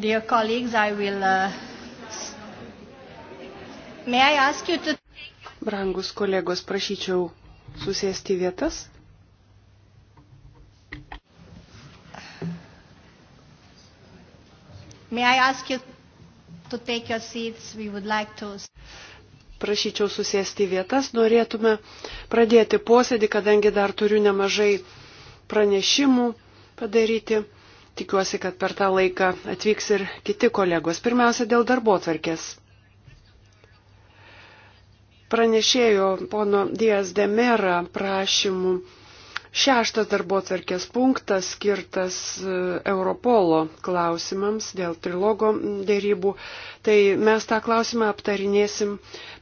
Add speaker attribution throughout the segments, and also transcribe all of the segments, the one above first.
Speaker 1: Dear colleagues, I will. Uh, may I ask you to. Brangus kolegos, prašyčiau susėsti vietas.
Speaker 2: May I ask you to take your seats? We would like to.
Speaker 1: Prašyčiau susėsti vietas, norėtume pradėti posėdį, kadangi dar turiu nemažai pranešimų padaryti. Tikiuosi, kad per tą laiką atvyks ir kiti kolegos. Pirmiausia, dėl darbo tvarkės. Pranešėjo pono Dijas Demera prašymų Šeštas darbo atvarkės punktas skirtas e, Europolo klausimams dėl trilogo dėrybų. Tai mes tą klausimą aptarinėsim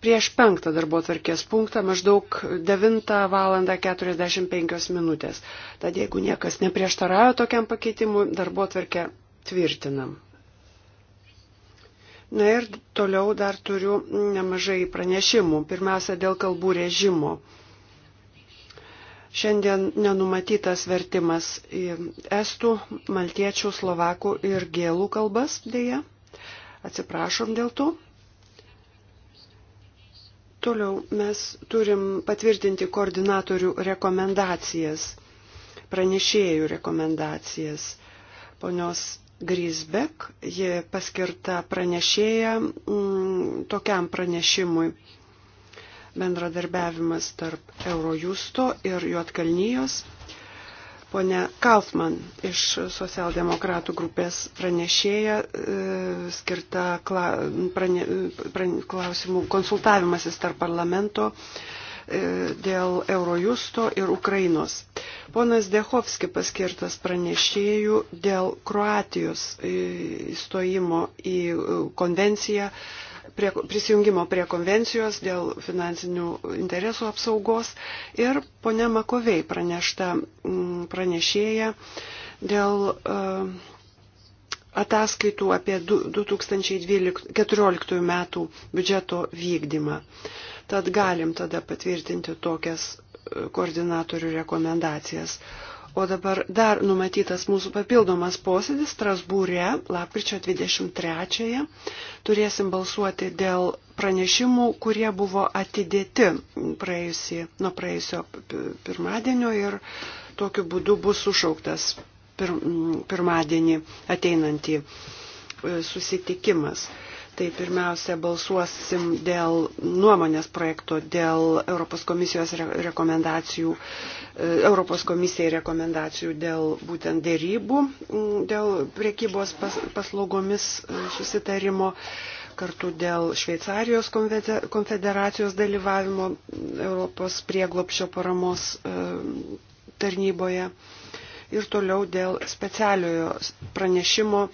Speaker 1: prieš penktą darbo atvarkės punktą, maždaug 9 val. 45 minutės. Tad jeigu niekas neprieštarauja tokiam pakeitimui, darbo atvarkę tvirtinam. Na ir toliau dar turiu nemažai pranešimų. Pirmiausia, dėl kalbų režimo. Šiandien nenumatytas vertimas į estų, maltiečių, slovakų ir gėlų kalbas dėja. Atsiprašom dėl to. Toliau mes turim patvirtinti koordinatorių rekomendacijas, pranešėjų rekomendacijas. Ponios Grisbek, ji paskirta pranešėja m, mm, tokiam pranešimui bendradarbiavimas tarp Eurojusto ir Juotkalnyjos. Pone Kaufman iš socialdemokratų grupės pranešėja e, skirta kla, prane, prane, klausimų konsultavimasis tarp parlamento e, dėl Eurojusto ir Ukrainos. Ponas Dehovski paskirtas pranešėjų dėl Kroatijos e, įstojimo į konvenciją prie, prisijungimo prie konvencijos dėl finansinių interesų apsaugos ir ponia Makovei pranešta mm, pranešėja dėl e, ataskaitų apie 2014 metų biudžeto vykdymą. Tad galim tada patvirtinti tokias e, koordinatorių rekomendacijas. O dabar dar numatytas mūsų papildomas posėdis Strasbūrė, lapkričio 23-ąją. Turėsim balsuoti dėl pranešimų, kurie buvo atidėti praėjusį, nuo praėjusio pirmadienio ir tokiu būdu bus sušauktas pir, pirmadienį ateinantį e, susitikimas. Tai pirmiausia, balsuosim dėl nuomonės projekto, dėl Europos komisijos rekomendacijų, e, Europos komisijai rekomendacijų dėl būtent dėrybų, dėl priekybos paslaugomis e, susitarimo kartu dėl Šveicarijos konfederacijos dalyvavimo Europos prieglopšio paramos e, tarnyboje ir toliau dėl specialiojo pranešimo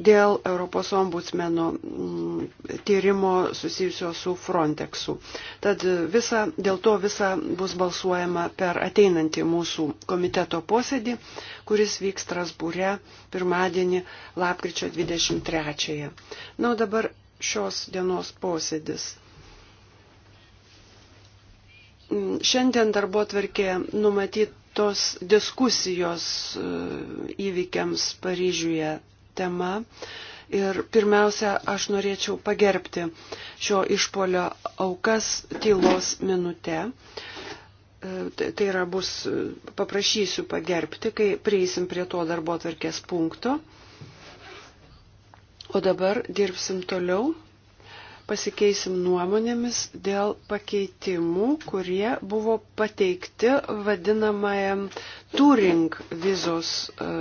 Speaker 1: dėl Europos ombudsmeno mm, tyrimo susijusio su Frontexu. Tad visa, dėl to visa bus balsuojama per ateinantį mūsų komiteto posėdį, kuris vyks Strasbūre pirmadienį lapkričio 23. Na, o dabar šios dienos posėdis. Mm, šiandien darbo tvarkė numatytos diskusijos e, įvykiams Paryžiuje tema. Ir pirmiausia, aš norėčiau pagerbti šio išpolio aukas tylos minutę. E, tai, tai yra bus, e, paprašysiu pagerbti, kai prieisim prie to darbo atvarkės punkto. O dabar dirbsim toliau, pasikeisim nuomonėmis dėl pakeitimų, kurie buvo pateikti vadinamajam Turing vizos e,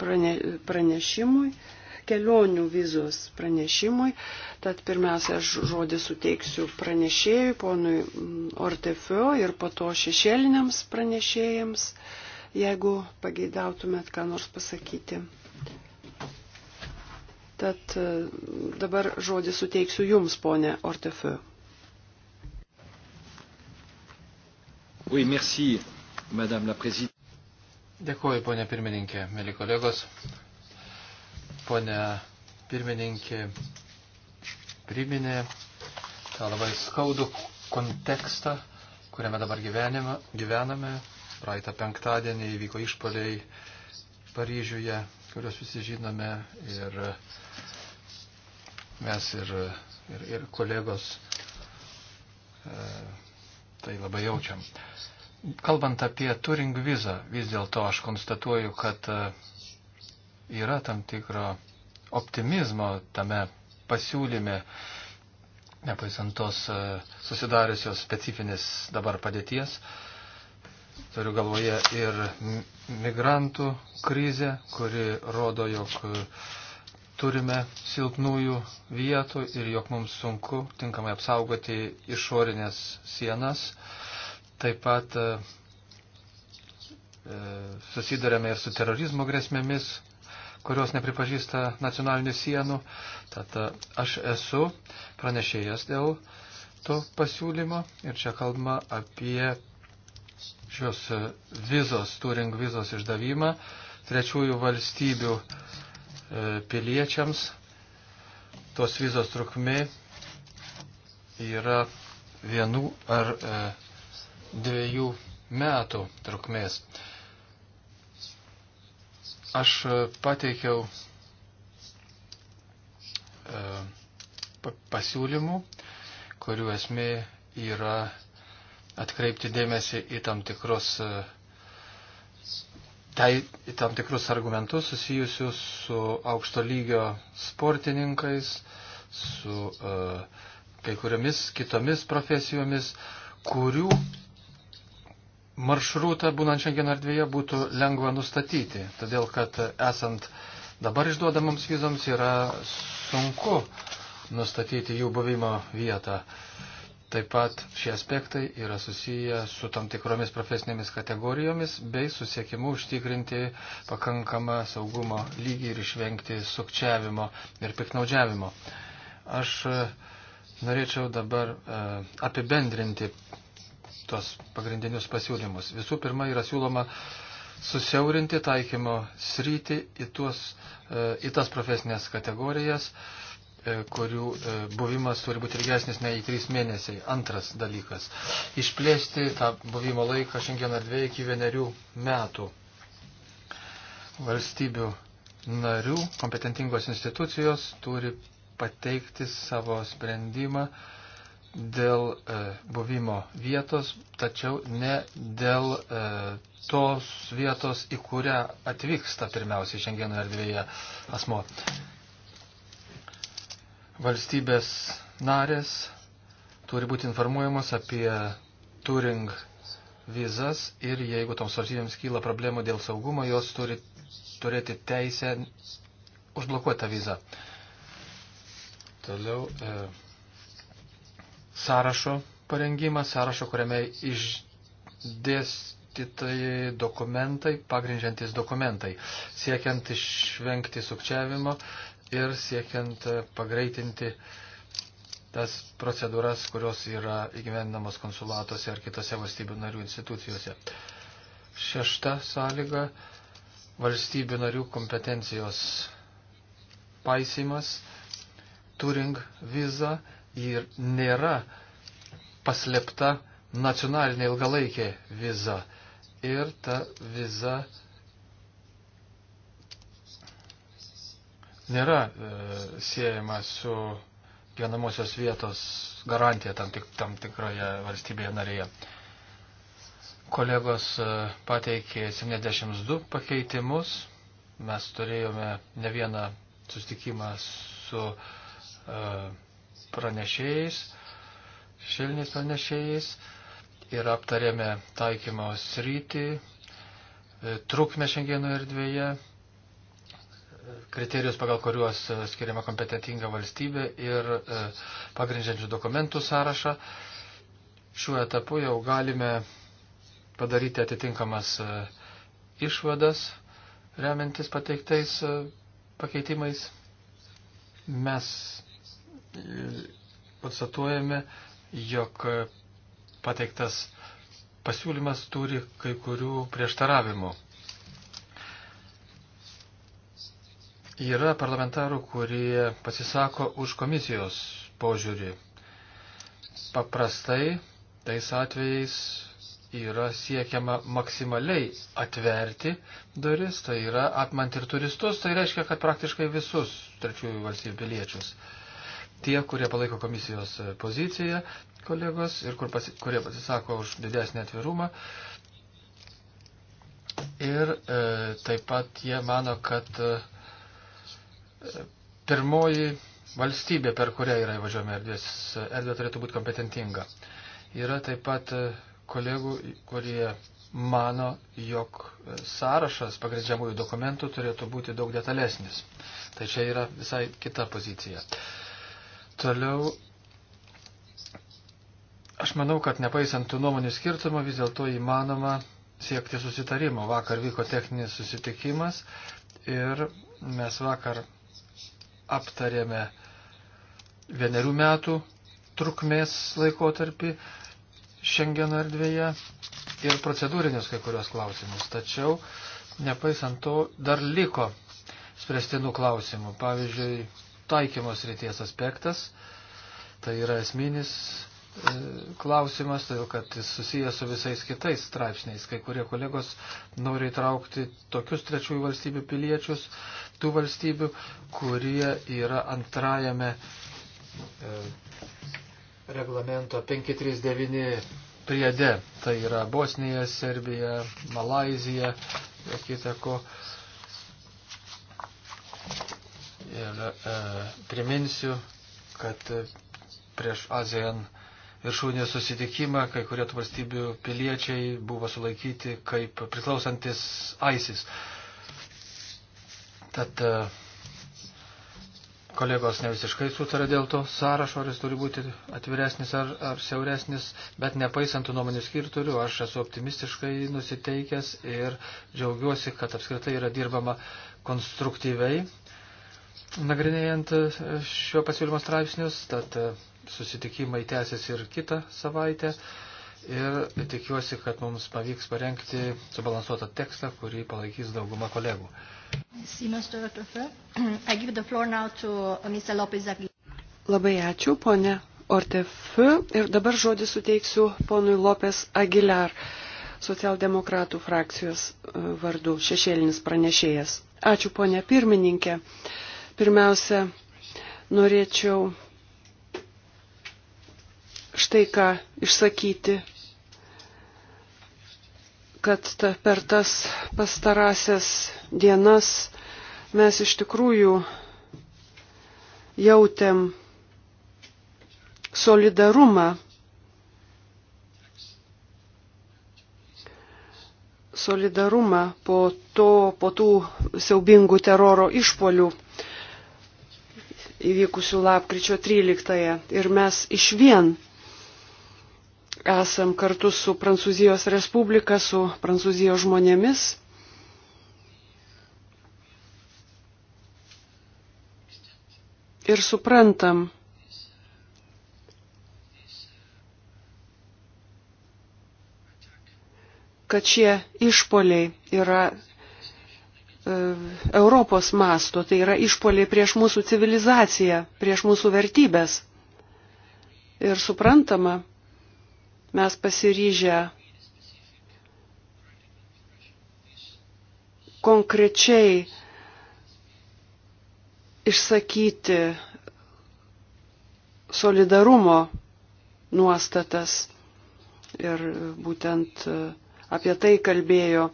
Speaker 1: prane, pranešimui, kelionių vizos pranešimui. Tad pirmiausia, aš žodį suteiksiu pranešėjui, ponui mm, Ortefio ir po to šešėliniams pranešėjams, jeigu pageidautumėt ką nors pasakyti. Tad e, dabar žodį suteiksiu Jums, ponė Ortefeu.
Speaker 3: Oui, merci, Madame la Présidente. Dėkuoju, ponė pirmininkė, mėly kolegos. Ponė pirmininkė priminė tą labai skaudų kontekstą, kuriame dabar gyvenime, gyvename. Praeitą penktadienį įvyko išpoliai Paryžiuje, kuriuos visi žinome ir mes ir, ir, ir kolegos e, tai labai jaučiam. E, Kalbant apie turing vizą, vis dėlto aš konstatuoju, kad e, yra tam tikro optimizmo tame pasiūlyme, nepaisant tos e, susidariusios specifinės dabar padėties. Turiu galvoje ir migrantų krizę, kuri rodo, jog e, turime silpnųjų vietų ir jog mums sunku tinkamai apsaugoti išorinės sienas. Uh, Taip pat e, e, susidurėme ir su terorizmo grėsmėmis, kurios nepripažįsta nacionalinių sienų. Tad e, aš esu pranešėjas dėl to pasiūlymo ir čia kalbama apie šios vizos, turing vizos išdavimą trečiųjų valstybių piliečiams. Tos vizos trukmė yra vienų ar e, dviejų metų trukmės. Aš e, pateikiau e, pasiūlymų, kurių esmė yra atkreipti dėmesį į tam tikrus, e, tai, į tam tikrus argumentus susijusius su aukšto lygio sportininkais, su uh, kai kuriomis kitomis profesijomis, kurių maršrutą būnant šiandien erdvėje būtų lengva nustatyti, todėl kad esant dabar išduodamams vizoms yra sunku nustatyti jų buvimo vietą. Taip pat šie aspektai yra susiję su tam tikromis profesinėmis kategorijomis bei susiekimu užtikrinti pakankamą saugumo lygį ir išvengti sukčiavimo ir piknaudžiavimo. Aš norėčiau dabar e, apibendrinti tos pagrindinius pasiūlymus. Visų pirma, yra siūloma susiaurinti taikymo sritį į, tuos, e, į tas profesinės kategorijas, e, kurių e, buvimas turi būti ilgesnis nei 3 mėnesiai. Antras dalykas - išplėsti tą buvimo laiką šiandien ar dviejų iki vienerių metų. Valstybių narių kompetentingos institucijos turi pateikti savo sprendimą uh, dėl e, buvimo vietos, tačiau ne dėl e, tos vietos, į kurią atvyksta pirmiausiai šiandieno erdvėje asmo. Valstybės narės turi būti informuojamos apie turing vizas ir jeigu toms valstybėms kyla problemų dėl saugumo, jos turi turėti teisę užblokuotą vizą. Toliau. E, sąrašo parengimą, sąrašo, kuriame išdėstytai dokumentai, pagrindžiantis dokumentai, siekiant išvengti sukčiavimo ir siekiant pagreitinti tas procedūras, kurios yra įgyvendinamos konsulatuose ar kitose valstybių narių institucijose. Šešta sąlyga - valstybių narių kompetencijos paisimas, turing viza ir nėra paslėpta nacionalinė ilgalaikė viza. Ir ta viza nėra e, siejama su gyvenamosios vietos garantija tam, tik, tam tikroje valstybėje narėje. Kolegos e, pateikė 72 pakeitimus. Mes turėjome ne vieną sustikimą su e, pranešėjais, šilniais pranešėjais ir aptarėme taikymo sritį, e, trukmę šiandieno erdvėje, e, kriterijus, pagal kuriuos e, skiriama kompetentinga valstybė ir pagrindžiančių dokumentų sąrašą. Šiuo etapu jau galime padaryti atitinkamas išvadas, remiantis pateiktais pakeitimais. Mes konstatuojame, jog pateiktas pasiūlymas turi kai kurių prieštaravimų. Yra parlamentarų, kurie pasisako už komisijos požiūrį. Paprastai tais atvejais yra siekiama maksimaliai atverti duris, tai yra apmant ir turistus, tai reiškia, kad praktiškai visus trečiųjų valstybių piliečius tie, kurie palaiko komisijos e, poziciją, kolegos, ir kur pasi, kurie pasisako už didesnį atvirumą. Ir e, taip pat jie mano, kad e, pirmoji valstybė, per kurią yra įvažiuojama erdvės, e, erdvė turėtų būti kompetentinga. Yra taip pat e, kolegų, kurie mano, jog sąrašas pagrindžiamųjų dokumentų turėtų būti daug detalesnis. Tai čia yra visai kita pozicija. E, Toliau, aš manau, kad nepaisant tų nuomonių skirtumų, vis dėlto įmanoma siekti susitarimo. Vakar vyko techninis susitikimas ir mes vakar aptarėme vienerių metų trukmės laikotarpį Šengeno erdvėje ir procedūrinius kai kurios klausimus. Tačiau, nepaisant to, dar liko spręstinų klausimų. Pavyzdžiui, taikymos ryties aspektas. Tai yra esminis e, klausimas, todėl kad jis susijęs su visais kitais straipsniais. Kai kurie kolegos nori įtraukti tokius trečiųjų valstybių piliečius, tų valstybių, kurie yra antrajame e, reglamento 539 priede. Tai yra Bosnija, Serbija, Malazija, kitako. ko Ir e, priminsiu, kad e, prieš ASEAN viršūnės susitikimą kai kurie valstybių piliečiai buvo sulaikyti kaip priklausantis ISIS. Tad e, kolegos ne visiškai sutarė dėl to sąrašo, ar jis turi būti atviresnis ar, ar siauresnis, bet nepaisant tų nuomonių skirtulių, aš esu optimistiškai nusiteikęs ir džiaugiuosi, kad apskritai yra dirbama konstruktyviai nagrinėjant e, šio pasiūlymo straipsnius, tad e, susitikimai tęsis ir kitą savaitę. Ir tikiuosi, kad mums pavyks parengti subalansuotą tekstą, kurį palaikys
Speaker 1: dauguma kolegų.
Speaker 2: Uh,
Speaker 1: Labai ačiū, ponė Ortef. Ir dabar žodį suteiksiu ponui Lopes Aguilar, socialdemokratų frakcijos e, vardu, šešėlinis pranešėjas. Ačiū, ponė pirmininkė. Uh, Pirmiausia, norėčiau štai ką išsakyti, kad ta, per tas pastarasias dienas mes iš tikrųjų jautėm solidarumą, solidarumą po, to, po tų siaubingų teroro išpolių įvykusių lapkričio 13-ąją. Ir mes iš vien esam kartu su Prancūzijos Respublika, su Prancūzijos žmonėmis. Ir suprantam, kad šie išpoliai yra E, Europos masto, tai yra išpoliai prieš mūsų civilizaciją, prieš mūsų vertybės. Ir suprantama, mes pasiryžę konkrečiai išsakyti solidarumo nuostatas. Ir būtent e, apie tai kalbėjo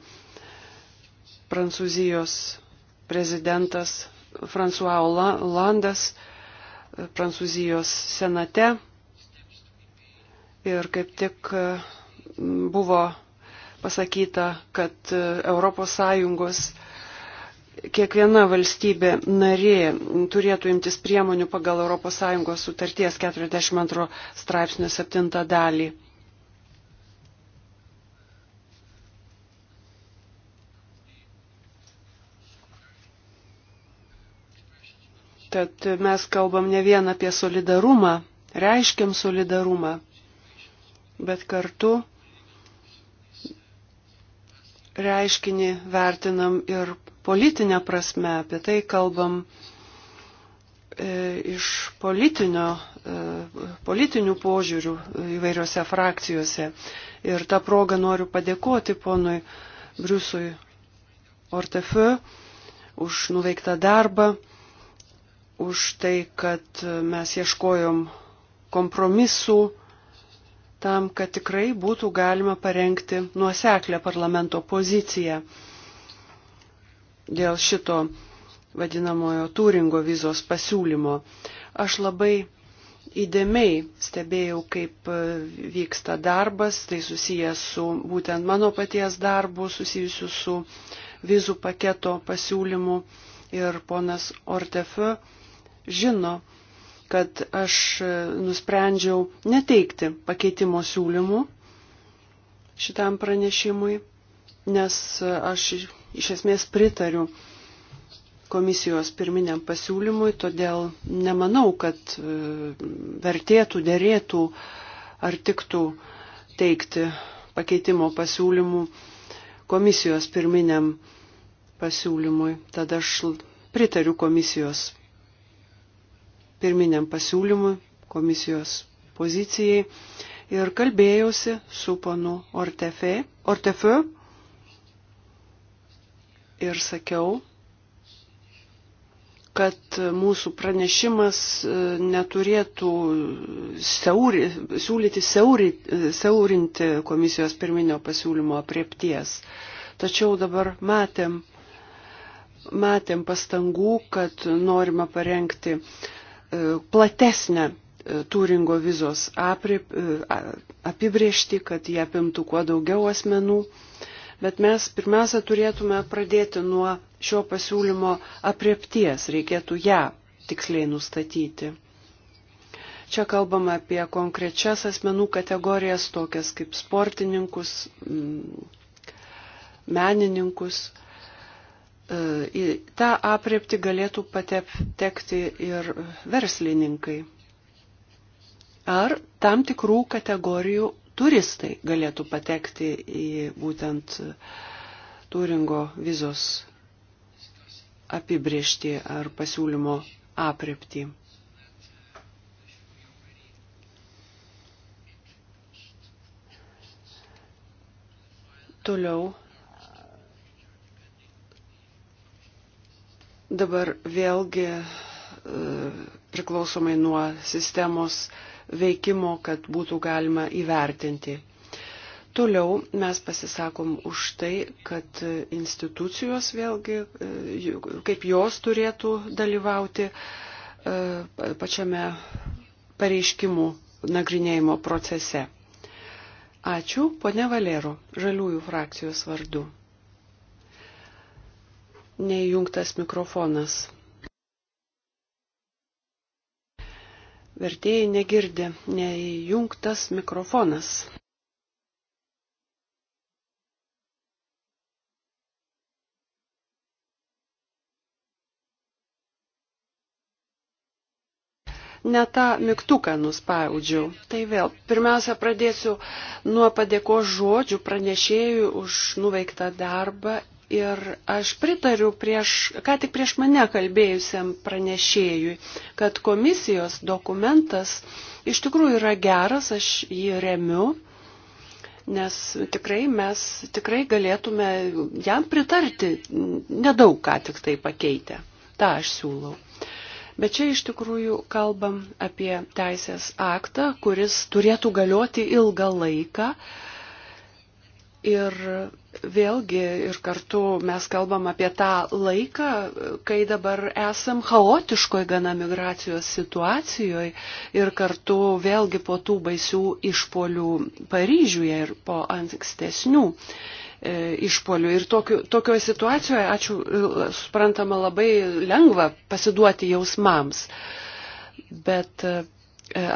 Speaker 1: Prancūzijos prezidentas François Hollandas Prancūzijos senate. Ir kaip tik mm, buvo pasakyta, kad ES kiekviena valstybė narė turėtų imtis priemonių pagal ES sutarties 42 straipsnio 7 dalį. kad mes kalbam ne vien apie solidarumą, reiškiam solidarumą, bet kartu reiškinį vertinam ir politinę prasme, apie tai kalbam e, iš politinio, e, politinių požiūrių įvairiose frakcijose. Ir tą progą noriu padėkoti ponui Briusui Ortefe už nuveiktą darbą už tai, kad mes ieškojom kompromisų tam, kad tikrai būtų galima parengti nuoseklę parlamento poziciją dėl šito vadinamojo Turingo vizos pasiūlymo. Aš labai įdėmiai stebėjau, kaip vyksta darbas, tai susijęs su būtent mano paties darbu, susijusiu su vizų paketo pasiūlymu ir ponas Ortefe žino, kad aš nusprendžiau neteikti pakeitimo siūlymų šitam pranešimui, nes aš iš esmės pritariu komisijos pirminiam pasiūlymui, todėl nemanau, kad e, vertėtų, dėrėtų ar tiktų teikti pakeitimo pasiūlymų komisijos pirminiam pasiūlymui. Tad aš pritariu komisijos pirminiam pasiūlymui, komisijos pozicijai ir kalbėjausi su panu Ortefe, Ortefe ir sakiau, kad mūsų pranešimas e, neturėtų siauri, siūlyti siauri, e, siaurinti komisijos pirminio pasiūlymo apriepties. Tačiau dabar matėm, matėm pastangų, kad norima parengti E, platesnę e, Turingo vizos e, apibriešti, kad jie apimtų kuo daugiau asmenų. Bet mes pirmiausia turėtume pradėti nuo šio pasiūlymo apriepties, reikėtų ją tiksliai nustatyti. Čia kalbama apie konkrečias asmenų kategorijas, tokias kaip sportininkus, menininkus, E, į tą apriepti galėtų patekti ir verslininkai. Ar tam tikrų kategorijų turistai galėtų patekti į būtent Turingo vizos apibriešti ar pasiūlymo apriepti. Toliau Dabar vėlgi e, priklausomai nuo sistemos veikimo, kad būtų galima įvertinti. Toliau mes pasisakom už tai, kad institucijos vėlgi, e, kaip jos turėtų dalyvauti e, pačiame pareiškimų nagrinėjimo procese. Ačiū, ponė Valero, žaliųjų frakcijos vardu neįjungtas mikrofonas. Vertėjai negirdi, neįjungtas mikrofonas. ne tą mygtuką nuspaudžiau. Tai vėl, pirmiausia, pradėsiu nuo padėko žodžių pranešėjų už nuveiktą darbą Ir aš pritariu prieš, ką tik prieš mane kalbėjusiam pranešėjui, kad komisijos dokumentas iš tikrųjų yra geras, aš jį remiu, nes tikrai mes tikrai galėtume jam pritarti, nedaug ką tik tai pakeitę. Ta aš siūlau. Bet čia iš tikrųjų kalbam apie teisės aktą, kuris turėtų galioti ilgą laiką Ir vėlgi ir kartu mes kalbam apie tą laiką, kai dabar esam chaotiškoj gana migracijos situacijoje ir kartu vėlgi po tų baisių išpolių Paryžiuje ir po ankstesnių e, išpolių. Ir tokiu, tokioje situacijoje, ačiū, suprantama, labai lengva pasiduoti jausmams. Bet e,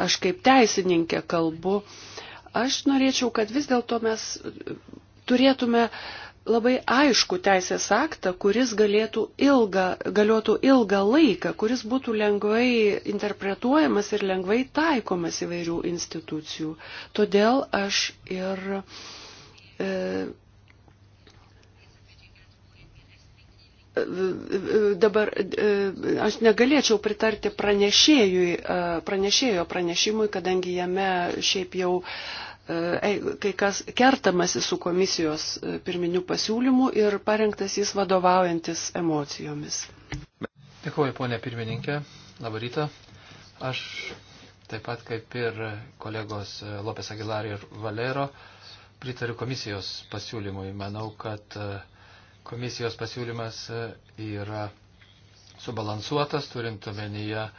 Speaker 1: aš kaip teisininkė kalbu, Aš norėčiau, kad vis dėlto mes turėtume labai aišku teisės aktą, kuris galėtų ilgą, galiotų ilgą laiką, kuris būtų lengvai interpretuojamas ir lengvai taikomas įvairių institucijų. Todėl aš ir e, dabar e, aš negalėčiau pritarti pranešėjui, e, pranešėjo pranešimui, kadangi jame šiaip jau e, kai kas kertamasi su komisijos pirminiu pasiūlymu ir parengtas jis vadovaujantis emocijomis.
Speaker 3: Dėkuoju, ponė pirmininkė. Labą rytą. Aš taip pat kaip ir kolegos Lopes Aguilar ir Valero pritariu komisijos pasiūlymui. Manau, kad uh, Komisijos pasiūlymas e, yra subalansuotas, turint omenyje e,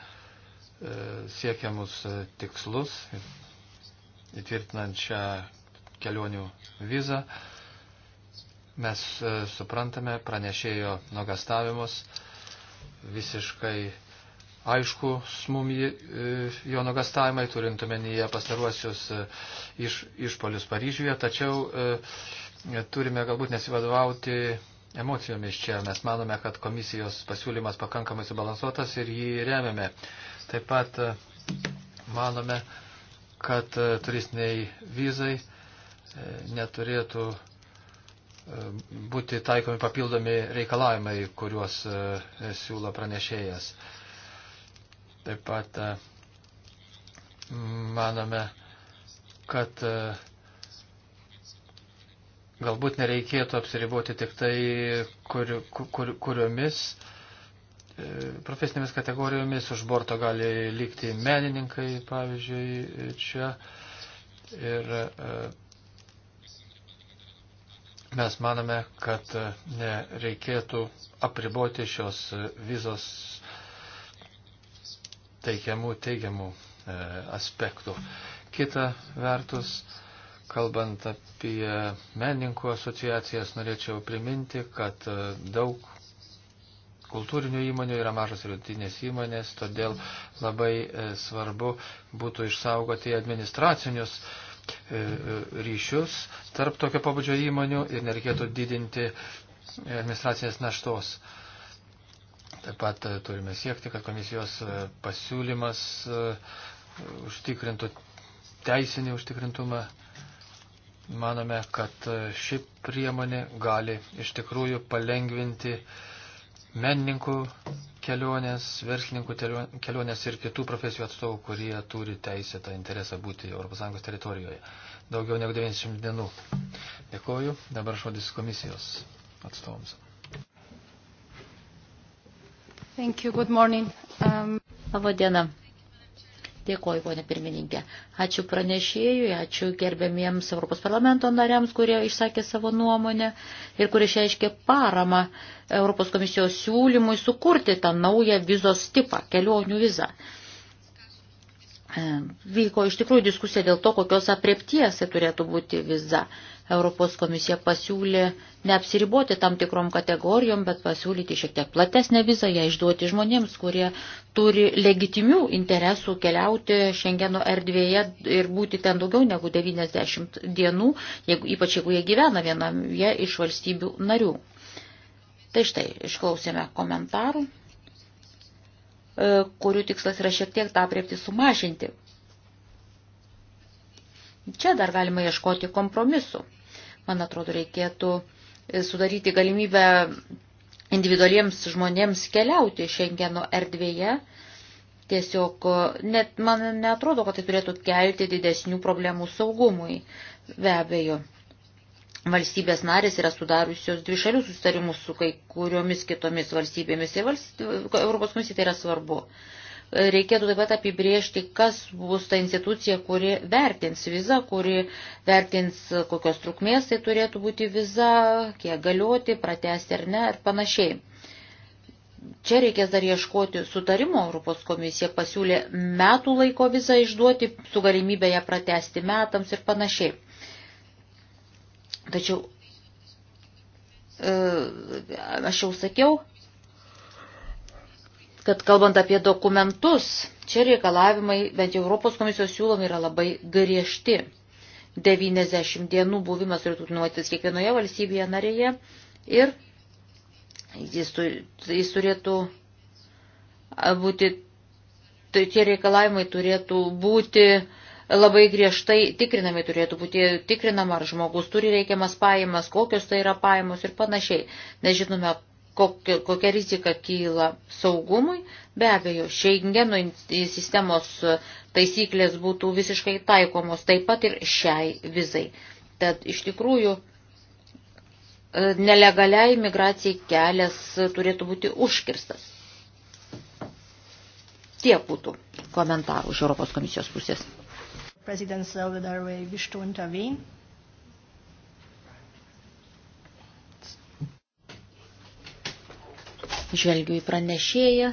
Speaker 3: siekiamus e, tikslus, įtvirtinant šią kelionių vizą. Mes suprantame pranešėjo nuogastavimus visiškai aišku mum jo nuogastavimai, turint omenyje pastaruosius iš, išpolius Paryžiuje, tačiau e, turime galbūt nesivadovauti emocijomis čia. Mes manome, kad komisijos pasiūlymas pakankamai subalansuotas ir jį remiame. Taip pat e, manome, kad e, turistiniai vizai e, neturėtų būti taikomi papildomi reikalavimai, kuriuos siūlo pranešėjas. Taip pat manome, kad Galbūt nereikėtų apsiriboti tik tai kur, kur, kur, kuriomis e, profesinėmis kategorijomis už borto gali likti menininkai, pavyzdžiui, čia. Ir e, mes manome, kad nereikėtų apriboti šios vizos teikiamų teigiamų e, aspektų. Kita vertus, Kalbant apie meninkų asociacijas, norėčiau priminti, kad e, daug kultūrinių įmonių yra mažos ir vidutinės įmonės, todėl labai e, svarbu būtų išsaugoti administracinius e, ryšius tarp tokio pabudžio įmonių ir nereikėtų didinti administracinės naštos. Taip pat turime siekti, kad komisijos pasiūlymas užtikrintų teisinį užtikrintumą Manome, kad e, ši priemonė gali iš tikrųjų palengvinti menininkų kelionės, verslininkų kelionės ir kitų profesijų atstovų, kurie turi teisę tą interesą būti ES teritorijoje. Daugiau negu 90 dienų. Dėkoju. Dabar žodis komisijos atstovams.
Speaker 2: Thank you. Good morning. Um... Labą dieną. Dėkoju, ponė pirmininkė. Ačiū pranešėjui, ačiū gerbėmiems Europos parlamento nariams, kurie išsakė savo nuomonę ir kurie išaiškė paramą Europos komisijos siūlymui sukurti tą naują vizos tipą, kelionių vizą. Vyko iš tikrųjų diskusija dėl to, kokios apriepties tai turėtų būti viza. Europos komisija pasiūlė neapsiriboti tam tikrom kategorijom, bet pasiūlyti šiek tiek platesnę vizą, ją išduoti žmonėms, kurie turi legitimių interesų keliauti Šengeno erdvėje ir būti ten daugiau negu 90 dienų, jeigu, ypač jeigu jie gyvena vienoje iš valstybių narių. Tai štai, išklausėme komentarų e, kurių tikslas yra šiek tiek tą priepti sumažinti. Čia dar galima ieškoti kompromisu. Man atrodo, reikėtų e, sudaryti galimybę individualiems žmonėms keliauti Šengeno erdvėje. Tiesiog e, net, man netrodo, kad tai turėtų kelti didesnių problemų saugumui. Be abejo, valstybės narės yra sudariusios dvišalių susitarimus su kai kuriomis kitomis valstybėmis ir valst... Europos komisija tai yra svarbu. Uh, Reikėtų taip pat apibriežti, kas bus ta institucija, kuri vertins vizą, kuri vertins kokios trukmės tai turėtų būti viza, kiek galioti, pratesti ar ne ir panašiai. Čia reikės dar ieškoti sutarimo. Europos komisija pasiūlė metų laiko vizą išduoti, su galimybė ją pratesti metams ir panašiai. Tačiau, e, aš jau sakiau, kad kalbant apie dokumentus, čia reikalavimai, bent jau Europos komisijos siūlomi, yra labai griežti. 90 dienų buvimas turėtų nuotis kiekvienoje valstybėje narėje ir jis, jis turėtų būti, tie reikalavimai turėtų būti labai griežtai tikrinami turėtų būti tikrinama, ar žmogus turi reikiamas pajamas, kokios tai yra pajamos ir panašiai. Nežinome, kokia, kokia rizika kyla saugumui. Be abejo, Schengeno sistemos taisyklės būtų visiškai taikomos taip pat ir šiai vizai. Tad iš tikrųjų e, nelegaliai migracijai kelias turėtų būti užkirstas. Tie būtų komentarų iš Europos komisijos pusės.
Speaker 3: Präsident Salvador Vištų untervien.
Speaker 2: Žvelgiu į pranešėją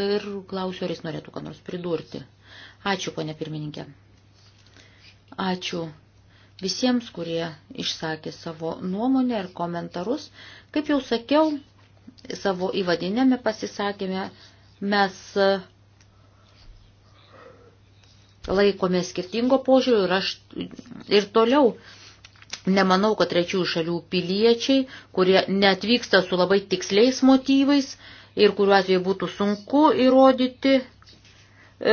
Speaker 2: ir klausiu, ar jis norėtų ką nors pridurti. Ačiū, ponė pirmininkė. Ačiū visiems, kurie išsakė savo nuomonę ir komentarus. Kaip jau sakiau, savo įvadinėme pasisakėme, mes laikome skirtingo požiūrio ir aš ir toliau Nemanau, kad trečiųjų šalių piliečiai, kurie neatvyksta su labai tiksliais motyvais ir kuriuo atveju būtų sunku įrodyti, e,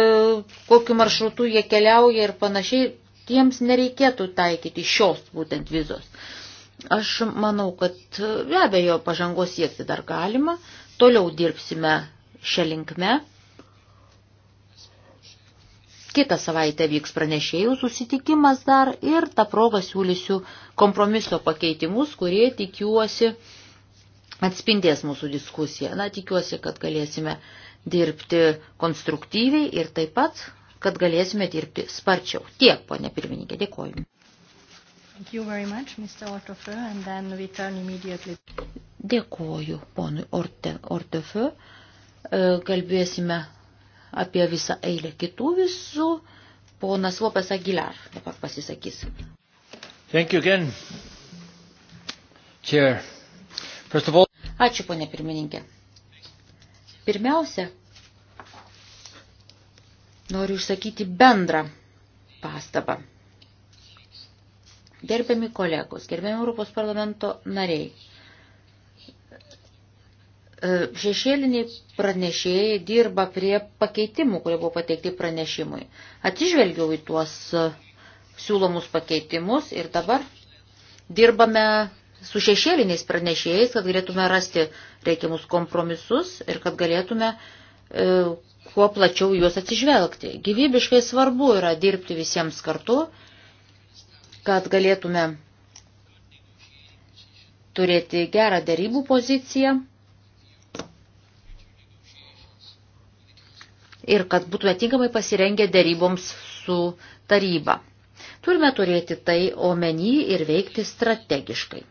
Speaker 2: kokiu maršrutu jie keliauja ir panašiai, tiems nereikėtų taikyti šios būtent vizos. Aš manau, kad e, be abejo pažangos siekti dar galima, toliau dirbsime šią linkmę. Kitą savaitę vyks pranešėjų susitikimas dar ir tą progą siūlysiu kompromiso pakeitimus, kurie tikiuosi atspindės mūsų diskusiją. Na, tikiuosi, kad galėsime dirbti konstruktyviai ir taip pat, kad galėsime dirbti sparčiau. Tiek, ponė pirmininkė, dėkoju. Much, Ortefer, dėkoju, ponui Ortefe. E, kalbėsime apie visą eilę kitų visų. Ponas Lopes Aguilar dabar pasisakys.
Speaker 3: Thank you again. Chair. First of all...
Speaker 2: Ačiū, ponė pirmininkė. Pirmiausia, noriu išsakyti bendrą pastabą. Gerbiami kolegos, gerbiami Europos parlamento nariai, E, šešėliniai pranešėjai dirba prie pakeitimų, kurie buvo pateikti pranešimui. Atsižvelgiau į tuos e, siūlomus pakeitimus ir dabar dirbame su šešėliniais pranešėjais, kad galėtume rasti reikiamus kompromisus ir kad galėtume e, kuo plačiau juos atsižvelgti. Gyvybiškai svarbu yra dirbti visiems kartu, kad galėtume turėti gerą darybų poziciją ir kad būtume tinkamai pasirengę deryboms su taryba. Turime turėti tai omeny ir veikti strategiškai.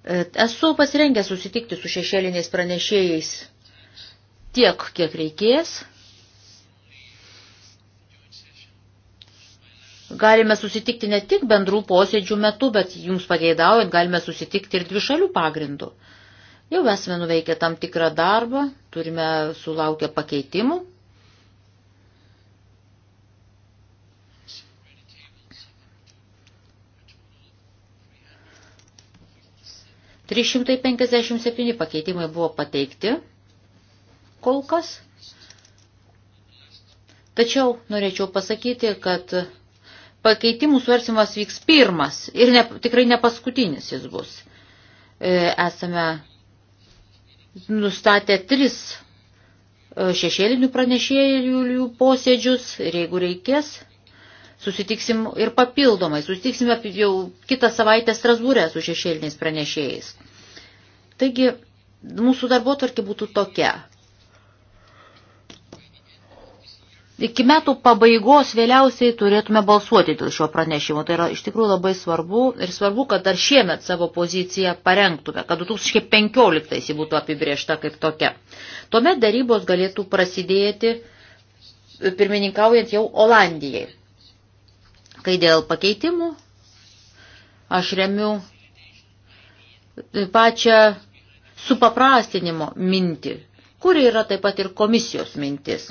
Speaker 2: E, esu pasirengęs susitikti su šešėliniais pranešėjais tiek, kiek reikės. Galime susitikti ne tik bendrų posėdžių metu, bet jums pageidaujant galime susitikti ir dvišalių pagrindų. pagrindų Jau esame nuveikę tam tikrą darbą, turime sulaukę pakeitimų. Trys šimtai penkiasdešimt septyni pakeitimai buvo pateikti kol kas. Tačiau norėčiau pasakyti, kad pakeitimų svarsimas vyks pirmas ir ne, tikrai ne paskutinis jis bus. E, esame nustatę tris e, šešėlinių pranešėjų posėdžius ir jeigu reikės, susitiksim ir papildomai, susitiksim jau kitą savaitę Strasbūrę su šešėliniais pranešėjais. Taigi, mūsų darbo tvarkė būtų tokia. iki metų pabaigos vėliausiai turėtume balsuoti dėl šio pranešimo. Tai yra iš tikrųjų labai svarbu ir svarbu, kad dar šiemet savo poziciją parengtume, kad 2015 ji būtų apibriešta kaip tokia. Tuomet darybos galėtų prasidėti e, pirmininkaujant jau Olandijai. Kai dėl pakeitimų aš remiu e, pačią supaprastinimo mintį, kuri yra taip pat ir komisijos mintis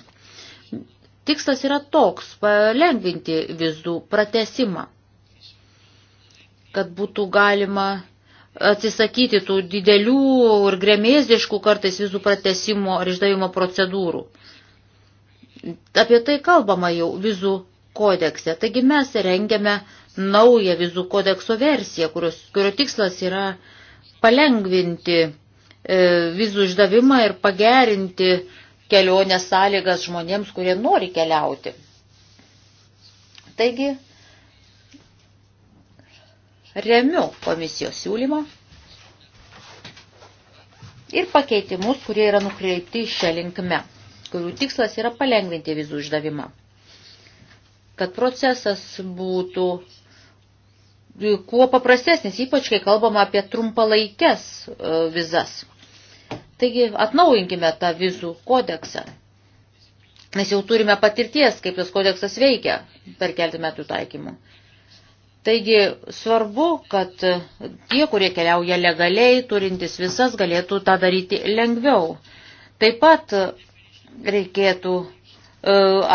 Speaker 2: Tikslas yra toks – palengvinti vizų pratesimą, kad būtų galima atsisakyti tų didelių ir gremėziškų kartais vizų pratesimo ar išdavimo procedūrų. Apie tai kalbama jau vizų kodekse. Taigi mes rengiame naują vizų kodekso versiją, kurios, kurio tikslas yra palengvinti e, vizų išdavimą ir pagerinti kelionės sąlygas žmonėms, kurie nori keliauti. Taigi, remiu komisijos siūlymą ir pakeitimus, kurie yra nukreipti šią linkme, kurių tikslas yra palengvinti vizų išdavimą, kad procesas būtų kuo paprastesnis, ypač kai kalbama apie trumpalaikes e, vizas. Taigi atnaujinkime tą vizų kodeksą. Mes jau turime patirties, kaip tas kodeksas veikia per keltį metų taikymų. Taigi svarbu, kad tie, kurie keliauja legaliai, turintys visas, galėtų tą daryti lengviau. Taip pat reikėtų e,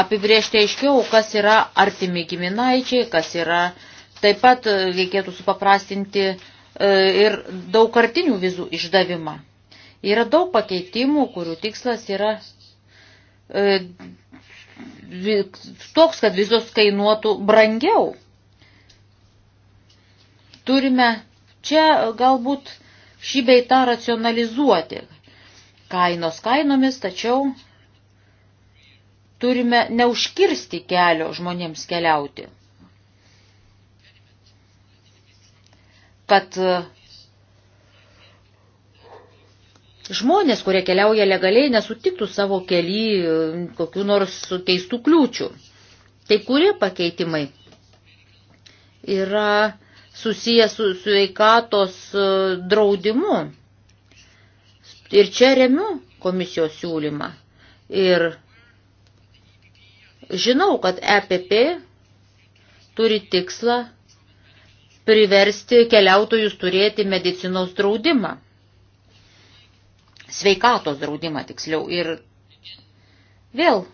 Speaker 2: apibriežti aiškiau, kas yra artimi giminaičiai, kas yra. Taip pat reikėtų supaprastinti e, ir daugkartinių vizų išdavimą. Yra daug pakeitimų, kurių tikslas yra e, toks, kad vizos kainuotų brangiau. Turime čia galbūt šį beitą racionalizuoti. Kainos kainomis, tačiau turime neužkirsti kelio žmonėms keliauti. Kad žmonės, kurie keliauja legaliai, nesutiktų savo keli kokiu nors keistų kliūčių. Tai kurie pakeitimai yra susijęs su sveikatos e, draudimu. Ir čia remiu komisijos siūlymą. Ir žinau, kad EPP turi tikslą priversti keliautojus turėti medicinos draudimą sveikatos draudimą tiksliau. Ir vėl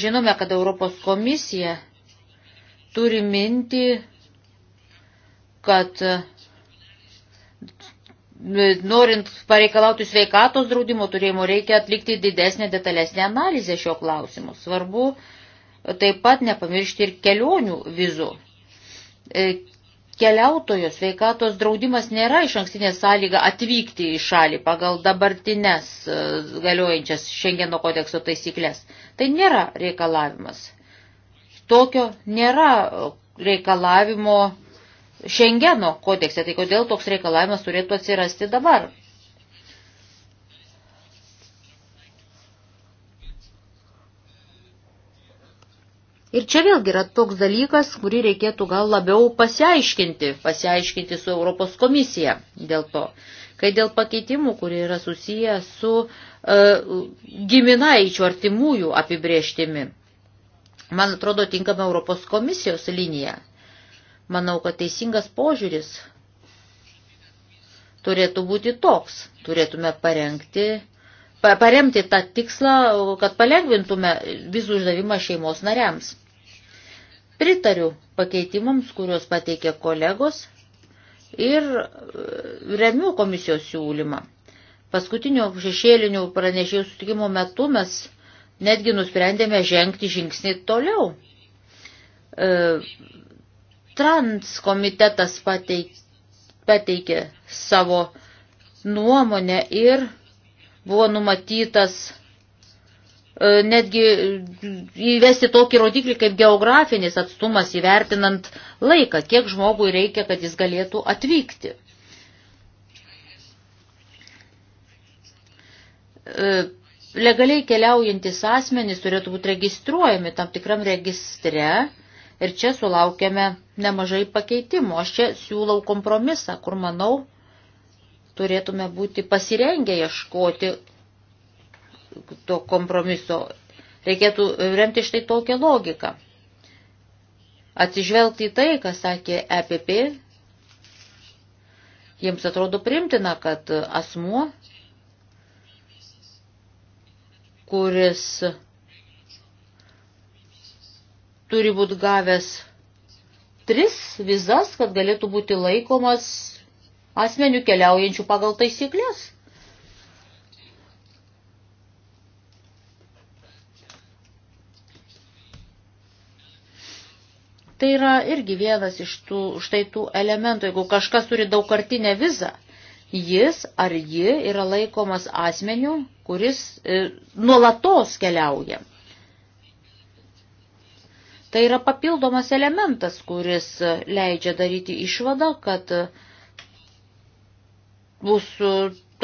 Speaker 2: žinome, kad Europos komisija turi minti, kad norint pareikalauti sveikatos draudimo turėjimo reikia atlikti didesnę detalesnę analizę šio klausimu. Svarbu taip pat nepamiršti ir kelionių vizų. E, keliautojo sveikatos draudimas nėra iš ankstinė sąlyga atvykti į šalį pagal dabartines e, galiojančias Šengeno kodekso taisyklės. Tai nėra reikalavimas. Tokio nėra e, reikalavimo Šengeno kodekse, tai kodėl toks reikalavimas turėtų atsirasti dabar? Ir čia vėlgi yra toks dalykas, kurį reikėtų gal labiau pasiaiškinti, pasiaiškinti su Europos komisija dėl to. Kai dėl pakeitimų, kurie yra susiję su uh, giminaičių artimųjų apibrieštimi, man atrodo tinkama Europos komisijos linija. Manau, kad teisingas požiūris turėtų būti toks. Turėtume parengti paremti tą tikslą, kad palengvintume vizų uždavimą šeimos nariams. Pritariu pakeitimams, kuriuos pateikė kolegos ir e, remiu komisijos siūlymą. Paskutinio šešėlinių pranešėjų sutikimo metu mes netgi nusprendėme žengti žingsnį toliau. E, Trans komitetas pateikė savo nuomonę ir buvo numatytas E, netgi e, įvesti tokį rodiklį kaip geografinis atstumas įvertinant laiką, kiek žmogui reikia, kad jis galėtų atvykti. E, legaliai keliaujantis asmenys turėtų būti registruojami tam tikram registre ir čia sulaukėme nemažai pakeitimų. Aš čia siūlau kompromisą, kur manau turėtume būti pasirengę ieškoti to kompromiso. Reikėtų remti štai tokią logiką. Atsižvelgti į tai, kas sakė EPP, jiems atrodo primtina, kad asmuo, kuris turi būti gavęs tris vizas, kad galėtų būti laikomas asmenių keliaujančių pagal taisyklės. Tai yra irgi vienas iš tų, štai tų elementų. Jeigu kažkas turi daugkartinę vizą, jis ar ji yra laikomas asmeniu, kuris e, nuolatos keliauja. Tai yra papildomas elementas, kuris leidžia daryti išvadą, kad bus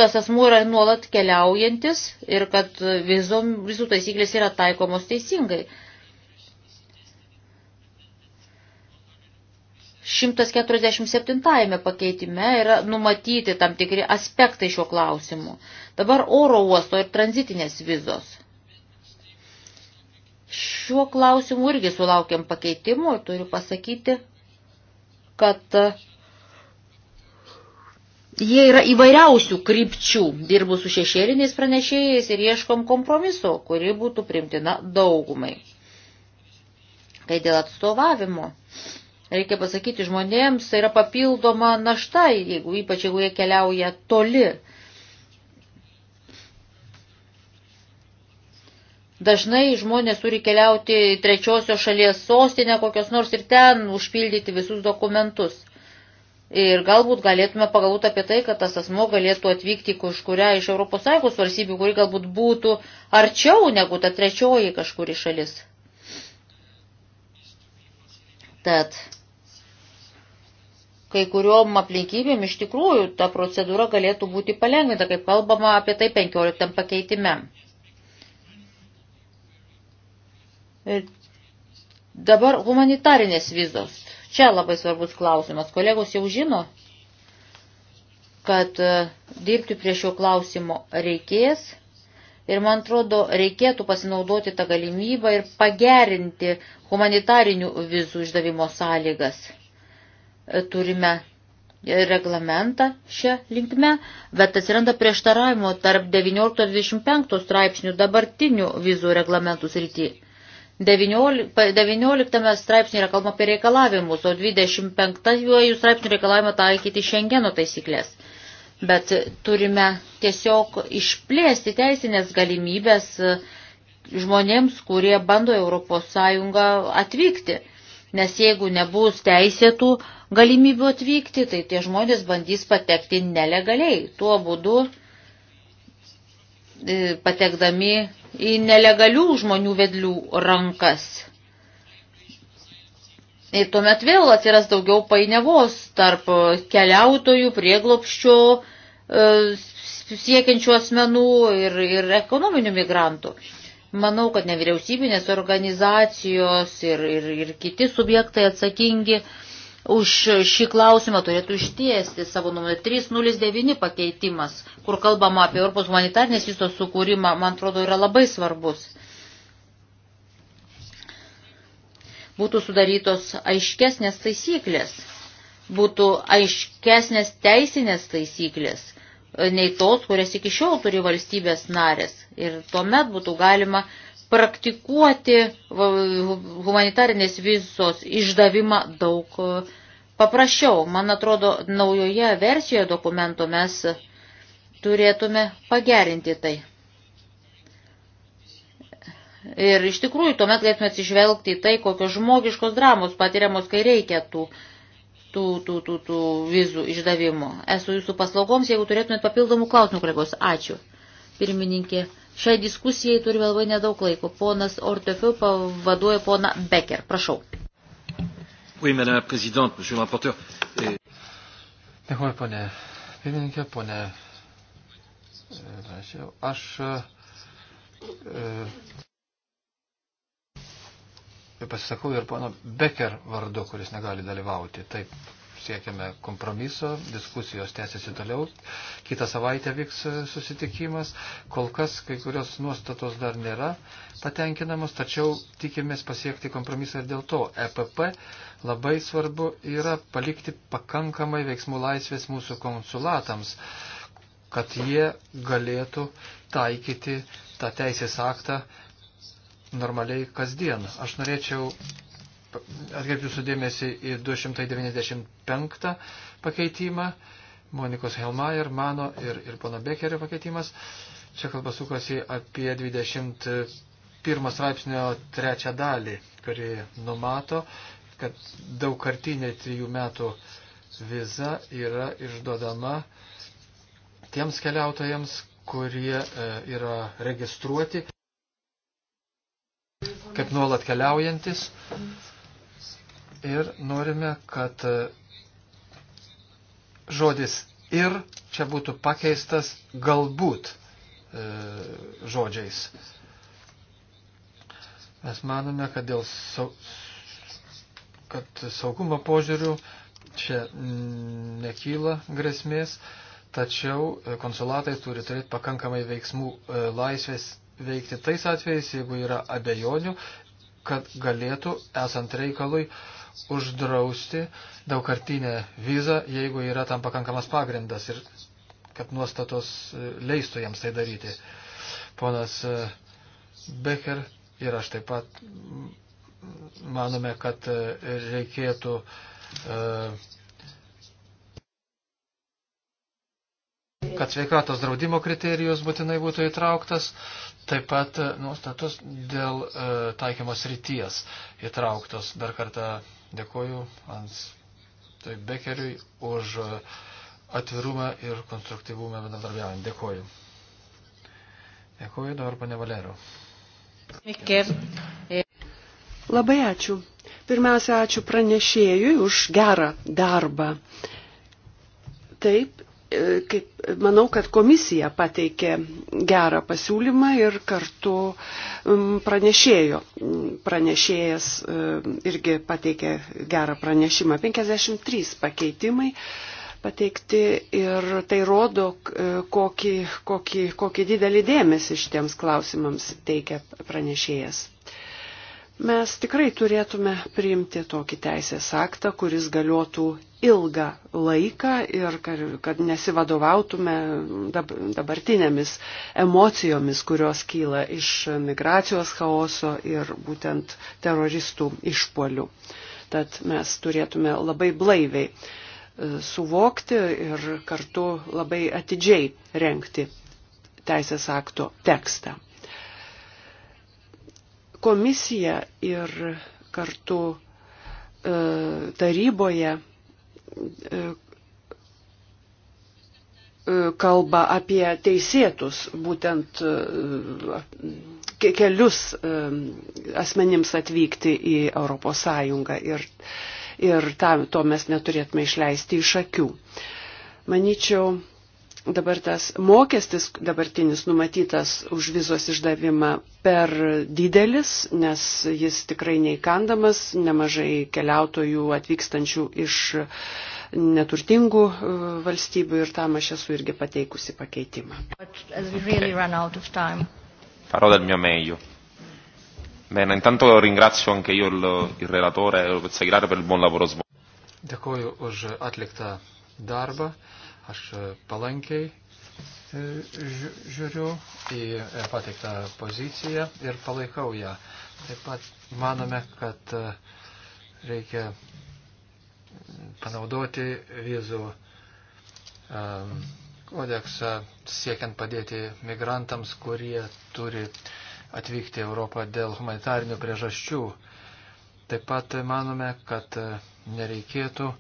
Speaker 2: tas asmuo yra nuolat keliaujantis ir kad vizom, visų taisyklės yra taikomos teisingai. 147 pakeitime yra numatyti tam tikri aspektai šiuo klausimu. Dabar oro uosto ir tranzitinės vizos. Šiuo klausimu irgi sulaukiam pakeitimų ir turiu pasakyti, kad e, jie yra įvairiausių krypčių. Dirbu su šešėliniais pranešėjais ir ieškom kompromiso, kuri būtų primtina daugumai. Kai dėl atstovavimo. Reikia pasakyti žmonėms, tai yra papildoma našta, jeigu, ypač jeigu jie keliauja toli. Dažnai žmonės turi keliauti trečiosios šalies sostinę kokios nors ir ten užpildyti visus dokumentus. Ir galbūt galėtume pagalvoti apie tai, kad tas asmo galėtų atvykti kažkuria iš ES valstybių, kuri galbūt būtų arčiau negu ta trečioji kažkuri šalis. Tad kai kuriuom aplinkybėm iš tikrųjų ta procedūra galėtų būti palengvinta, kaip kalbama apie tai 15 pakeitime. Ir dabar humanitarinės vizos. Čia labai svarbus klausimas. Kolegos jau žino, kad e, dirbti prie šio klausimo reikės. Ir man atrodo, reikėtų pasinaudoti tą galimybę ir pagerinti humanitarinių vizų išdavimo sąlygas turime reglamentą šią linkme, bet atsiranda prieštaravimo tarp 19-25 straipsnių dabartinių vizų reglamentų srity. 19, 19 straipsnė yra kalbama apie reikalavimus, o 25 straipsnių reikalavimą taikyti šengeno taisyklės. Bet turime tiesiog išplėsti teisinės galimybės žmonėms, kurie bando Europos Sąjungą atvykti. Nes jeigu nebus teisėtų, uh, galimybių atvykti, tai tie žmonės bandys patekti nelegaliai. Tuo būdu e, patekdami į nelegalių žmonių vedlių rankas. Ir e, tuomet vėl atsiras daugiau painiavos tarp keliautojų, prieglopščių, e, siekiančių asmenų ir, ir ekonominių migrantų. Manau, kad nevyriausybinės organizacijos ir, ir, ir kiti subjektai atsakingi uh, už šį klausimą turėtų ištiesti savo nuomonę. 309 pakeitimas, kur kalbama apie Europos humanitarnės visos sukūrimą, man atrodo, yra labai svarbus. Būtų sudarytos aiškesnės taisyklės, būtų aiškesnės teisinės taisyklės e, nei tos, kurias iki šiol turi valstybės narės. Ir tuomet būtų galima uh, praktikuoti humanitarinės vizos išdavimą daug e, paprasčiau. Man atrodo, naujoje versijoje dokumento mes turėtume pagerinti tai. Ir iš tikrųjų, tuomet galėtume atsižvelgti į tai, kokios žmogiškos dramos patiriamos, kai reikia tų, tų, tų, tų, tų vizų išdavimo. Esu jūsų paslaugoms, jeigu turėtumėt papildomų klausimų, kolegos. Ačiū. Pirmininkė. Šiai diskusijai turime labai nedaug laiko. Ponas Ortefiu pavaduoja poną Becker. Prašau.
Speaker 3: Oui, madame la présidente, monsieur le rapporteur. Et... Dėkuoju, ponė pirmininkė, ponė. E, Aš e, e, pasisakau ir pono Becker vardu, kuris negali dalyvauti. Taip, siekiame kompromiso, diskusijos tęsiasi toliau. Kita savaitė vyks e, susitikimas. Kol kas kai kurios nuostatos dar nėra patenkinamos, tačiau tikimės pasiekti kompromisą ir dėl to. EPP labai svarbu yra palikti pakankamai veiksmų laisvės mūsų konsulatams, kad jie galėtų taikyti tą teisės aktą normaliai kasdien. Aš norėčiau atkreipsiu sudėmėsi į 295 pakeitimą, Monikos Helmajer, mano ir, ir pono Bekerio pakeitimas. Čia kalba sukasi apie 21 straipsnio trečią dalį, kuri numato, kad daugkartinė trijų metų viza yra išduodama tiems keliautojams, kurie e, yra registruoti kaip nuolat keliaujantis. Mm ir norime, kad e, žodis ir čia būtų pakeistas galbūt e, žodžiais. Mes manome, kad dėl sau, kad saugumo požiūrių čia nekyla grėsmės, tačiau konsulatai turi turėti pakankamai veiksmų e, laisvės veikti tais atvejais, jeigu yra abejonių, kad galėtų esant reikalui uždrausti daugkartinę vizą, jeigu yra tam pakankamas pagrindas ir kad nuostatos e, leistų jiems tai daryti. Ponas e, Becker ir aš taip pat manome, kad e, reikėtų kad sveikatos draudimo kriterijus būtinai būtų įtrauktas, taip pat nuostatos dėl e, taikymos ryties įtrauktos. Dar kartą Dėkoju Ans tai Bekeriui už e, atvirumą ir konstruktyvumą bendradarbiaujant. Dėkoju. Dėkoju dabar pane Valero.
Speaker 1: Labai ačiū. Pirmiausia, ačiū pranešėjui už gerą darbą. Taip, E, kaip, manau, kad komisija pateikė gerą pasiūlymą ir kartu pranešėjo. Pranešėjas e, irgi pateikė gerą pranešimą. 53 pakeitimai pateikti ir tai rodo, e, kokį, kokį, kokį didelį dėmesį šitiems klausimams teikia pranešėjas. Mes tikrai turėtume priimti tokį teisės aktą, kuris galiotų ilgą laiką ir kad nesivadovautume dabartinėmis emocijomis, kurios kyla iš migracijos chaoso ir būtent teroristų išpolių. Tad mes turėtume labai blaiviai e, suvokti ir kartu labai atidžiai renkti teisės akto tekstą komisija ir kartu e, taryboje e, e, kalba apie teisėtus būtent kelius asmenims atvykti į ES ir, ir tą, to mes neturėtume išleisti iš akių. Maničiau, dabar tas mokestis dabartinis numatytas už vizos išdavimą per didelis, nes jis tikrai neįkandamas, nemažai keliautojų atvykstančių iš neturtingų e, valstybių ir tam aš esu irgi pateikusi
Speaker 2: pakeitimą. Really Farò del mio meglio. Bene, intanto ringrazio anche io il, il relatore Lopez Aguilar per il buon lavoro svolto.
Speaker 3: Dėkuoju už atliktą darbą. Aš e, palankiai e, žiūriu į e, pateiktą poziciją ir palaikau ją. Taip pat manome, kad reikia panaudoti vizų kodeksą siekiant padėti migrantams, kurie turi atvykti į Europą dėl humanitarinių priežasčių. Taip pat manome, kad nereikėtų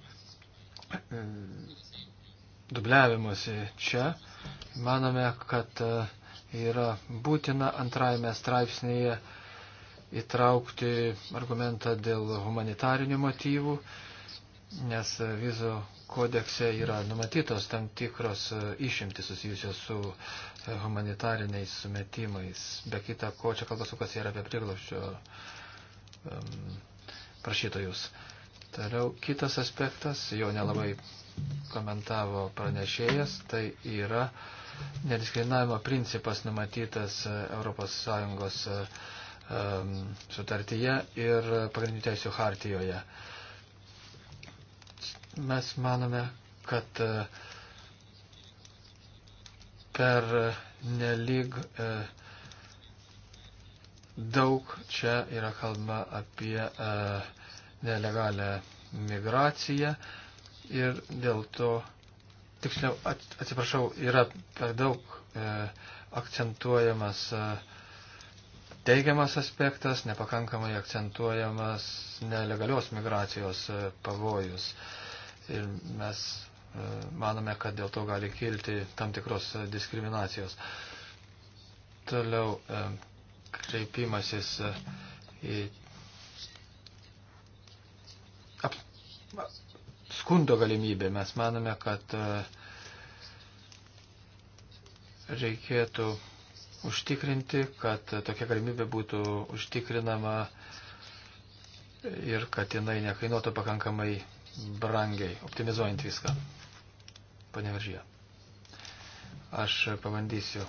Speaker 3: dubliavimuose čia. Manome, kad e, yra būtina antrajame straipsnėje įtraukti argumentą dėl humanitarinių motyvų, nes vizų kodekse yra numatytos tam tikros e, išimtis susijusios su e, humanitariniais sumetimais. Be kita ko, čia kalba sukasi ir apie prieglaušio um, prašytojus. Toliau kitas aspektas, jo nelabai komentavo pranešėjas, tai yra nediskriminavimo principas numatytas ES e, e, sutartyje ir pagrindinių teisų hartijoje. Mes manome, kad e, per nelig daug čia yra kalba apie nelegalę migraciją, ir dėl to, tiksliau, atsiprašau, yra per daug e, akcentuojamas e, teigiamas aspektas, nepakankamai akcentuojamas nelegalios migracijos e, pavojus. Ir mes e, manome, kad dėl to gali kilti tam tikros e, diskriminacijos. Toliau e, kreipimasis e, į. Ap, skundo galimybė. Mes manome, kad e, reikėtų užtikrinti, kad tokia galimybė būtų užtikrinama ir kad jinai nekainuotų pakankamai brangiai, optimizuojant viską. Pane Viržyje. Aš pabandysiu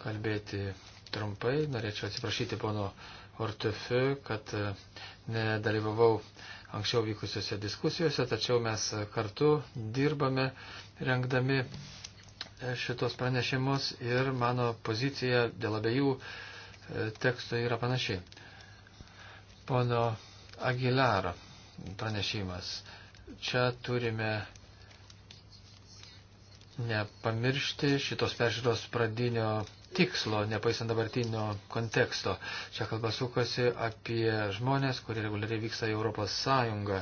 Speaker 3: kalbėti trumpai. Norėčiau atsiprašyti pono Ortefiu, kad e, nedalyvavau anksčiau vykusiuose diskusijose, tačiau mes kartu dirbame rengdami e, šitos pranešimus ir mano pozicija dėl abiejų e, tekstų yra panašiai. Pono Aguilar pranešimas. Čia turime nepamiršti šitos peržiūros pradinio tikslo, nepaisant dabartinio konteksto. Čia kalba sukasi apie žmonės, kurie reguliariai vyksta į Europos Sąjungą.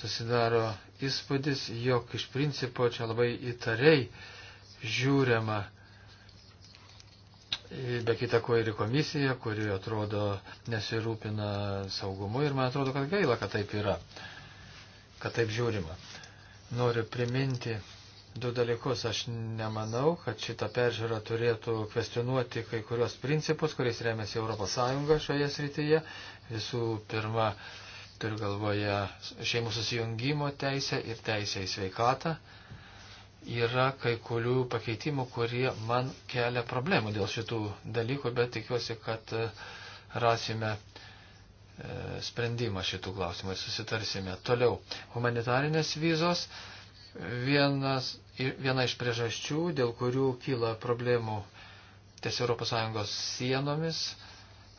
Speaker 3: Susidaro įspūdis, jog iš principo čia labai įtariai žiūrima be kita ko ir komisija, kuri atrodo nesirūpina saugumu ir man atrodo, kad gaila, kad taip yra, kad taip žiūrima. Noriu priminti, du dalykus. Aš nemanau, kad šita peržiūra turėtų kvestionuoti kai kurios principus, kuriais remiasi ES šioje srityje. Visų pirma, turiu galvoje šeimų susijungimo teisę ir teisę į sveikatą. Yra kai kurių pakeitimų, kurie man kelia problemų dėl šitų dalykų, bet tikiuosi, kad e, rasime e, sprendimą šitų klausimų ir susitarsime. Toliau, humanitarinės vizos. Vienas viena iš priežasčių, dėl kurių kyla problemų ties ES sienomis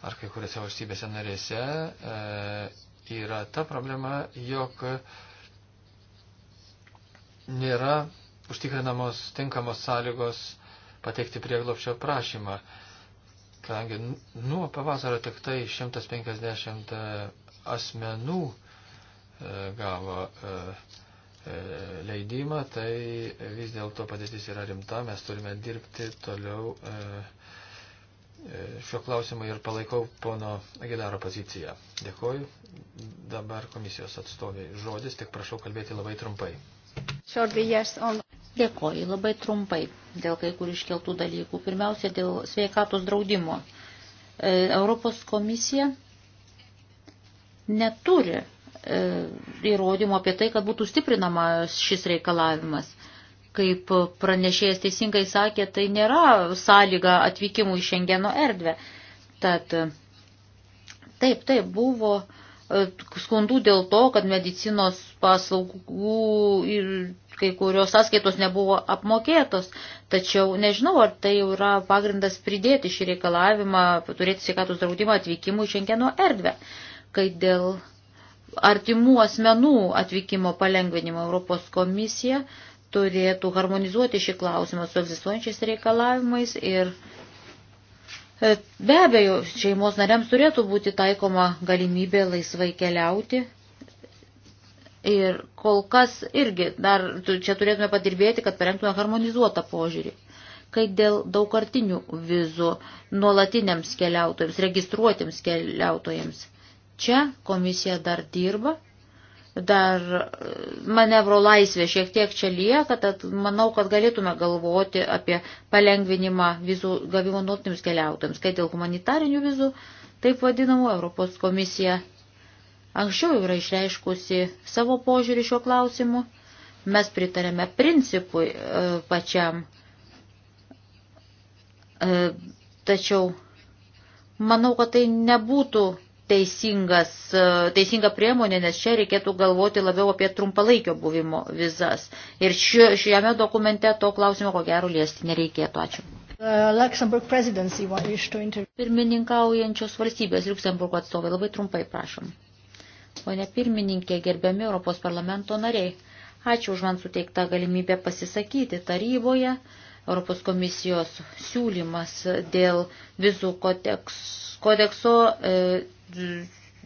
Speaker 3: ar kai kuriuose valstybėse narėse, e, yra ta problema, jog nėra užtikrinamos tinkamos sąlygos pateikti prieglopščio prašymą, kadangi nuo pavasario tik tai 150 asmenų e, gavo. E, E, leidimą, tai vis dėlto padėtis yra rimta, mes turime dirbti toliau e, e, šiuo klausimu ir palaikau pono Agilaro poziciją. Dėkoju. Dabar komisijos atstovė žodis, tik prašau kalbėti labai trumpai.
Speaker 2: Dėkoju labai trumpai dėl kai kur iškeltų dalykų. Pirmiausia, dėl sveikatos draudimo. Europos komisija neturi E, įrodymų apie tai, kad būtų stiprinamas šis reikalavimas. Kaip pranešėjas teisingai sakė, tai nėra sąlyga atvykimų į Šengeno erdvę. Tad taip, tai buvo e, skundų dėl to, kad medicinos paslaugų ir kai kurios sąskaitos nebuvo apmokėtos. Tačiau nežinau, ar tai jau yra pagrindas pridėti šį reikalavimą, turėti sveikatos draudimą atvykimų į Šengeno erdvę. Kai dėl artimų asmenų atvykimo palengvinimo Europos komisija turėtų harmonizuoti šį klausimą su egzistuojančiais reikalavimais ir e, be abejo šeimos nariams turėtų būti taikoma galimybė laisvai keliauti. Ir kol kas irgi dar čia turėtume padirbėti, kad parengtume harmonizuotą požiūrį kai dėl daugkartinių vizų nuolatiniams keliautojams, registruotiems keliautojams. Čia komisija dar dirba, dar e, manevro laisvė šiek tiek čia lieka, tad manau, kad galėtume galvoti apie palengvinimą vizų gavimo nuotinims keliautams, kai dėl humanitarinių vizų, taip vadinamų, Europos komisija anksčiau yra išreiškusi savo požiūrį šiuo klausimu, mes pritarėme principui e, pačiam, e, tačiau manau, kad tai nebūtų teisingas, e, teisinga priemonė, nes čia reikėtų galvoti labiau apie trumpalaikio buvimo vizas. Ir ši, šiame dokumente to klausimo ko gero liesti nereikėtų. Ačiū. Pirmininkaujančios valstybės Luxemburgo atstovai, labai trumpai prašom. Pone pirmininkė, gerbiami Europos parlamento nariai, ačiū už man suteiktą galimybę pasisakyti taryboje. Europos komisijos siūlymas dėl vizų kodeks, kodekso e,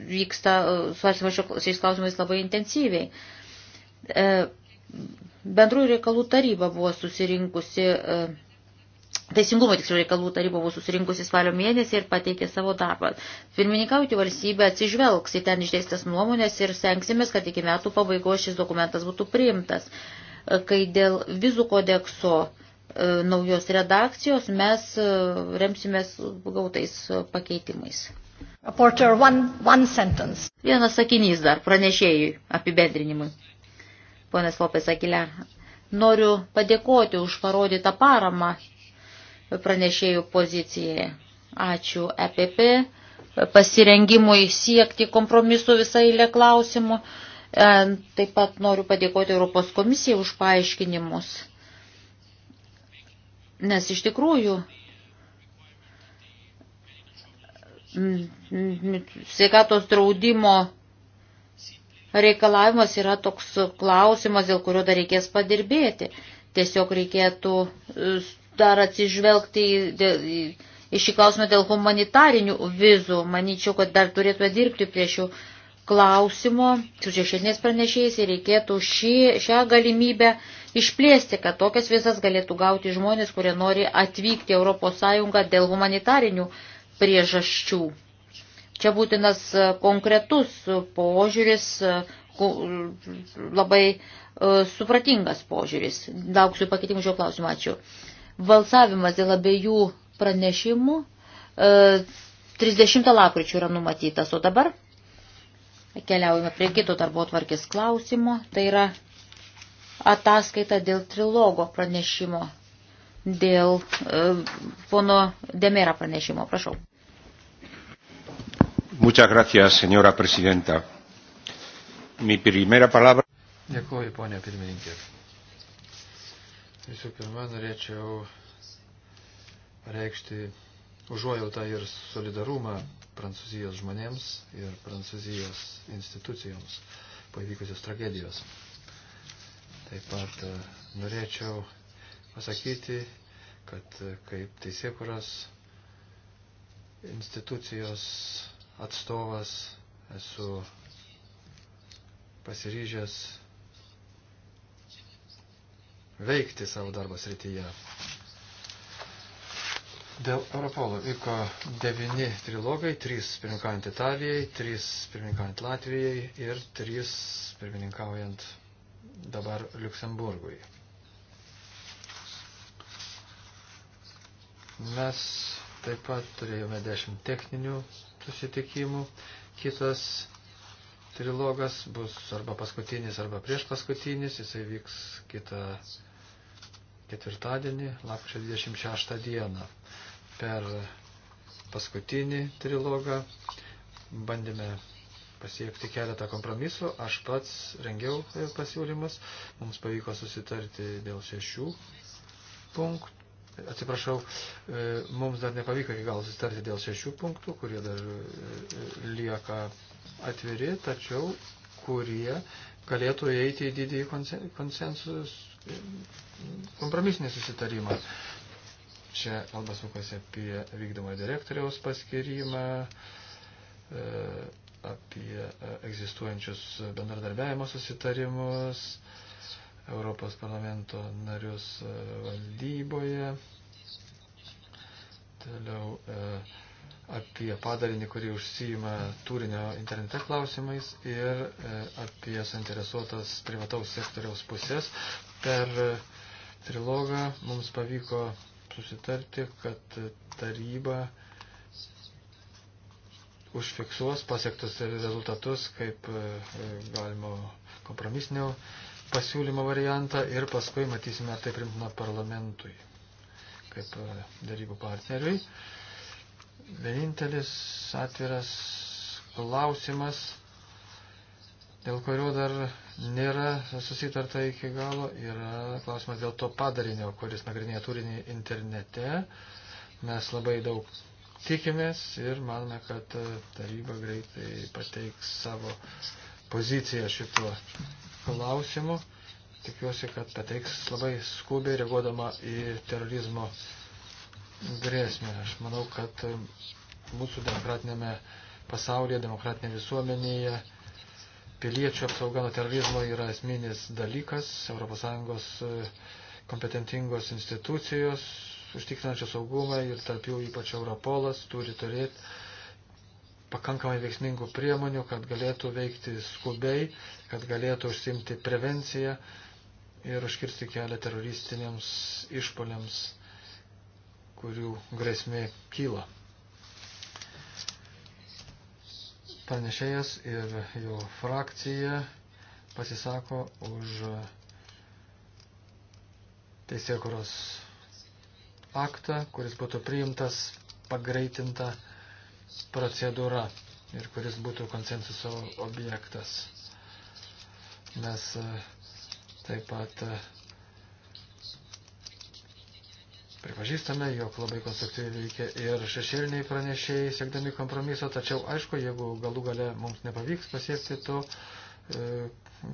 Speaker 2: vyksta e, svarstymas šiais klausimais labai intensyviai. E, bendrųjų reikalų taryba buvo susirinkusi, e, teisingumo tiksliau reikalų taryba buvo susirinkusi spalio mėnesį ir pateikė savo darbą. Pirmininkauti valstybė atsižvelgs į ten išdėstas nuomonės ir stengsimės, kad iki metų pabaigos šis dokumentas būtų priimtas. Kai dėl vizų kodekso naujos redakcijos mes remsimės gautais pakeitimais. Reporter, one, one sentence. Vienas sakinys dar pranešėjui apibendrinimui. Ponas Lopės Akilė, noriu padėkoti už parodytą paramą pranešėjų pozicijai. Ačiū EPP pasirengimui siekti kompromisų visą eilę klausimų. E, taip pat noriu padėkoti Europos komisijai už paaiškinimus. Nes iš tikrųjų sveikatos draudimo reikalavimas yra toks klausimas, dėl kurio dar reikės padirbėti. Tiesiog reikėtų e, dar atsižvelgti į, į šį klausimą dėl humanitarinių vizų. Manyčiau, kad dar turėtume dirbti prie šių klausimo su šešėlinės pranešėjais ir reikėtų šį, šią galimybę išplėsti, kad tokias vizas galėtų gauti žmonės, kurie nori atvykti Europos Sąjungą dėl humanitarinių vizų priežasčių. Čia būtinas e, konkretus požiūris, e, labai e, supratingas požiūris. Lauksiu pakeitimų šio klausimą. Ačiū. Valsavimas dėl abiejų pranešimų 30 lapkričių yra numatytas, o dabar keliaujame prie kito darbo tvarkės klausimo. Tai yra ataskaita dėl trilogo pranešimo, dėl e, pono Demera pranešimo. Prašau.
Speaker 1: Muchas gracias, señora presidenta. Mi primera palabra.
Speaker 3: Dėkuoju, ponė pirmininkė. Visų pirma, norėčiau reikšti užuojautą ir solidarumą Prancūzijos žmonėms ir Prancūzijos institucijoms po įvykusios tragedijos. Taip pat e, norėčiau pasakyti, kad e, kaip teisėkuros institucijos atstovas, esu pasiryžęs veikti savo darbo srityje. Dėl Europolo vyko devini trilogai, trys pirmininkaujant Italijai, trys pirmininkaujant Latvijai ir trys pirmininkaujant dabar Luksemburgui. Mes taip pat turėjome dešimt techninių susitikimų. Kitas trilogas bus arba paskutinis, arba prieš paskutinis. Jisai vyks kitą ketvirtadienį, lapkričio 26 dieną. Per paskutinį trilogą bandėme pasiekti keletą kompromisų. Aš pats rengiau pasiūlymus. Mums pavyko susitarti dėl šešių punktų atsiprašau, e, mums dar nepavyko iki galo susitarti dėl šešių punktų, kurie dar e, e, lieka atviri, tačiau kurie galėtų įeiti į didįjį konsensus, kompromisinį susitarimą. Čia kalba sukasi apie vykdomo direktoriaus paskirimą, apie egzistuojančius bendradarbiavimo susitarimus, Europos parlamento narius e, valdyboje. Toliau e, apie padalinį, kurį užsijima turinio internete klausimais ir e, apie suinteresuotas privataus sektoriaus pusės. Per trilogą mums pavyko susitarti, kad taryba užfiksuos pasiektus rezultatus kaip galimo kompromisinio pasiūlymo variantą ir paskui matysime, ar tai primtina parlamentui kaip e, darybų partneriui. Vienintelis atviras klausimas, dėl kurio dar nėra susitarta iki galo, yra klausimas dėl to padarinio, kuris nagrinėja turinį internete. Mes labai daug tikimės ir manome, kad e, taryba greitai pateiks savo poziciją šituo klausimų. Tikiuosi, kad pateiks labai skubiai reaguodama į terorizmo grėsmę. Aš manau, kad mūsų demokratinėme pasaulyje, demokratinėje visuomenėje piliečių apsauga nuo terorizmo yra esminis dalykas. ES e, kompetentingos institucijos užtikrinančios saugumą ir tarp jų ypač Europolas turi turėti pakankamai veiksmingų priemonių, kad galėtų veikti skubiai, kad galėtų užsimti prevenciją ir užkirsti kelią teroristiniams išpoliams, kurių grėsmė kyla. Pranešėjas ir jo frakcija pasisako už teisėkuros aktą, kuris būtų priimtas pagreitinta procedūra ir kuris būtų konsensuso objektas. Mes e, taip pat e, pripažįstame, jog labai konstruktyviai veikia ir šešėliniai pranešėjai siekdami kompromiso, tačiau aišku, jeigu galų gale mums nepavyks pasiekti to e,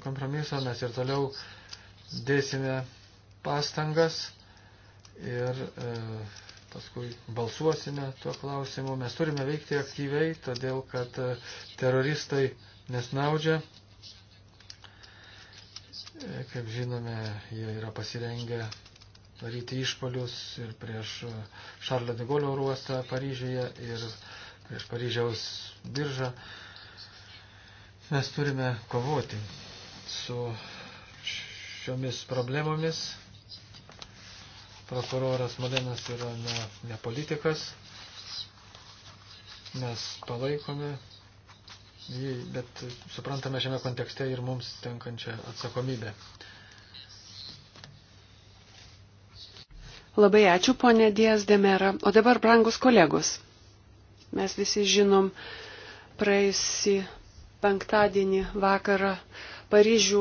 Speaker 3: kompromiso, mes ir toliau dėsime pastangas ir e, paskui balsuosime tuo klausimu. Mes turime veikti aktyviai, todėl kad e, teroristai nesnaudžia. E, kaip žinome, jie yra pasirengę daryti išpolius ir prieš e, Šarlio de Golio ruostą Paryžiuje ir prieš Paryžiaus biržą. Mes turime kovoti su šiomis problemomis Prokuroras Malenas yra ne, ne politikas. Mes palaikome jį, bet suprantame šiame kontekste ir mums tenkančią atsakomybę.
Speaker 1: Labai ačiū, ponė Dijas Demera. O dabar, brangus kolegos, mes visi žinom praėjusį penktadienį vakarą Paryžių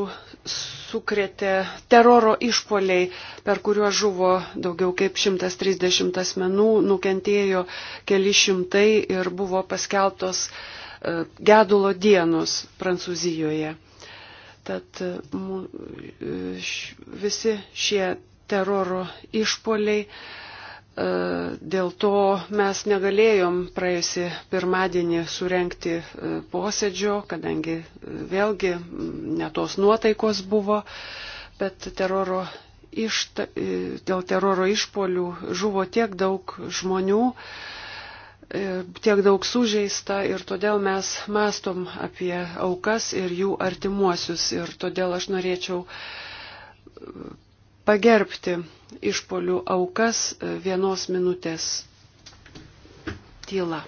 Speaker 1: sukrėtė teroro išpoliai, per kuriuos žuvo daugiau kaip 130 asmenų, nukentėjo keli šimtai ir buvo paskeltos e, gedulo dienos Prancūzijoje. Tad e, e, visi šie teroro išpoliai E, dėl to mes negalėjom praėjusi pirmadienį surenkti e, posėdžio, kadangi e, vėlgi netos nuotaikos buvo, bet teroro išta, dėl teroro išpolių žuvo tiek daug žmonių, tiek daug sužeista ir todėl mes mastom apie aukas ir jų artimuosius. Ir todėl aš norėčiau pagerbti išpolių aukas e, vienos minutės tyla.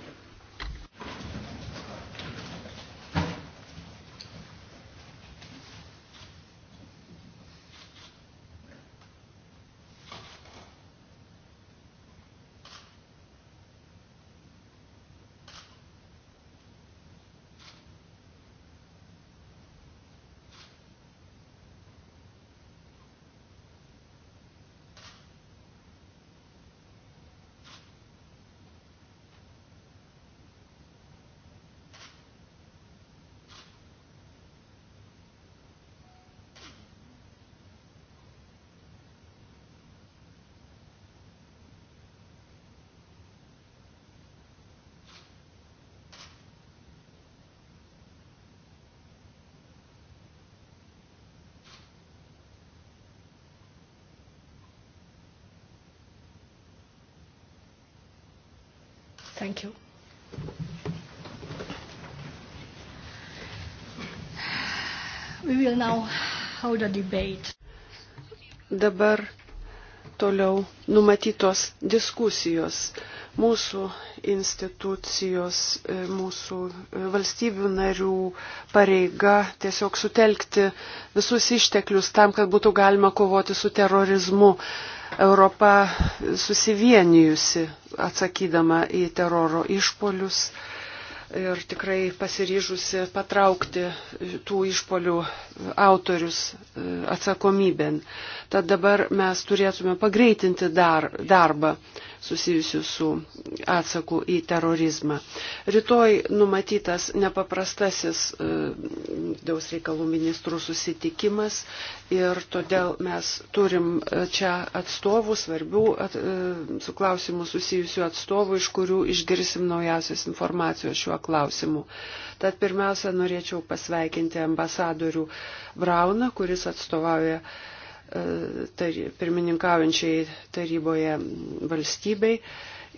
Speaker 1: Dabar toliau numatytos diskusijos mūsų institucijos, e, mūsų e, valstybių narių pareiga tiesiog sutelkti visus išteklius tam, kad būtų galima kovoti su terorizmu. Europa susivienijusi atsakydama į teroro išpolius, ir tikrai pasiryžusi patraukti tų išpolių autorius e, atsakomybėn. Tad dabar mes turėtume pagreitinti dar, darbą susijusiu su atsaku į terorizmą. Rytoj numatytas nepaprastasis e, daus reikalų ministrų susitikimas ir todėl mes turim e, čia atstovų, svarbių at, su klausimu susijusių atstovų, iš kurių išgirsim naujausias informacijos šiuo klausimų. Tad pirmiausia, norėčiau pasveikinti ambasadorių Brauną, kuris atstovauja e, tari, pirmininkaujančiai taryboje valstybei.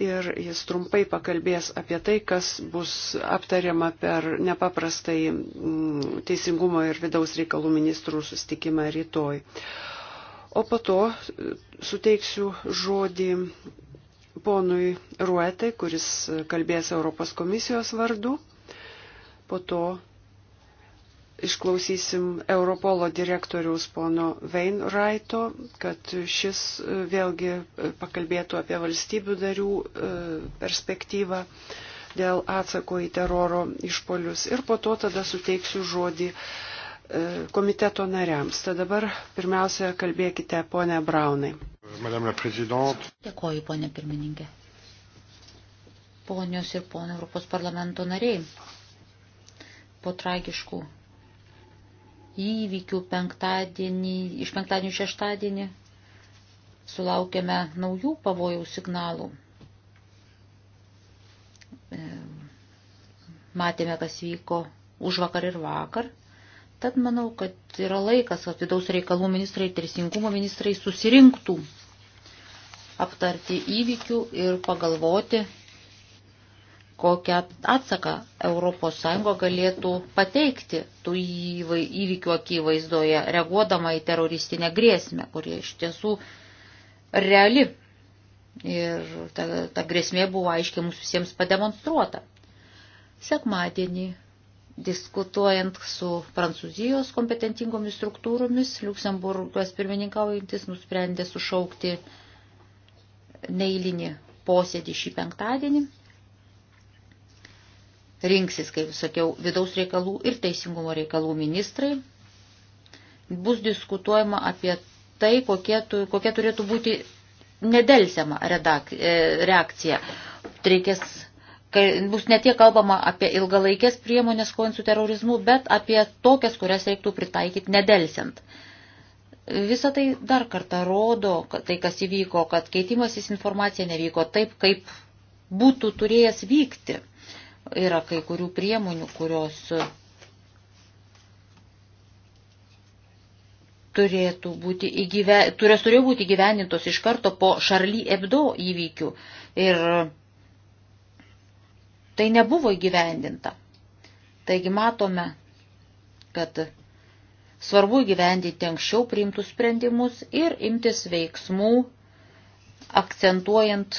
Speaker 1: Ir jis trumpai pakalbės apie tai, kas bus aptariama per nepaprastai mm, teisingumo ir vidaus reikalų ministrų sustikimą rytoj. O po to e, suteiksiu žodį ponui Ruetai, kuris kalbės Europos komisijos vardu. Po to išklausysim Europolo direktoriaus pono Veinraito, kad šis e, vėlgi e, pakalbėtų apie valstybių darių e, perspektyvą dėl atsako į teroro išpolius. Ir po to tada suteiksiu žodį komiteto nariams. Tad dabar pirmiausia kalbėkite, ponė Braunai. Dėkoju,
Speaker 2: ponė pirmininkė. Ponios ir ponai Europos parlamento nariai, po tragiškų įvykių penktadienį, iš penktadienį šeštadienį sulaukėme naujų pavojų signalų. E, matėme, kas vyko už vakar ir vakar. Tad manau, kad yra laikas, kad vidaus reikalų ministrai ir teisingumo ministrai susirinktų aptarti įvykių ir pagalvoti, kokią atsaką ES galėtų pateikti tų įvykių akivaizdoje, reaguodama į teroristinę grėsmę, kurie iš tiesų reali. Ir ta, ta grėsmė buvo aiškiai mums visiems pademonstruota. Sekmadienį diskutuojant su Prancūzijos kompetentingomis struktūromis, Luksemburgas pirmininkaujantis nusprendė sušaukti neįlinį posėdį šį penktadienį. Rinksis, kaip sakiau, vidaus reikalų ir teisingumo reikalų ministrai. Bus diskutuojama apie tai, kokie, tu, kokie turėtų būti nedelsiama redak, e, reakcija. Reikės, bus ne tiek kalbama apie ilgalaikės priemonės kovant su terorizmu, bet apie tokias, kurias reiktų pritaikyti nedelsiant. Uh, Visą tai dar kartą rodo, kad tai, kas įvyko, kad keitimasis informacija nevyko taip, kaip būtų turėjęs vykti. Yra kai kurių priemonių, kurios turėtų būti įgyve, turės turėjo būti gyvenintos iš karto po Šarly Ebdo įvykių. Ir tai nebuvo įgyvendinta. Taigi matome, kad Svarbu gyvendyti anksčiau priimtus sprendimus ir imtis veiksmų, akcentuojant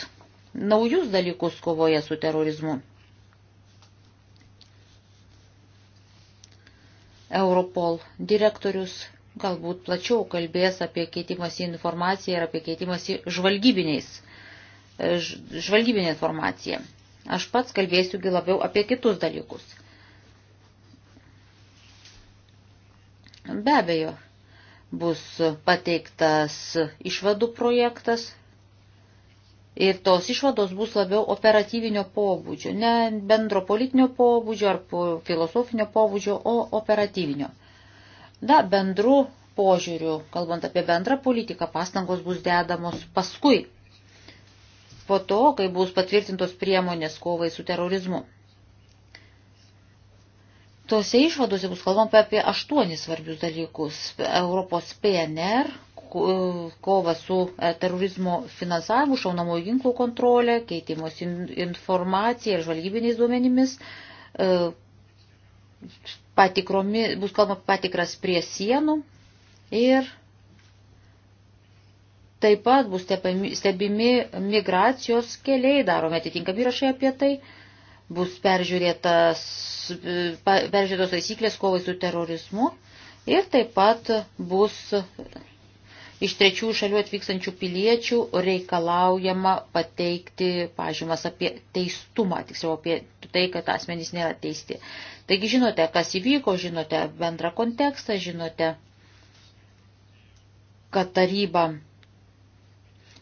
Speaker 2: naujus dalykus kovoje su terorizmu. Europol direktorius galbūt plačiau kalbės apie keitimąsi informaciją ir apie keitimąsi žvalgybiniais, žvalgybinė informacija. Aš pats kalbėsiugi labiau apie kitus dalykus. Be abejo, bus pateiktas išvadų projektas ir tos išvados bus labiau operatyvinio pobūdžio, ne bendro politinio pobūdžio ar filosofinio pobūdžio, o operatyvinio. Na, bendru požiūriu, kalbant apie bendrą politiką, pastangos bus dedamos paskui, po to, kai bus patvirtintos priemonės kovai su terorizmu. Tose išvadose bus kalbama apie aštuonis svarbius dalykus. Europos PNR, kova su e, terorizmo finansavimu, šaunamųjų ginklų kontrolė, keitimos informacija ir žvalgybiniais duomenimis, e, patikromi, bus kalbama patikras prie sienų ir taip pat bus stebimi migracijos keliai, darome atitinkami rašai apie tai bus peržiūrėtas, peržiūrėtos taisyklės kovai su terorizmu ir taip pat bus iš trečių šalių atvykstančių piliečių reikalaujama pateikti pažymas apie teistumą, tiksliau apie tai, kad asmenys nėra teisti. Taigi žinote, kas įvyko, žinote bendrą kontekstą, žinote, kad taryba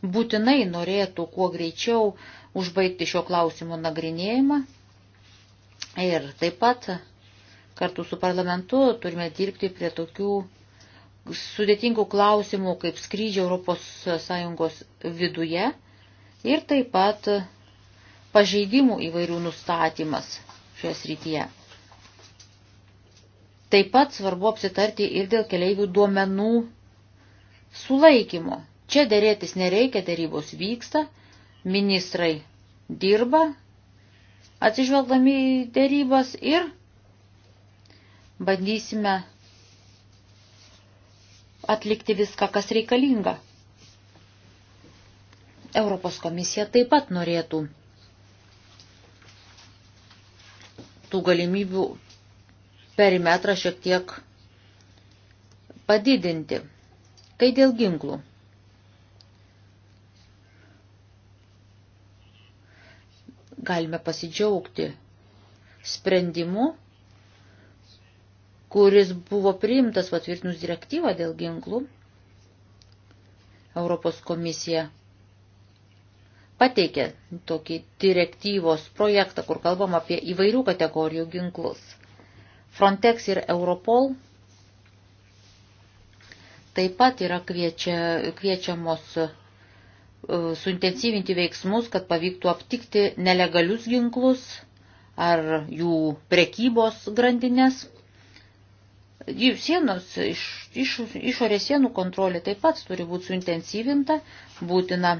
Speaker 2: būtinai norėtų kuo greičiau užbaigti šio klausimo nagrinėjimą Ir taip pat kartu su parlamentu turime dirbti prie tokių sudėtingų klausimų kaip skrydžiai Europos Sąjungos viduje ir taip pat pažeidimų įvairių nustatymas šioje srityje. Taip pat svarbu apsitarti ir dėl keleivių duomenų sulaikymo. Čia dėrėtis nereikia, dėrybos vyksta, ministrai dirba, atsižvelgdami į dėrybas ir bandysime atlikti viską, kas reikalinga. Europos komisija taip pat norėtų tų galimybių perimetrą šiek tiek padidinti. Kai dėl ginklų. galime pasidžiaugti sprendimu, kuris buvo priimtas patvirtinus direktyvą dėl ginklų. Europos komisija pateikė tokį direktyvos projektą, kur kalbam apie įvairių kategorijų ginklus. Frontex ir Europol taip pat yra kviečia, kviečiamos E, suintensyvinti veiksmus, kad pavyktų aptikti nelegalius ginklus ar jų prekybos grandinės. Jų sienos, iš, iš, išorės sienų kontrolė taip pat turi būti suintensyvinta, būtina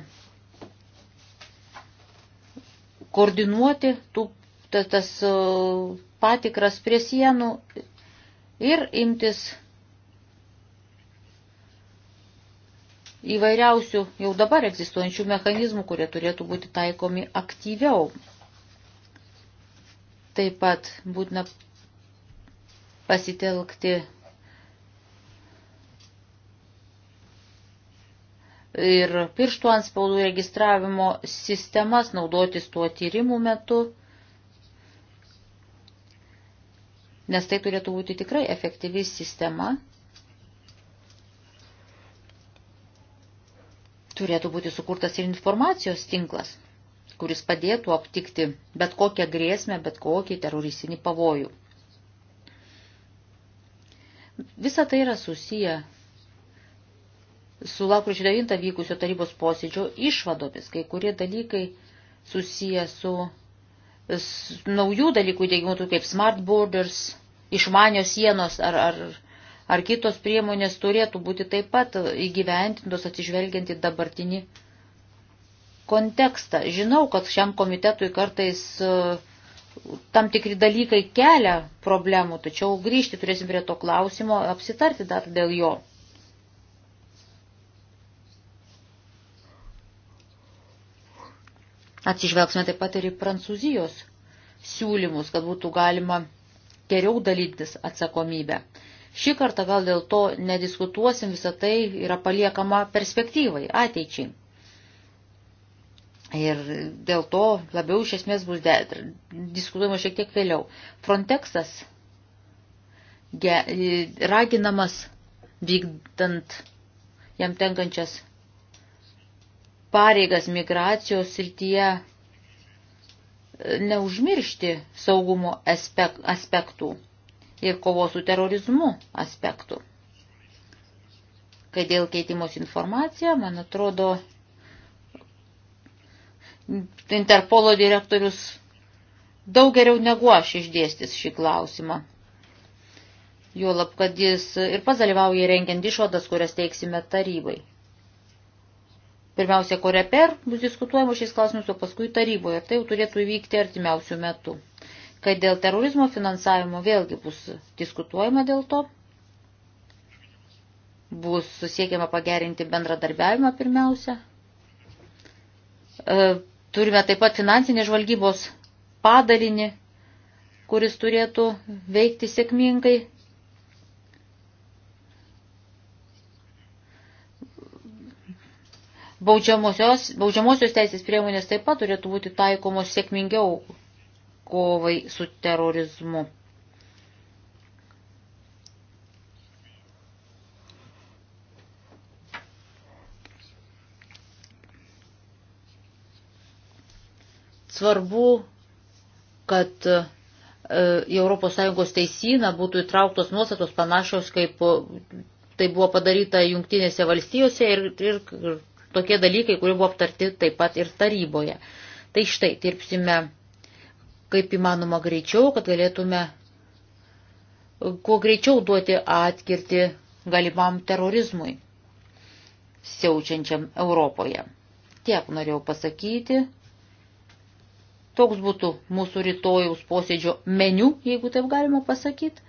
Speaker 2: koordinuoti tų, tas e, patikras prie sienų ir imtis įvairiausių jau dabar egzistuojančių mechanizmų, kurie turėtų būti taikomi aktyviau. Taip pat būtina pasitelkti ir pirštų anspaudų registravimo sistemas, naudotis tuo tyrimų metu, nes tai turėtų būti tikrai efektyvi sistema turėtų būti sukurtas ir informacijos tinklas, kuris padėtų aptikti bet kokią grėsmę, bet kokį teroristinį pavojų. Visa tai yra susiję su lapkričio 9 vykusio tarybos posėdžio išvadomis, kai kurie dalykai susiję su, su naujų dalykų įdėgimu, kaip smart borders, išmanios sienos ar, ar ar kitos priemonės turėtų būti taip pat įgyventintos atsižvelgiant į dabartinį kontekstą. Žinau, kad šiam komitetui kartais e, tam tikri dalykai kelia problemų, tačiau grįžti turėsim prie to klausimo, apsitarti dar dėl jo. Atsižvelgsime taip pat ir į Prancūzijos siūlymus, kad būtų galima geriau dalytis atsakomybę. Šį kartą gal dėl to nediskutuosim, visą tai yra paliekama perspektyvai, ateičiai. Ir dėl to labiau iš esmės bus de, diskutuojama šiek tiek vėliau. Frontexas ge, raginamas vykdant jam tenkančias pareigas migracijos srityje e, neužmiršti saugumo aspektų ir kovos su terorizmu aspektų. Kai dėl keitimos informacija, man atrodo, Interpolo direktorius daug geriau negu aš išdėstis šį klausimą. Juolab, kad jis ir pats dalyvauja rengiant išvadas, kurias teiksime tarybai. Pirmiausia, koreper bus diskutuojama šiais klausimus, o paskui taryboje. Tai jau turėtų įvykti artimiausių metų kad dėl terorizmo finansavimo vėlgi bus diskutuojama dėl to, bus susiekiama pagerinti bendradarbiavimą pirmiausia. E, turime taip pat finansinės žvalgybos padalinį, kuris turėtų veikti sėkmingai. Baudžiamosios, baudžiamosios teisės priemonės taip pat turėtų būti taikomos sėkmingiau kovai su terorizmu. Svarbu, kad e, į ES teisyną būtų įtrauktos nuostatos panašios, kaip e, tai buvo padaryta jungtinėse valstijose ir, ir, ir tokie dalykai, kurie buvo aptarti taip pat ir taryboje. Tai štai, dirbsime kaip įmanoma greičiau, kad galėtume kuo greičiau duoti atkirti galimam terorizmui siaučiančiam Europoje. Tiek norėjau pasakyti. Toks būtų mūsų rytojaus posėdžio meniu, jeigu taip galima pasakyti.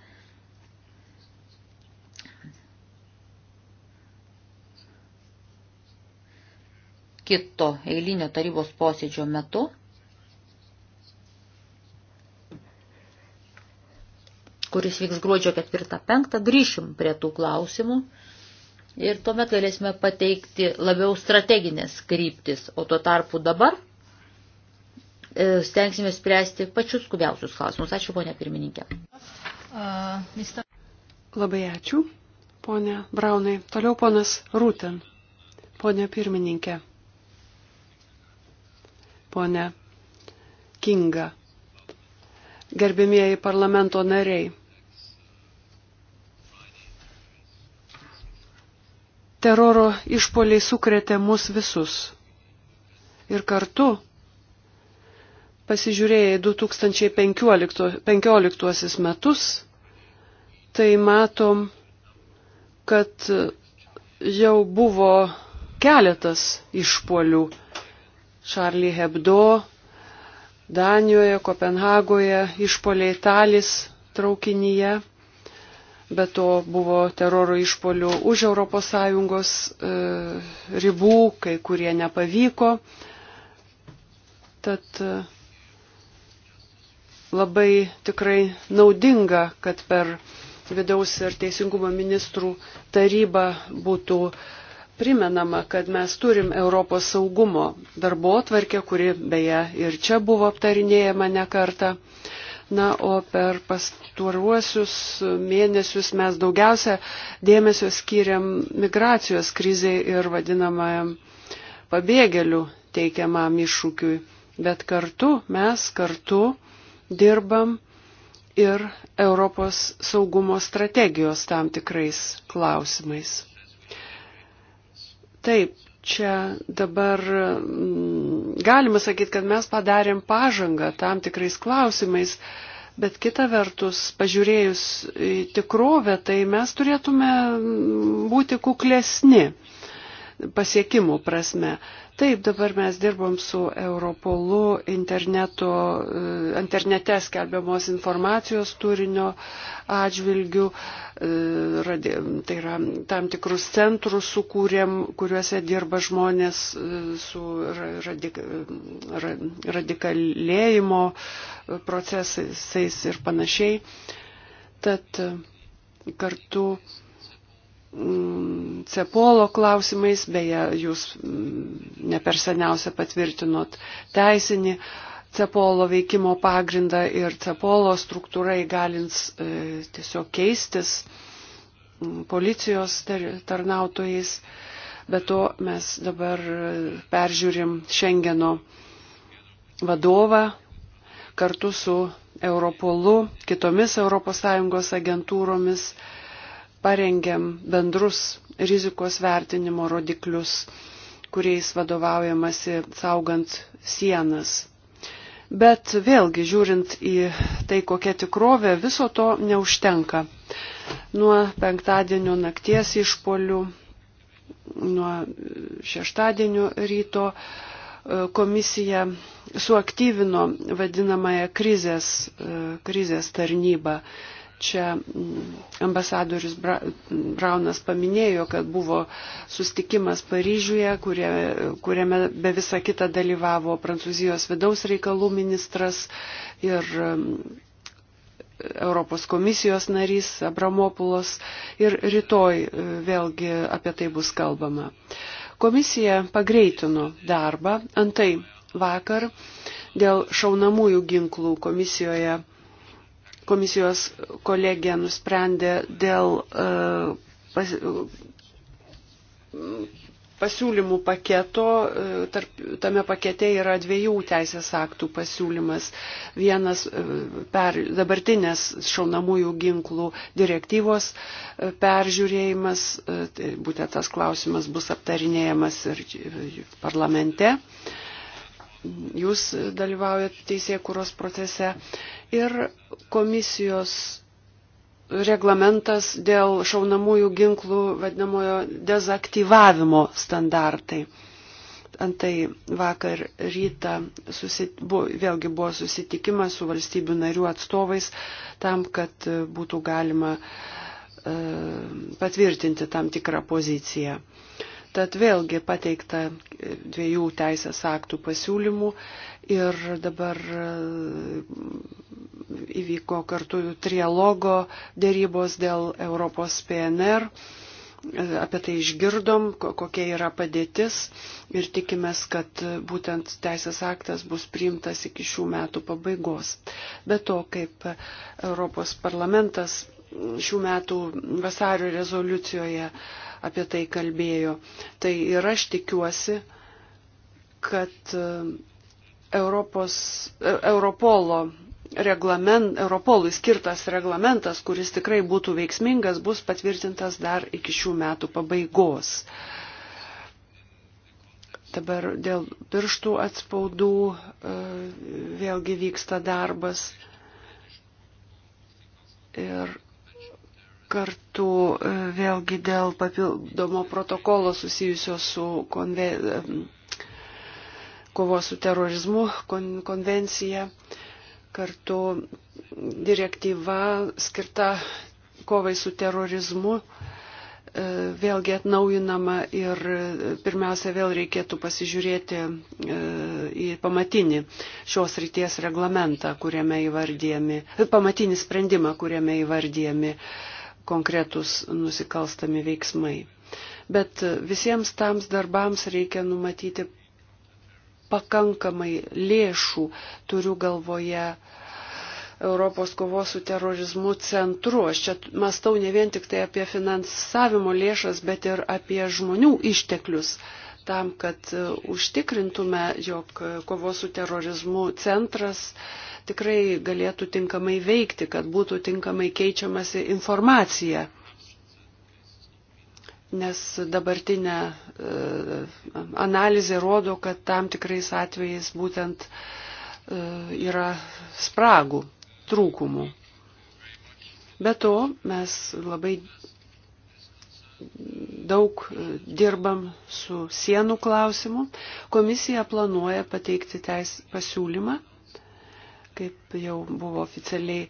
Speaker 2: Kito eilinio tarybos posėdžio metu kuris vyks gruodžio 4-5, grįšim prie tų klausimų ir tuomet galėsime pateikti labiau strateginės kryptis, o tuo tarpu dabar e, stengsime spręsti pačius skubiausius klausimus. Ačiū, ponia pirmininkė. Labai ačiū,
Speaker 1: ponia Braunai. Toliau ponas Rūten, ponia pirmininkė. Ponia Kinga. Gerbėmieji parlamento nariai. teroro išpoliai sukrėtė mus visus. Ir kartu, pasižiūrėję 2015 metus, tai matom, kad jau buvo keletas išpolių. Charlie Hebdo, Danijoje, Kopenhagoje, išpoliai Talis traukinyje. Be to buvo teroro išpolių už ES e, ribų, kai kurie nepavyko. Tad e, labai tikrai naudinga, kad per vidaus ir teisingumo ministrų tarybą būtų primenama, kad mes turim Europos saugumo darbo atvarkę, kuri beje ir čia buvo aptarinėjama ne kartą. Na, o per pastaruosius mėnesius mes daugiausia dėmesio skiriam migracijos kriziai ir vadinamajam pabėgėlių teikiamam iššūkiui. Bet kartu mes kartu dirbam ir Europos saugumo strategijos tam tikrais klausimais. Taip, čia dabar mm, galima sakyti, kad mes padarėm pažangą tam tikrais klausimais, bet kita vertus, pažiūrėjus į tikrovę, tai mes turėtume mm, būti kuklesni pasiekimų prasme. Taip, dabar mes dirbom su Europolu, e, internete skelbiamos informacijos turinio atžvilgių, e, tai yra tam tikrus centrus sukūrėm, kuriuose dirba žmonės e, su radik, radikalėjimo procesais ir panašiai. Tad kartu Mm, Cepolo klausimais, beje, jūs mm, ne per seniausia patvirtinot teisinį Cepolo veikimo pagrindą ir Cepolo struktūra įgalins e, tiesiog keistis mm, policijos tarnautojais. Be to mes dabar e, peržiūrim Šengeno vadovą kartu su Europolu, kitomis ES agentūromis parengėm bendrus rizikos vertinimo rodiklius, kuriais vadovaujamasi saugant sienas. Bet vėlgi, žiūrint į tai, kokia tikrovė, viso to neužtenka. Nuo penktadienio nakties išpolių, nuo šeštadienio ryto e, komisija suaktyvino vadinamąją krizės, e, krizės tarnybą čia mm, ambasadorius Braunas paminėjo, kad buvo sustikimas Paryžiuje, kurie, kuriame be visa kita dalyvavo Prancūzijos vidaus reikalų ministras ir mm, Europos komisijos narys Abramopulos ir rytoj e, vėlgi apie tai bus kalbama. Komisija pagreitino darbą, antai vakar dėl šaunamųjų ginklų komisijoje komisijos kolegija nusprendė dėl e, pas, pasiūlymų paketo, e, tarp, tame pakete yra dviejų teisės aktų pasiūlymas. Vienas e, per dabartinės šaunamųjų ginklų direktyvos peržiūrėjimas, tai būtent tas klausimas bus aptarinėjamas ir parlamente. Uh, jūs dalyvaujate teisėjų kūros procese ir komisijos reglamentas dėl šaunamųjų ginklų vadinamojo dezaktyvavimo standartai. Antai vakar rytą susit, buvo, vėlgi buvo susitikimas su valstybių narių atstovais tam, kad e, būtų galima e, patvirtinti tam tikrą poziciją. E, Tad vėlgi pateikta dviejų teisės aktų pasiūlymų ir dabar e, įvyko kartu trialogo dėrybos dėl Europos PNR. E, apie tai išgirdom, kokia yra padėtis ir tikimės, kad būtent teisės aktas bus priimtas iki šių metų pabaigos. Be to, kaip Europos parlamentas šių metų vasario rezoliucijoje uh, apie tai kalbėjo. Tai ir aš tikiuosi, kad e, Europos, e, Europolo reglament, Europolui skirtas reglamentas, kuris tikrai būtų veiksmingas, bus patvirtintas dar iki šių metų pabaigos. Dabar dėl pirštų atspaudų e, vėlgi vyksta darbas. Ir kartu e, vėlgi dėl papildomo protokolo susijusio su konve... E, kovo su terorizmu kon... konvencija, kartu direktyva skirta kovai su terorizmu e, vėlgi atnaujinama ir pirmiausia vėl reikėtų pasižiūrėti į pamatinį šios ryties reglamentą, kuriame įvardyjami, pamatinį sprendimą, kuriame įvardyjami konkretus nusikalstami veiksmai. Bet visiems tams darbams reikia numatyti pakankamai lėšų, turiu galvoje Europos kovos su terorizmu centru. Aš čia mastau ne vien tik tai apie finansavimo lėšas, bet ir apie žmonių išteklius tam, kad e, užtikrintume, jog kovos su terorizmu centras uh, tikrai galėtų tinkamai veikti, kad būtų tinkamai keičiamasi informacija. Nes dabartinė e, analizė rodo, kad tam tikrais atvejais būtent e, yra spragų, trūkumų. Be to, mes labai daug e, dirbam su sienų klausimu. Komisija planuoja pateikti teis pasiūlymą kaip jau buvo oficialiai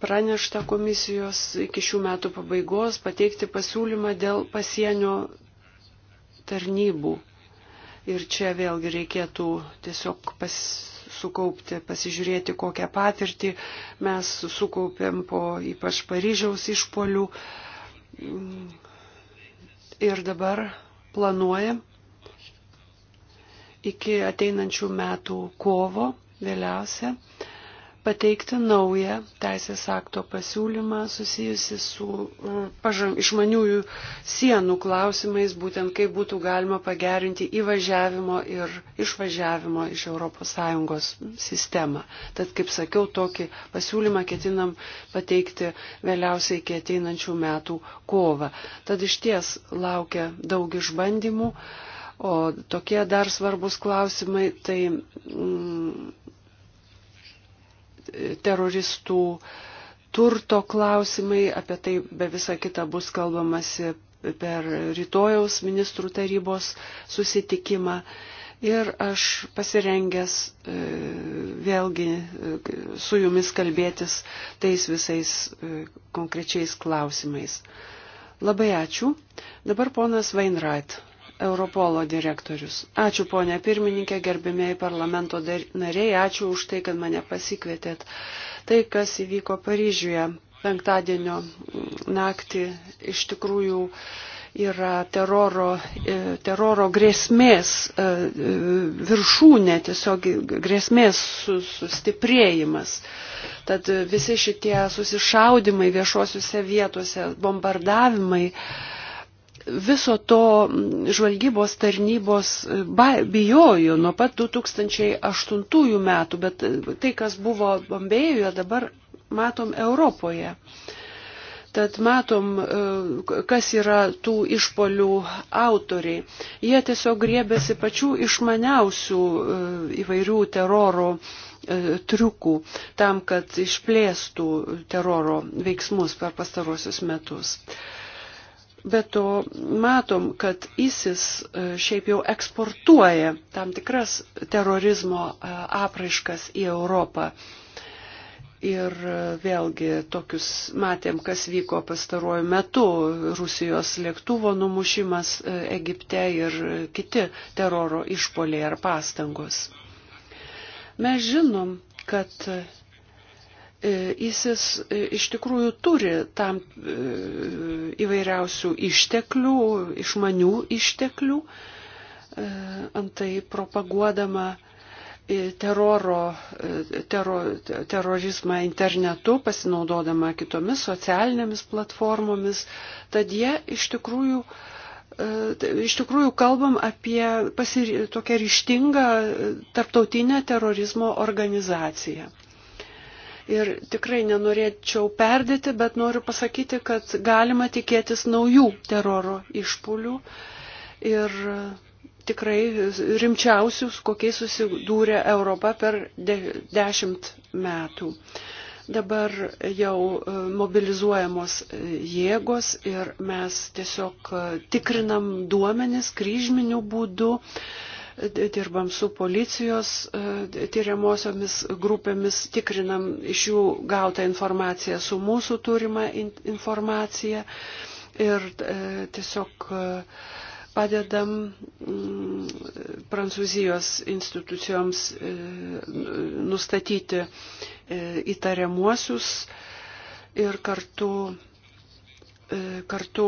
Speaker 1: pranešta komisijos iki šių metų pabaigos, pateikti pasiūlymą dėl pasienio tarnybų. Ir čia vėlgi reikėtų tiesiog pas, sukaupti, pasižiūrėti, kokią patirtį mes sukaupėm po ypač Paryžiaus išpolių. Ir dabar planuojam iki ateinančių metų kovo vėliausia pateikti naują teisės akto pasiūlymą susijusi su mm, pažang, išmaniųjų sienų klausimais, būtent kaip būtų galima pagerinti įvažiavimo ir išvažiavimo iš ES sistemą. Tad, kaip sakiau, tokį pasiūlymą ketinam pateikti vėliausiai iki ateinančių metų kovą. Tad iš ties laukia daug išbandymų. O tokie dar svarbus klausimai, tai mm, teroristų turto klausimai, apie tai be visą kitą bus kalbamasi per rytojaus ministrų tarybos susitikimą. Ir aš pasirengęs e, vėlgi e, su jumis kalbėtis tais visais e, konkrečiais klausimais. Labai ačiū. Dabar ponas Vainrait. Europolo direktorius. Ačiū ponė pirmininkė, gerbimieji parlamento nariai, ačiū už tai, kad mane pasikvietėt. Tai, kas įvyko Paryžiuje penktadienio naktį, iš tikrųjų yra teroro, e, teroro grėsmės e, e, viršūnė, tiesiog grėsmės sustiprėjimas. Tad visi šitie susišaudimai viešosiuose vietuose, bombardavimai, viso to žvalgybos tarnybos e, bijojo nuo pat 2008 metų, bet e, tai, kas buvo Bombėjuje, dabar matom Europoje. Tad matom, e, kas yra tų išpolių autoriai. Jie tiesiog griebėsi pačių išmaniausių įvairių teroro triukų tam, kad išplėstų teroro veiksmus per pastarosius metus. Be to matom, kad ISIS e, šiaip jau eksportuoja tam tikras terorizmo e, apraiškas į Europą. Ir e, vėlgi tokius matėm, kas vyko pastaruoju metu - Rusijos lėktuvo numušimas Egipte ir kiti teroro išpoliai ar pastangos. Mes žinom, kad E, ISIS e, iš tikrųjų turi tam e, įvairiausių išteklių, išmanių išteklių, antai propaguodama teroro, tero, terorizmą internetu, pasinaudodama kitomis socialinėmis platformomis, tad jie iš tikrųjų Iš tikrųjų, kalbam apie pasir... tokią ryštingą tarptautinę terorizmo organizaciją. Ir tikrai nenorėčiau perdėti, bet noriu pasakyti, kad galima tikėtis naujų teroro išpulių. Ir tikrai rimčiausius, kokiais susidūrė Europa per de, dešimt metų. Dabar jau e, mobilizuojamos e, jėgos ir mes tiesiog e, tikrinam duomenis kryžminių būdų, uh, dirbam su policijos e, tyriamosiomis grupėmis, tikrinam iš jų gautą informaciją su mūsų turima informacija ir e, tiesiog e, padedam mm, prancūzijos institucijoms nu, nustatyti įtariamuosius ir kartu E, kartu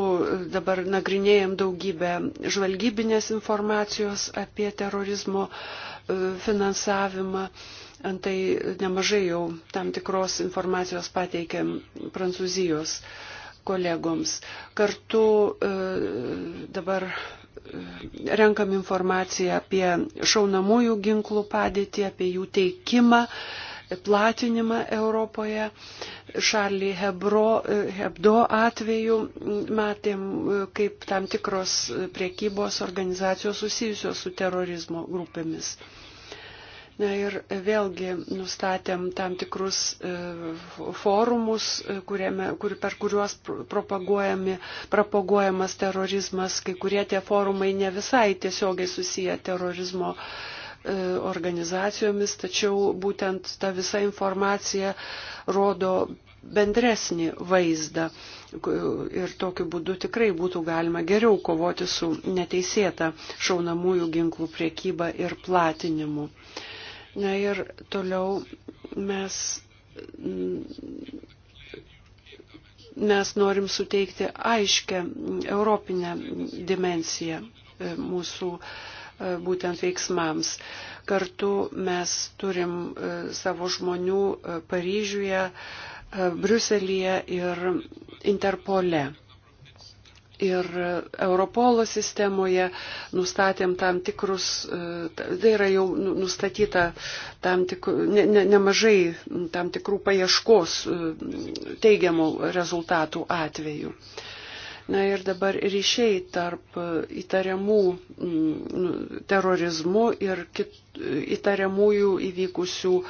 Speaker 1: dabar nagrinėjom daugybę žvalgybinės informacijos apie terorizmo e, finansavimą. Antai nemažai jau tam tikros informacijos pateikėm Prancūzijos kolegoms. Kartu e, dabar renkam informaciją apie šaunamųjų ginklų padėtį, apie jų teikimą platinimą Europoje. Šarlį Hebro, Hebdo atveju matėm, kaip tam tikros priekybos organizacijos susijusios su terorizmo grupėmis. Na ir vėlgi nustatėm tam tikrus e, forumus, kuriame, kur, per kuriuos propaguojamas terorizmas, kai kurie tie forumai ne visai tiesiogiai susiję terorizmo uh, E, organizacijomis, tačiau būtent ta visa informacija rodo bendresnį vaizdą ir tokiu būdu tikrai būtų galima geriau kovoti su neteisėta šaunamųjų ginklų priekyba ir platinimu. Na ir toliau mes, mes norim suteikti aiškę europinę dimensiją e, mūsų uh, E, būtent veiksmams. Kartu mes turim e, savo žmonių e, Paryžiuje, Bruselėje ir Interpole. Ir Europolo sistemoje nustatėm tam tikrus, tai yra jau nu, nustatyta tam tik, ne, ne, nemažai tam tikrų paieškos teigiamų rezultatų atveju. Uh, Na ir dabar ryšiai tarp e, įtariamų mm, nu, terorizmu ir kit, įtariamųjų įvykusių e,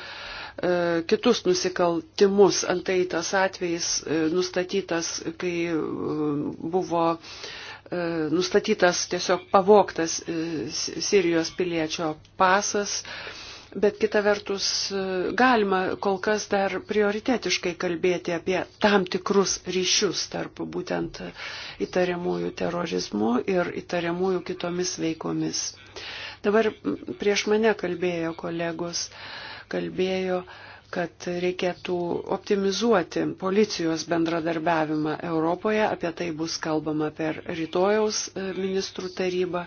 Speaker 1: kitus nusikaltimus. Antai tas atvejis e, nustatytas, kai buvo nustatytas tiesiog pavoktas Sirijos piliečio pasas Bet kita vertus, e, galima kol kas dar prioritetiškai kalbėti apie tam tikrus ryšius tarp būtent įtariamųjų terorizmu ir įtariamųjų kitomis veikomis. Dabar prieš mane kalbėjo kolegos, kalbėjo, kad reikėtų optimizuoti policijos bendradarbiavimą Europoje, apie tai bus kalbama per rytojaus e, ministrų tarybą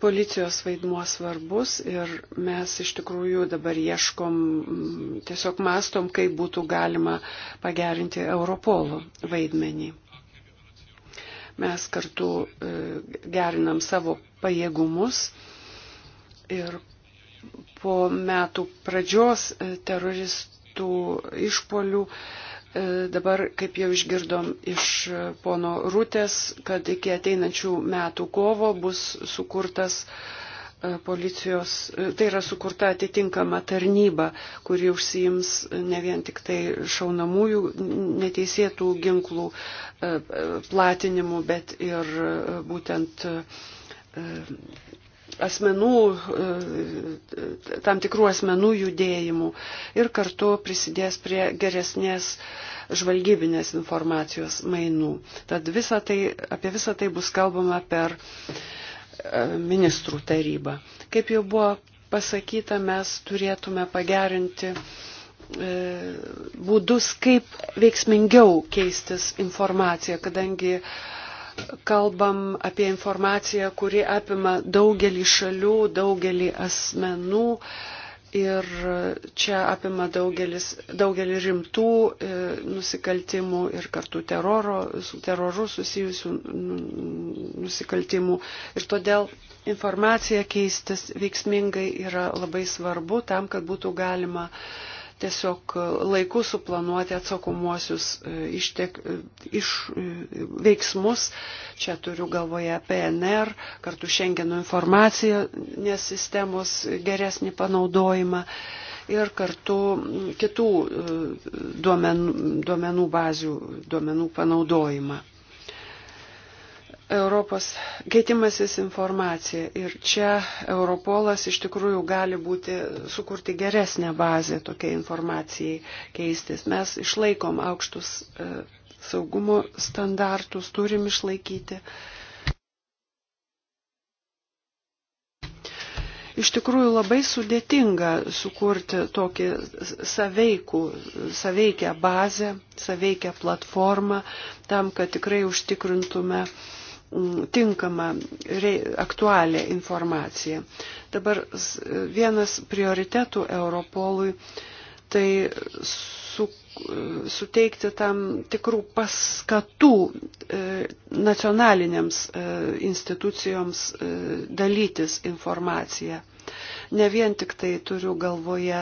Speaker 1: policijos vaidmuo svarbus ir mes iš tikrųjų dabar ieškom, mm, tiesiog mastom, kaip būtų galima pagerinti Europolo vaidmenį. Mes kartu e, gerinam savo pajėgumus ir po metų pradžios e, teroristų išpolių E, dabar, kaip jau išgirdom iš pono Rūtės, kad iki ateinančių metų kovo bus sukurtas e, policijos, e, tai yra sukurta atitinkama tarnyba, kuri užsiims ne vien tik tai šaunamųjų neteisėtų ginklų platinimu, bet ir būtent asmenų, e, tam tikrų asmenų judėjimų ir kartu prisidės prie geresnės žvalgybinės informacijos mainų. Tad visa tai, apie visą tai bus kalbama per e, ministrų tarybą. Kaip jau buvo pasakyta, mes turėtume pagerinti e, būdus, kaip veiksmingiau keistis informacija, kadangi uh, kalbam apie informaciją, kuri apima daugelį šalių, daugelį asmenų ir čia apima daugelis, daugelį rimtų e, nusikaltimų ir kartu teroro, su teroru susijusių nu, nusikaltimų. Ir todėl informacija keistis veiksmingai yra labai svarbu tam, kad būtų galima e, tiesiog laiku suplanuoti atsakomuosius e, ištek, e, iš, e, veiksmus. Čia turiu galvoje PNR, kartu Schengeno informacijos sistemos geresnį panaudojimą ir kartu kitų duomenų, duomenų bazių, duomenų panaudojimą. Europos keitimasis informacija. Ir čia Europolas iš tikrųjų gali būti, sukurti geresnę bazę tokiai informacijai keistis. Mes išlaikom aukštus e, saugumo standartus, turim išlaikyti. Iš tikrųjų labai sudėtinga sukurti tokį saveikų, saveikę bazę, saveikę platformą tam, kad tikrai užtikrintume uh, Mm, tinkamą, aktualią informaciją. Dabar vienas prioritetų Europolui tai su, suteikti tam tikrų paskatų e, nacionalinėms e, institucijoms e, dalytis informaciją. Ne vien tik tai turiu galvoje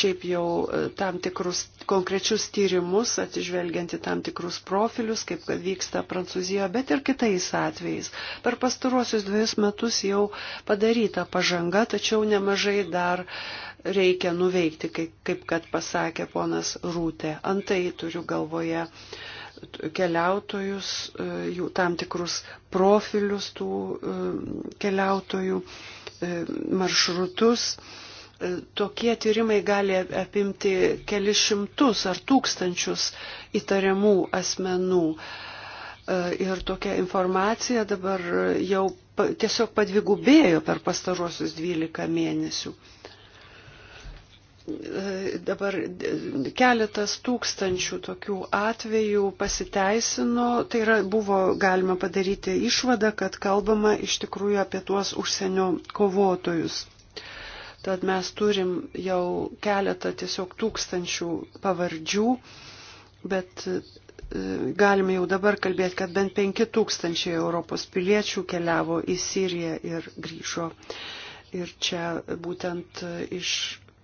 Speaker 1: šiaip jau e, tam tikrus konkrečius tyrimus, atsižvelgiant į tam tikrus profilius, kaip kad vyksta Prancūzijoje, bet ir kitais atvejais. Per pastaruosius dviejus metus jau padaryta pažanga, tačiau nemažai dar reikia nuveikti, kaip, kaip kad pasakė ponas Rūtė. Antai turiu galvoje keliautojus, e, jų tam tikrus profilius tų e, keliautojų. E, maršrutus. E, tokie tyrimai gali apimti kelis šimtus ar tūkstančius įtariamų asmenų. E, ir tokia informacija dabar jau tiesiog padvigubėjo per pastaruosius 12 mėnesių dabar keletas tūkstančių tokių atvejų pasiteisino, tai yra, buvo galima padaryti išvadą, kad kalbama iš tikrųjų apie tuos užsienio kovotojus. Tad mes turim jau keletą tiesiog tūkstančių pavardžių, bet e, galime jau dabar kalbėti, kad bent penki tūkstančiai Europos piliečių keliavo į Siriją ir grįžo. Ir čia būtent iš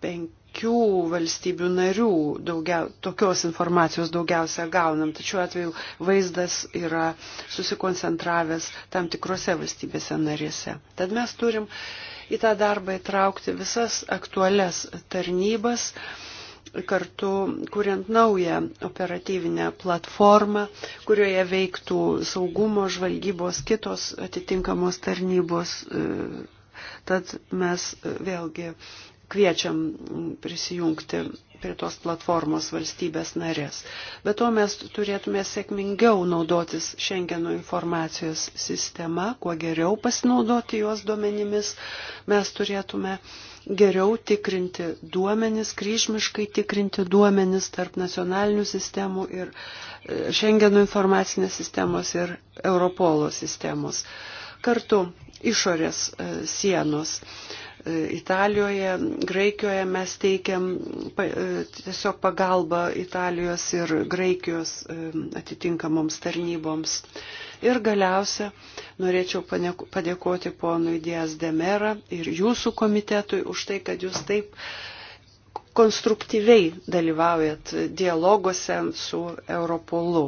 Speaker 1: penkių tokių valstybių narių daugiau, tokios informacijos daugiausia gaunam, tačiau atveju vaizdas yra susikoncentravęs tam tikrose valstybėse narėse. Tad mes turim į tą darbą įtraukti visas aktualias tarnybas kartu kuriant naują operatyvinę platformą, kurioje veiktų saugumo žvalgybos kitos atitinkamos tarnybos Tad mes vėlgi kviečiam prisijungti prie tos platformos valstybės narės. Bet to mes turėtume sėkmingiau naudotis Schengeno informacijos sistema, kuo geriau pasinaudoti jos duomenimis. Mes turėtume geriau tikrinti duomenis, kryžmiškai tikrinti duomenis tarp nacionalinių sistemų ir e, Schengeno informacinės sistemos ir Europolo sistemos. Kartu išorės e, sienos. Uh, Italijoje, Graikijoje mes teikiam e, tiesiog pagalbą Italijos ir Graikijos e, atitinkamoms tarnyboms. Ir galiausia, norėčiau padėkoti ponui Dijas Demera ir jūsų komitetui už tai, kad jūs taip konstruktyviai dalyvaujat dialoguose su Europolu.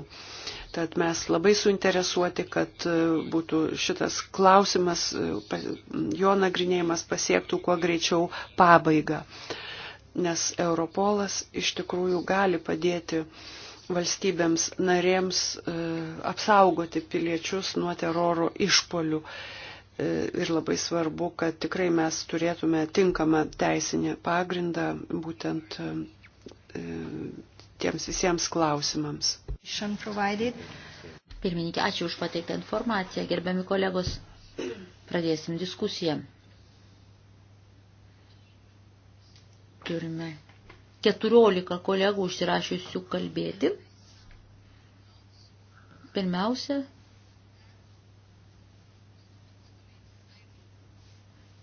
Speaker 1: Tad mes labai suinteresuoti, kad e, būtų šitas klausimas, e, jo nagrinėjimas pasiektų kuo greičiau pabaigą. Nes Europolas iš tikrųjų gali padėti valstybėms narėms e, apsaugoti piliečius nuo teroro išpolių ir labai svarbu, kad tikrai mes turėtume tinkamą teisinį pagrindą būtent tiems visiems klausimams.
Speaker 2: Pirmininkė, ačiū už pateiktą informaciją. Gerbiami kolegos, pradėsim diskusiją. Turime 14 kolegų užsirašysiu kalbėti. Pirmiausia,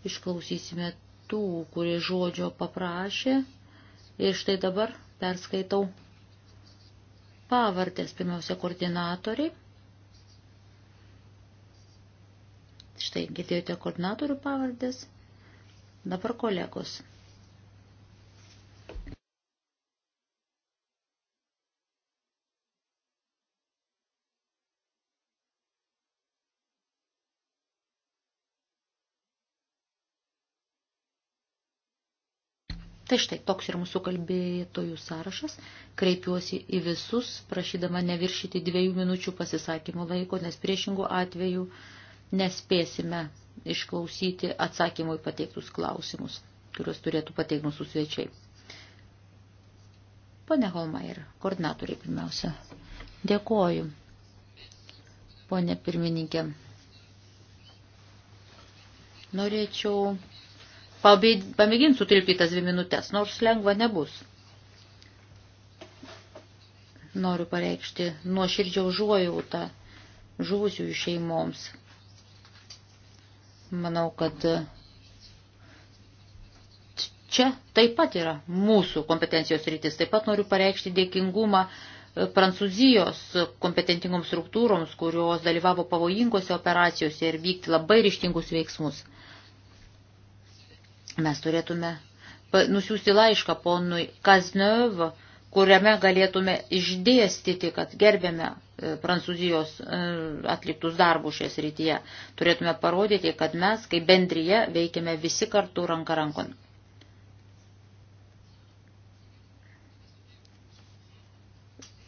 Speaker 2: išklausysime tų, kurie žodžio paprašė. Ir štai dabar perskaitau pavardės, pirmiausia, koordinatoriai. Štai girdėjote koordinatorių pavardės, dabar kolegos. Tai štai toks ir mūsų kalbėtojų sąrašas. Kreipiuosi į visus, prašydama neviršyti dviejų minučių pasisakymų laiko, nes priešingų atveju nespėsime išklausyti atsakymų į pateiktus klausimus, kuriuos turėtų pateikti mūsų svečiai. Pane Holmair, koordinatoriai pirmiausia. Dėkoju, ponė pirmininkė. Norėčiau Pamėginsiu sutilpti tas dvi minutės, nors lengva nebus. Noriu pareikšti nuoširdžiau žuojautą žuvusiųjų šeimoms. Manau, kad čia taip pat yra mūsų kompetencijos rytis. Taip pat noriu pareikšti dėkingumą e, Prancūzijos kompetentingoms struktūroms, kurios dalyvavo pavojingose operacijose ir vykti labai ryštingus veiksmus. Mes turėtume nusiųsti laišką ponui Kazneuvo, kuriame galėtume išdėstyti, kad gerbėme e, Prancūzijos e, atliktus darbus šioje srityje. Turėtume parodyti, kad mes, kaip bendryje, veikiame visi kartu ranka rankon.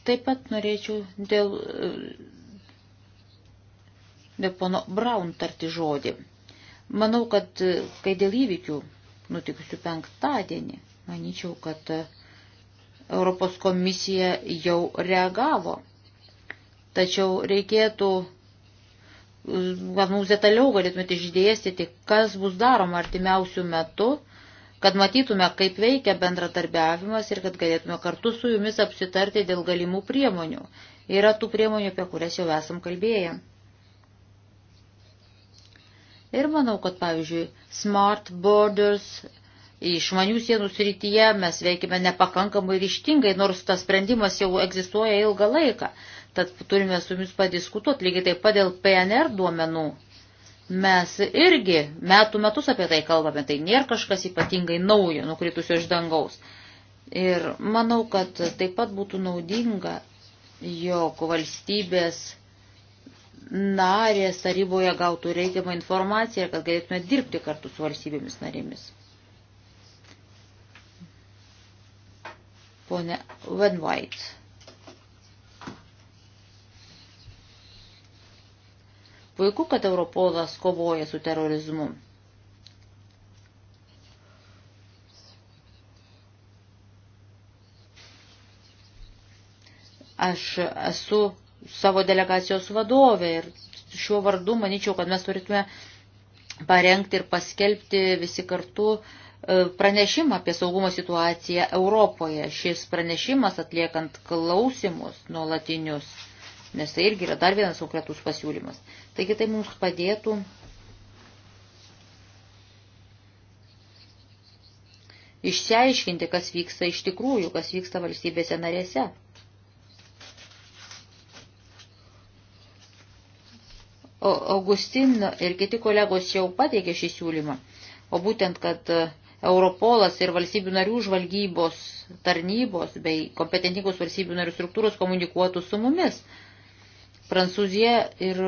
Speaker 2: Taip pat norėčiau dėl, e, dėl pono Braun tarti žodį. Manau, kad kai dėl įvykių nutikusių penktadienį. Manyčiau, kad Europos komisija jau reagavo. Tačiau reikėtų, gal mums detaliau galėtumėte išdėstyti, kas bus daroma artimiausių metų, kad matytume, kaip veikia bendradarbiavimas ir kad galėtume kartu su jumis apsitarti dėl galimų priemonių. Yra tų priemonių, apie kurias jau esam kalbėję. Ir manau, kad, pavyzdžiui, Smart Borders išmanių sienų srityje mes veikime nepakankamai ryštingai, nors tas sprendimas jau egzistuoja ilgą laiką. Tad turime su jumis padiskutuoti, lygiai taip pat dėl PNR duomenų. Mes irgi metų metus apie tai kalbame, tai nėra kažkas ypatingai naujo, nukritusio iš dangaus. Ir manau, kad taip pat būtų naudinga, jog valstybės narės taryboje gautų reikiamą informaciją ir kad galėtume dirbti kartu su valstybėmis narėmis. Pone Venvait. Puiku, kad Europolas kovoja su terorizmu. Aš esu savo delegacijos vadovė ir šiuo vardu manyčiau, kad mes turėtume parengti ir paskelbti visi kartu e, pranešimą apie saugumo situaciją Europoje. Šis pranešimas atliekant klausimus nuolatinius, nes tai irgi yra dar vienas konkretus pasiūlymas. Taigi tai mums padėtų išsiaiškinti, kas vyksta iš tikrųjų, kas vyksta valstybėse narėse. Augustino ir kiti kolegos jau pateikė šį siūlymą, o būtent, kad e, Europolas ir valstybių narių žvalgybos tarnybos bei kompetentingos valstybių narių struktūros komunikuotų su mumis. Prancūzija ir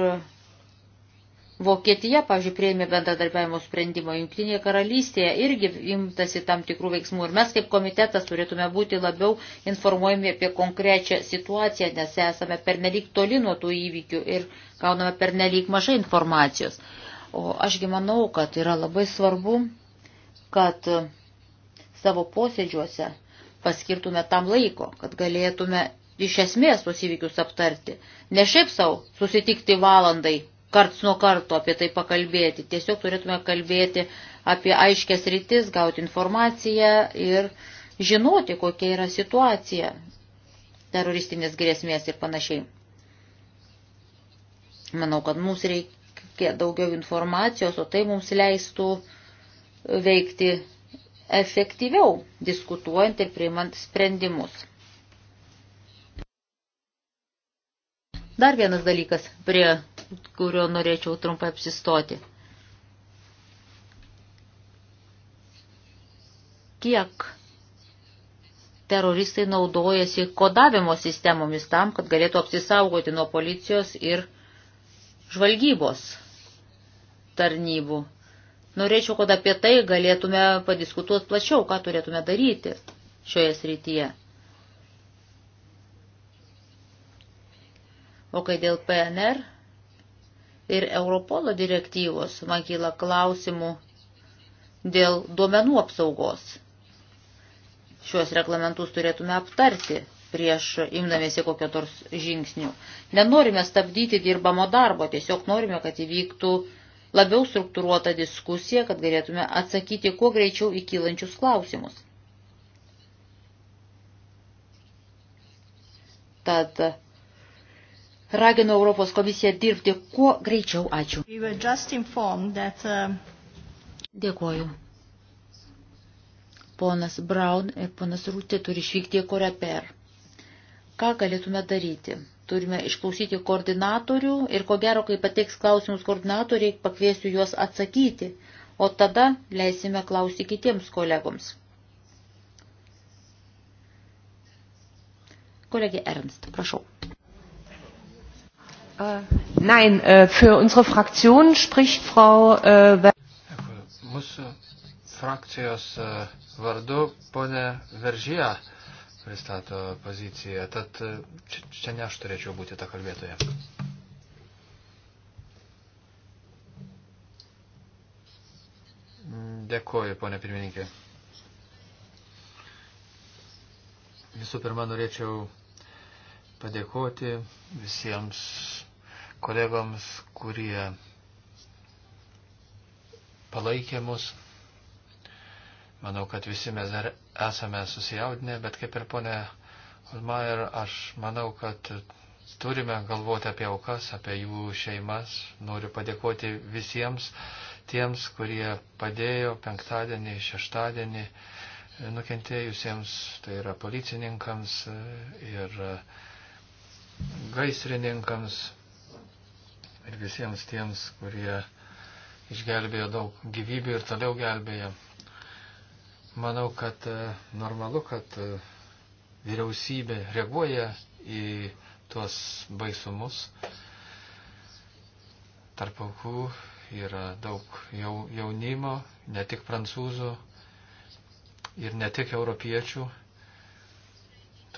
Speaker 2: Vokietija, pavyzdžiui, prieimė bendradarbiavimo sprendimo, Junktinėje karalystėje irgi imtasi tam tikrų veiksmų ir mes kaip komitetas turėtume būti labiau informuojami apie konkrečią situaciją, nes esame pernelyg toli nuo tų įvykių ir gauname pernelyg mažai informacijos. O ašgi manau, kad yra labai svarbu, kad savo posėdžiuose paskirtume tam laiko, kad galėtume iš esmės tos įvykius aptarti. Ne šiaip savo susitikti valandai karts nuo karto apie tai pakalbėti. Tiesiog turėtume kalbėti apie aiškės rytis, gauti informaciją ir žinoti, kokia yra situacija teroristinės grėsmės ir panašiai. Manau, kad mums reikia daugiau informacijos, o tai mums leistų veikti efektyviau, diskutuojant ir priimant sprendimus. Dar vienas dalykas prie kurio norėčiau trumpai apsistoti. Kiek teroristai naudojasi kodavimo sistemomis tam, kad galėtų apsisaugoti nuo policijos ir žvalgybos tarnybų. Norėčiau, kad apie tai galėtume padiskutuoti plačiau, ką turėtume daryti šioje srityje. O kai dėl PNR ir Europolo direktyvos. Man kyla klausimų dėl duomenų apsaugos. Šiuos reglamentus turėtume aptarti prieš imdamėsi kokio nors žingsnių. Nenorime stabdyti dirbamo darbo, tiesiog norime, kad įvyktų labiau struktūruota diskusija, kad galėtume atsakyti kuo greičiau įkylančius klausimus. Tad raginu Europos komisiją dirbti kuo greičiau. Ačiū. That, uh... Dėkuoju. Ponas Braun ir ponas Rūtė turi išvykti į Koreper. Ką galėtume daryti? Turime išklausyti koordinatorių ir ko gero, kai pateiks klausimus koordinatoriai, pakviesiu juos atsakyti, o tada leisime klausyti kitiems kolegoms. Kolegė Ernst, prašau. Äh,
Speaker 1: nein, äh, für unsere Fraktion spricht Frau äh,
Speaker 2: Mūsų
Speaker 3: frakcijos vardu ponė Veržyje pristato poziciją, tad čia ne aš turėčiau būti ta kalbėtoja. Dėkuoju, ponė pirmininkė. Visų pirma, norėčiau padėkoti visiems kolegoms, kurie palaikė mus. Manau, kad visi mes dar esame susijaudinę, bet kaip ir ponė Holmeier, aš manau, kad turime galvoti apie aukas, apie jų šeimas. Noriu padėkoti visiems tiems, kurie padėjo penktadienį, šeštadienį nukentėjusiems, tai yra policininkams ir gaisrininkams, ir visiems tiems, kurie išgelbėjo daug gyvybių ir toliau gelbėjo. Manau, kad e, normalu, kad e, vyriausybė reaguoja į tuos baisumus. Tarp aukų yra daug jaunimo, ne tik prancūzų ir ne tik europiečių.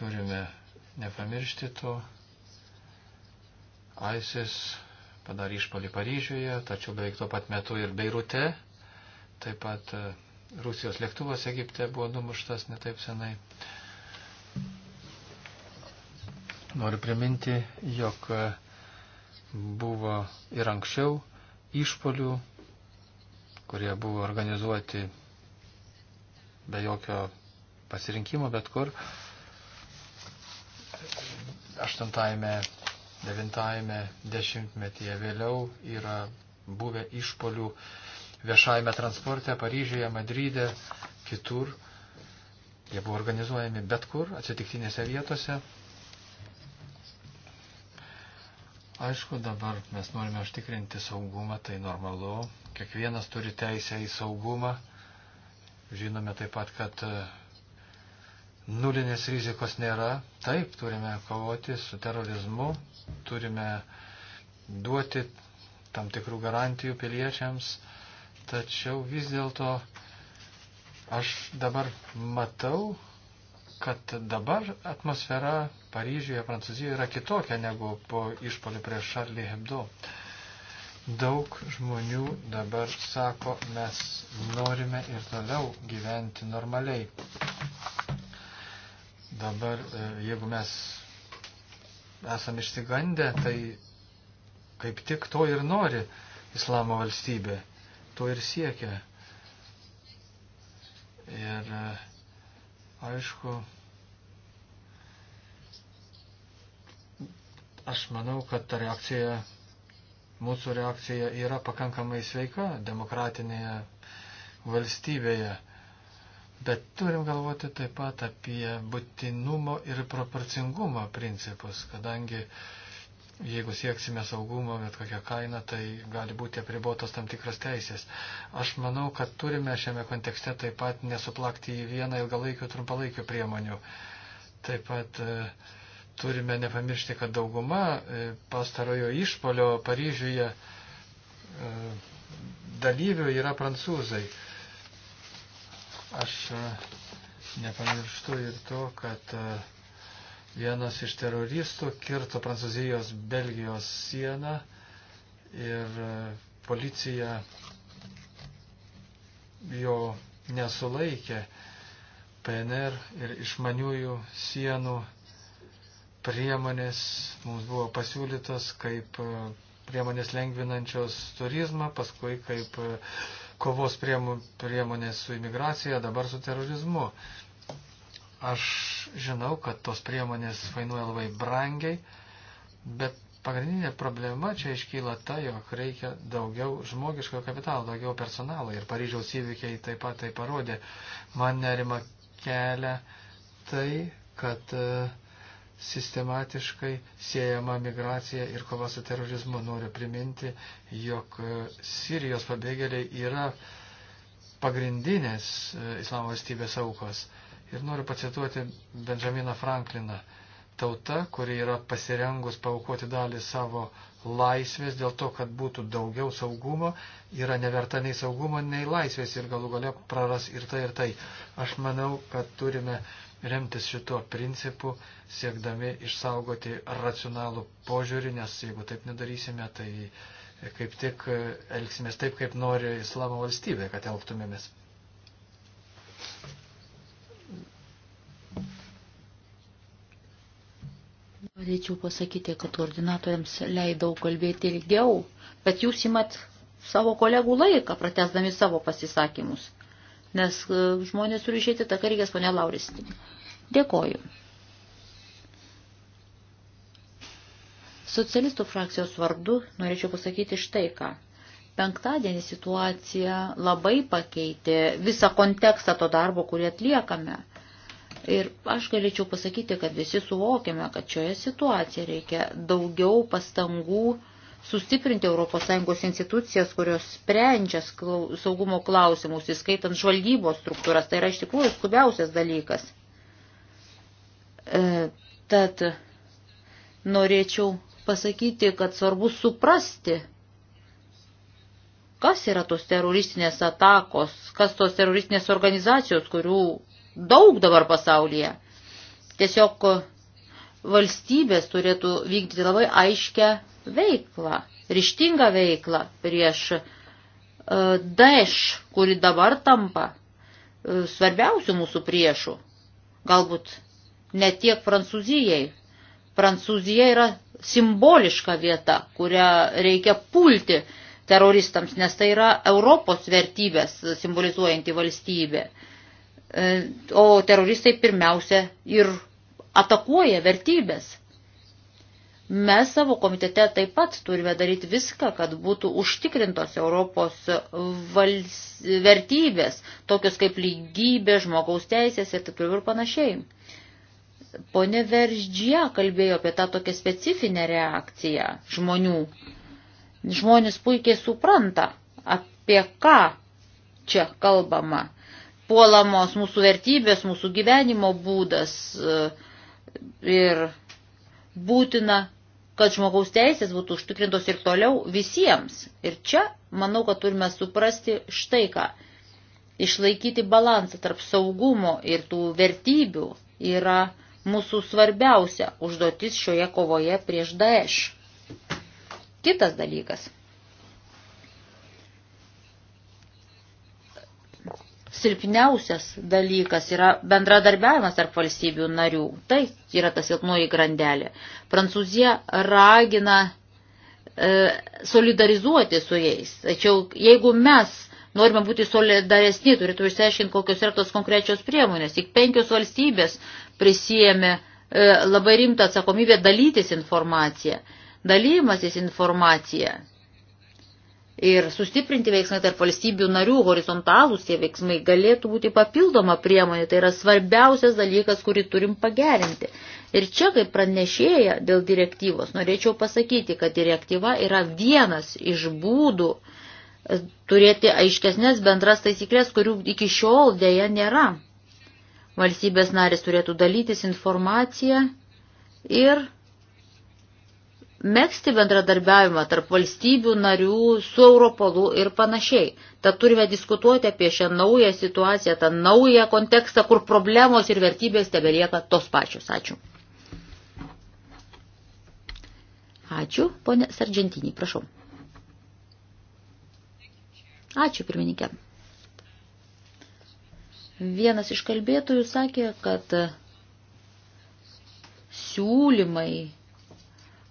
Speaker 3: Turime nepamiršti to. ISIS padarė išpolį Paryžiuje, tačiau beveik tuo pat metu ir Beirute. Taip pat e, Rusijos lėktuvas Egipte buvo numuštas netaip senai. Noriu priminti, jog e, buvo ir anksčiau išpolių, kurie buvo organizuoti be jokio pasirinkimo, bet kur. Aštuntajame devintajame dešimtmetyje. Vėliau yra buvę išpolių viešajame transporte Paryžiuje, Madryde, kitur. Jie buvo organizuojami bet kur, atsitiktinėse vietose. Aišku, dabar mes norime užtikrinti saugumą, tai normalu. Kiekvienas turi teisę į saugumą. Žinome taip pat, kad nulinės rizikos nėra. Taip, turime kovoti su terorizmu, turime duoti tam tikrų garantijų piliečiams, tačiau vis dėlto aš dabar matau, kad dabar atmosfera Paryžiuje, Prancūzijoje yra kitokia negu po išpolių prieš Šarlį Hebdo. Daug žmonių dabar sako, mes norime ir toliau gyventi normaliai. Dabar, e, jeigu mes esam išsigandę, tai kaip tik to ir nori islamo valstybė, to ir siekia. Ir e, aišku, aš manau, kad ta reakcija, mūsų reakcija yra pakankamai sveika demokratinėje valstybėje. Bet turim galvoti taip pat apie būtinumo ir proporcingumo principus, kadangi jeigu sieksime saugumo, bet kokią kainą, tai gali būti apribotos tam tikros teisės. Aš manau, kad turime šiame kontekste taip pat nesuplakti į vieną ilgalaikių trumpalaikių priemonių. Taip pat e, turime nepamiršti, kad dauguma e, pastarojo išpolio Paryžiuje e, dalyvių yra prancūzai. E, Aš e, nepamirštu ir to, kad e, vienas iš teroristų kirto Prancūzijos Belgijos sieną ir e, policija jo nesulaikė. PNR ir išmaniųjų sienų priemonės mums buvo pasiūlytos kaip priemonės lengvinančios turizmą, paskui kaip kovos priemonės su imigracija, dabar su terorizmu. Aš žinau, kad tos priemonės kainuoja labai brangiai, bet pagrindinė problema čia iškyla ta, jog reikia daugiau žmogiškojo kapitalo, daugiau personalo. Ir Paryžiaus įvykiai taip pat tai parodė. Man nerima kelia tai, kad uh, sistematiškai siejama migracija ir kova su terorizmu. Noriu priminti, jog e, Sirijos pabėgėliai yra pagrindinės e, Islamo valstybės aukos. Ir noriu pacituoti Benjaminą Frankliną. Tauta, kuri yra pasirengus paukoti dalį savo laisvės dėl to, kad būtų daugiau saugumo, yra neverta nei saugumo, nei laisvės ir galų gale praras ir tai ir tai. Aš manau, kad turime remtis šituo principu, siekdami išsaugoti racionalų požiūrį, nes jeigu taip nedarysime, tai kaip tik elgsimės taip, kaip nori islamo valstybė, kad elgtumėmės.
Speaker 2: Norėčiau pasakyti, kad koordinatoriams leidau kalbėti ilgiau, bet jūs imat savo kolegų laiką, pratesdami savo pasisakymus nes e, žmonės turi išėti, tą reikės ponė Lauris. Dėkoju. Socialistų frakcijos vardu norėčiau pasakyti štai ką. Penktadienį situacija labai pakeitė visą kontekstą to darbo, kurį atliekame. Ir aš galėčiau pasakyti, kad visi suvokiame, kad šioje situacijoje reikia daugiau pastangų sustiprinti ES institucijas, kurios sprendžia saugumo klausimus, įskaitant žvalgybos struktūras. Tai yra iš tikrųjų skubiausias dalykas. E, tad norėčiau pasakyti, kad svarbu suprasti, kas yra tos teroristinės atakos, kas tos teroristinės organizacijos, kurių daug dabar pasaulyje. Tiesiog valstybės turėtų vykdyti labai aiškę veiklą, ryštingą veiklą prieš e, Daesh, kuri dabar tampa e, svarbiausių mūsų priešų. Galbūt ne tiek Prancūzijai. Prancūzija yra simboliška vieta, kurią reikia pulti teroristams, nes tai yra Europos vertybės simbolizuojanti valstybė. E, o teroristai pirmiausia ir atakuoja vertybės. Mes savo komitete taip pat turime daryti viską, kad būtų užtikrintos Europos vals... vertybės, tokios kaip lygybė, žmogaus teisės ir taip ir panašiai. Pone Verždžia kalbėjo apie tą tokią specifinę reakciją žmonių. Žmonės puikiai supranta, apie ką čia kalbama. Puolamos mūsų vertybės, mūsų gyvenimo būdas e, ir būtina kad žmogaus teisės būtų užtikrintos ir toliau visiems. Ir čia, manau, kad turime suprasti štai ką. Išlaikyti balansą tarp saugumo ir tų vertybių yra mūsų svarbiausia užduotis šioje kovoje prieš Daesh. Kitas dalykas – silpniausias dalykas yra bendradarbiavimas tarp valstybių narių. Tai yra ta silpnoji grandelė. Prancūzija ragina e, solidarizuoti su jais. Tačiau jeigu mes norime būti solidaresni, turėtų išsiaiškinti, kokios yra tos konkrečios priemonės. Tik penkios valstybės prisijėmė e, labai rimtą atsakomybę dalytis informaciją. Dalymasis informacija ir sustiprinti veiksmai tarp valstybių narių, horizontalūs tie veiksmai galėtų būti papildoma priemonė, tai yra svarbiausias dalykas, kurį turim pagerinti. Ir čia, kaip pranešėja dėl direktyvos, norėčiau pasakyti, kad direktyva yra vienas iš būdų e, turėti aiškesnės bendras taisyklės, kurių iki šiol dėja nėra. Valstybės narės turėtų dalytis informaciją ir mėgsti bendradarbiavimą tarp valstybių narių su Europolu ir panašiai. Tad turime diskutuoti apie šią naują situaciją, tą naują kontekstą, kur problemos ir vertybės tebelieka tos pačios. Ačiū. Ačiū, ponė Sargentinį, prašau. Ačiū, pirmininkė. Vienas iš kalbėtojų sakė, kad siūlymai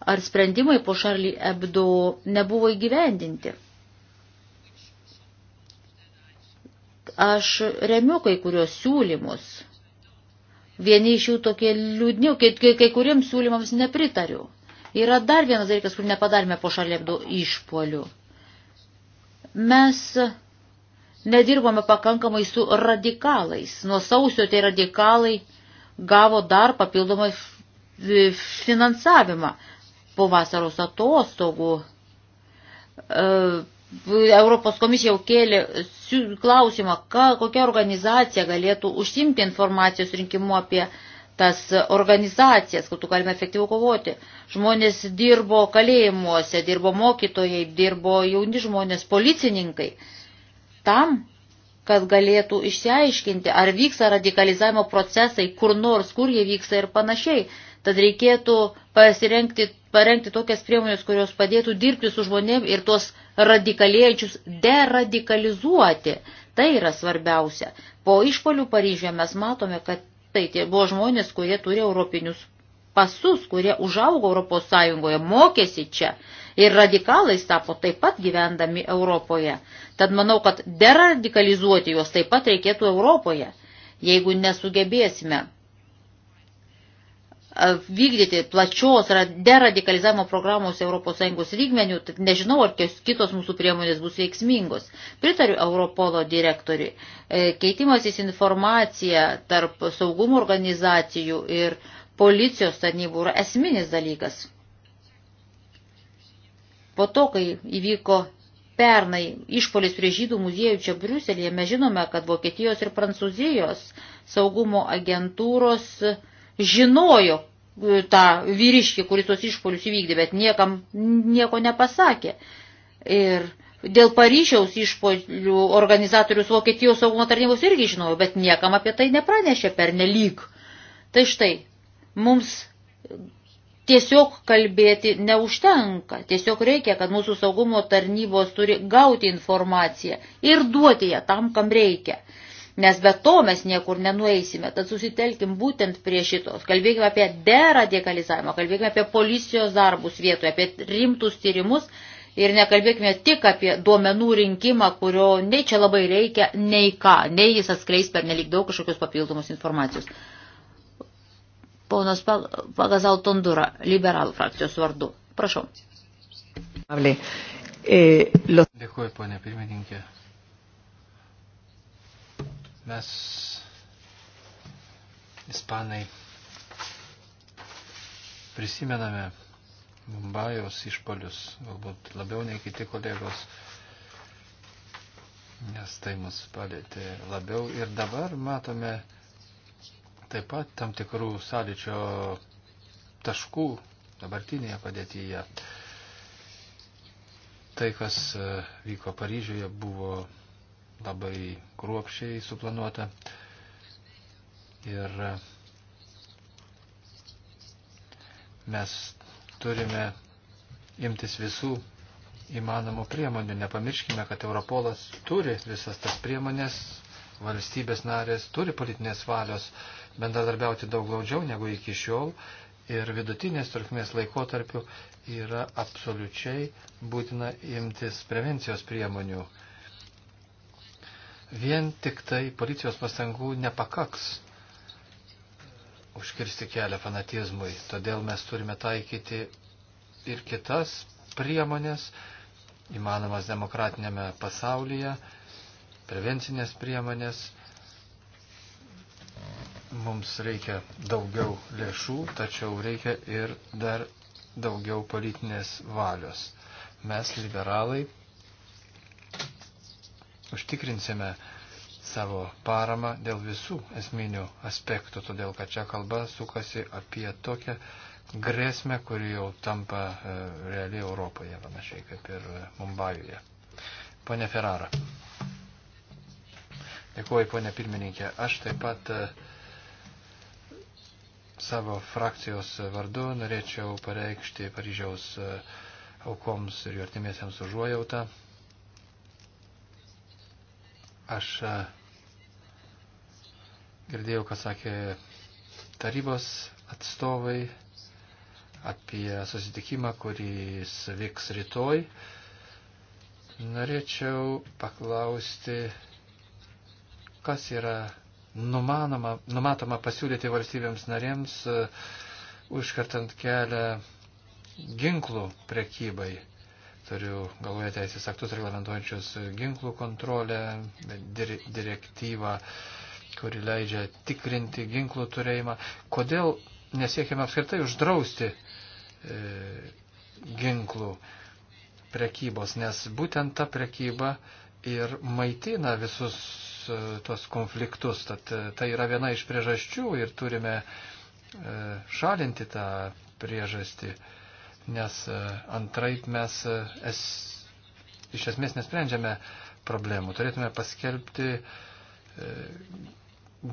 Speaker 2: ar sprendimai po Šarlį Ebdo nebuvo įgyvendinti. Aš remiu kai kurios siūlymus. Vieni iš jų tokie liūdni, kai, kai, kai kuriems siūlymams nepritariu. Yra dar vienas dalykas, kur nepadarėme po Šarlį Ebdo išpolių. Mes nedirbome pakankamai su radikalais. Nuo sausio tie radikalai gavo dar papildomai finansavimą po vasaros atostogų e, Europos komisija jau kėlė klausimą, ką, kokia organizacija galėtų užsimti informacijos rinkimu apie tas organizacijas, kur tu galime efektyviau kovoti. Žmonės dirbo kalėjimuose, dirbo mokytojai, dirbo jauni žmonės, policininkai. Tam, kad galėtų išsiaiškinti, ar vyksta radikalizavimo procesai, kur nors, kur jie vyksta ir panašiai. Tad reikėtų pasirenkti parengti tokias priemonės, kurios padėtų dirbti su žmonėm ir tuos radikalėjančius deradikalizuoti. Tai yra svarbiausia. Po išpolių Paryžioje mes matome, kad tai tie buvo žmonės, kurie turi europinius pasus, kurie užaugo Europos Sąjungoje, mokėsi čia ir radikalais tapo taip pat gyvendami Europoje. Tad manau, kad deradikalizuoti juos taip pat reikėtų Europoje. Jeigu nesugebėsime vykdyti plačios deradikalizavimo programos ES lygmenių, nežinau, ar kitos mūsų priemonės bus veiksmingos. Pritariu Europolo direktoriui. E, keitimasis informacija tarp saugumo organizacijų ir policijos tarnybų yra esminis dalykas. Po to, kai įvyko pernai išpolis prie žydų muziejų čia Briuselėje, mes žinome, kad Vokietijos ir Prancūzijos saugumo agentūros uh, žinojo e, tą vyriškį, kuris tos išpolius įvykdė, bet niekam nieko nepasakė. Ir dėl Paryžiaus išpolių organizatorius Vokietijos saugumo tarnybos irgi žinojo, bet niekam apie tai nepranešė per nelyg. Tai štai, mums tiesiog kalbėti neužtenka. Tiesiog reikia, kad mūsų saugumo tarnybos turi gauti informaciją ir duoti ją tam, kam reikia nes be to mes niekur nenueisime. Tad susitelkim būtent prie šitos. Kalbėkime apie deradikalizavimą, kalbėkime apie policijos darbus vietoje, apie rimtus tyrimus ir nekalbėkime tik apie duomenų rinkimą, kurio nei čia labai reikia, nei ką, nei jis atskleis per nelik daug kažkokios papildomos informacijos. Ponas Pagazal Tondura, liberalų frakcijos vardu. Prašau. Eh,
Speaker 1: Dėkuoju,
Speaker 3: ponė pirmininkė. Mes, ispanai, prisimename Mumbajaus išpolius, galbūt labiau nei kiti kolegos, nes tai mus palėtė labiau. Ir dabar matome taip pat tam tikrų sąlyčio taškų dabartinėje padėtyje. Tai, kas e, vyko Paryžiuje, buvo labai kruopšiai suplanuota. Ir mes turime imtis visų įmanomų priemonių. Nepamirškime, kad Europolas turi visas tas priemonės, valstybės narės turi politinės valios bendradarbiauti daug glaudžiau negu iki šiol ir vidutinės trukmės laikotarpiu yra absoliučiai būtina imtis prevencijos priemonių. Vien tik tai policijos pastangų nepakaks užkirsti kelią fanatizmui. Todėl mes turime taikyti ir kitas priemonės įmanomas demokratinėme pasaulyje, prevencinės priemonės. Mums reikia daugiau lėšų, tačiau reikia ir dar daugiau politinės valios. Mes, liberalai, užtikrinsime savo paramą dėl visų esminių aspektų, todėl kad čia kalba sukasi apie tokią grėsmę, kuri jau tampa e, realiai Europoje, panašiai kaip ir e, Mumbajuje. Pone Ferrara. Dėkuoju, ponė pirmininkė. Aš taip pat e, savo frakcijos vardu norėčiau pareikšti Paryžiaus aukoms ir jų artimiesiems užuojautą. Aš e, girdėjau, ką sakė tarybos atstovai apie susitikimą, kuris vyks rytoj. Norėčiau paklausti, kas yra numanoma, numatoma pasiūlyti valstybėms narėms, e, užkartant kelią ginklų prekybai. Turiu galvoje teisės aktus reglamentuojančius ginklų kontrolę, dir direktyvą, kuri leidžia tikrinti ginklų turėjimą. Kodėl nesiekime apskritai uždrausti e, ginklų prekybos, nes būtent ta prekyba ir maitina visus e, tos konfliktus. Tad e, tai yra viena iš priežasčių ir turime e, šalinti tą priežastį nes e, antraip mes e, es, iš esmės nesprendžiame problemų. Turėtume paskelbti e,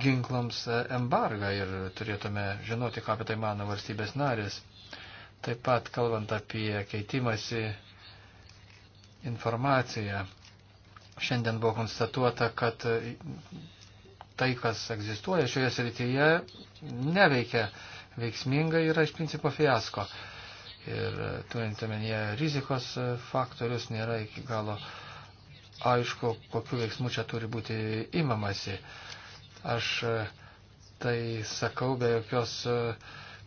Speaker 3: ginklams embargą ir turėtume žinoti, ką apie tai mano valstybės narės. Taip pat kalbant apie keitimąsi informaciją, šiandien buvo konstatuota, kad tai, kas egzistuoja šioje srityje, neveikia veiksmingai yra iš principo fiasko ir e, turint omenyje rizikos e, faktorius nėra iki galo aišku, kokiu veiksmu čia turi būti imamasi. Aš e, tai sakau be jokios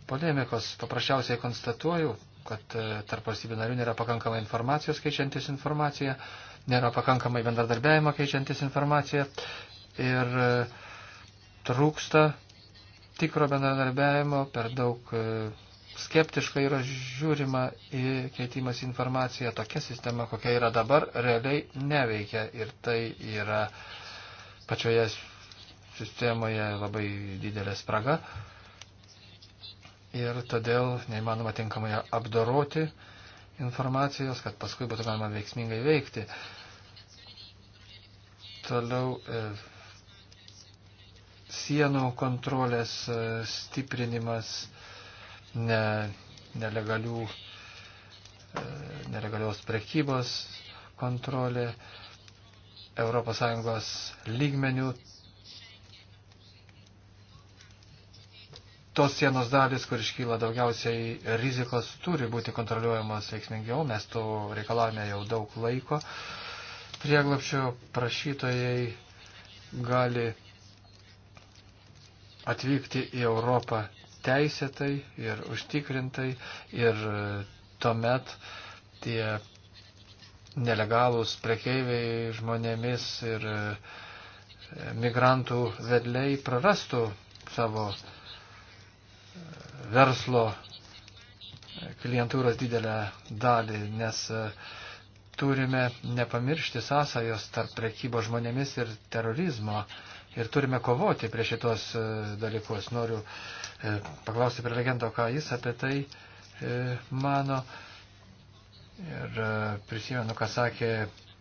Speaker 3: polemikos, paprasčiausiai konstatuoju, kad tarp valstybių narių nėra pakankamai informacijos keičiantis informaciją, nėra pakankamai bendradarbiajimo keičiantis informaciją ir trūksta tikro bendradarbiajimo, per daug skeptiškai yra žiūrima į keitimas informaciją. Tokia sistema, kokia yra dabar, realiai neveikia ir tai yra pačioje sistemoje labai didelė spraga. Ir todėl neįmanoma tinkamai apdoroti informacijos, kad paskui būtų galima veiksmingai veikti. Toliau e, sienų kontrolės e, stiprinimas. E, ne, nelegalių, e, nelegalios prekybos kontrolė ES lygmenių. Tos sienos dalis, kur iškyla daugiausiai rizikos, turi būti kontroliuojamos veiksmingiau. Mes to reikalavome jau daug laiko. Prieglapščio prašytojai gali atvykti į Europą teisėtai ir užtikrintai ir e, tuomet tie nelegalūs prekeiviai žmonėmis ir e, migrantų vedliai prarastų savo e, verslo klientūros didelę dalį, nes turime nepamiršti sąsajos tarp prekybo žmonėmis ir terorizmo. Ir turime kovoti prieš šitos e, dalykus. Noriu e, paklausti prelegento, ką jis apie tai e, mano. Ir prisimenu, ką sakė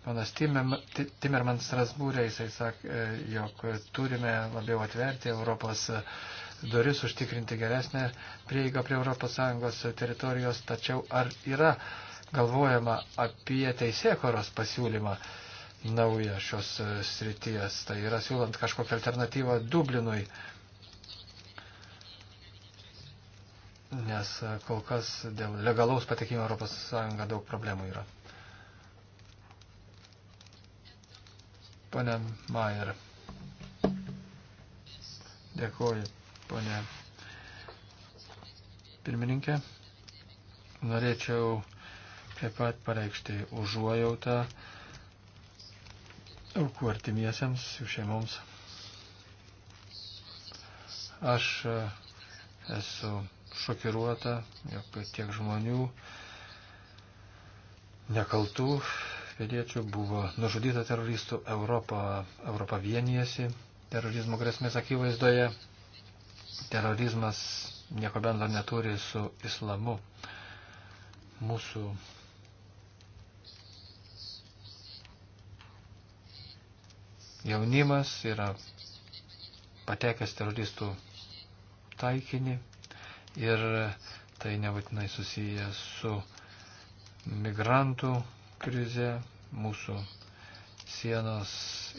Speaker 3: Panas Timerman Strasbūrė, jisai sakė, jog turime labiau atverti Europos duris, užtikrinti geresnę prieigą prie ES teritorijos, tačiau ar yra galvojama apie teisėkoros pasiūlymą naują šios e, srities. Tai yra siūlant kažkokią alternatyvą Dublinui. Nes e, kol kas dėl legalaus patekimo Europos Sąjunga daug problemų yra. Pane Maier. Dėkuoju, ponė pirmininkė. Norėčiau taip pat pareikšti užuojautą. Uh, aukų artimiesiems, jų šeimoms. Aš e, esu šokiruota, jog tiek žmonių nekaltų piliečių buvo nužudyta teroristų Europa, Europa vienijasi terorizmo grėsmės akivaizdoje. Terorizmas nieko bendro neturi su islamu. Mūsų jaunimas yra patekęs teroristų taikinį ir tai nebūtinai susiję su migrantų krize. Mūsų sienos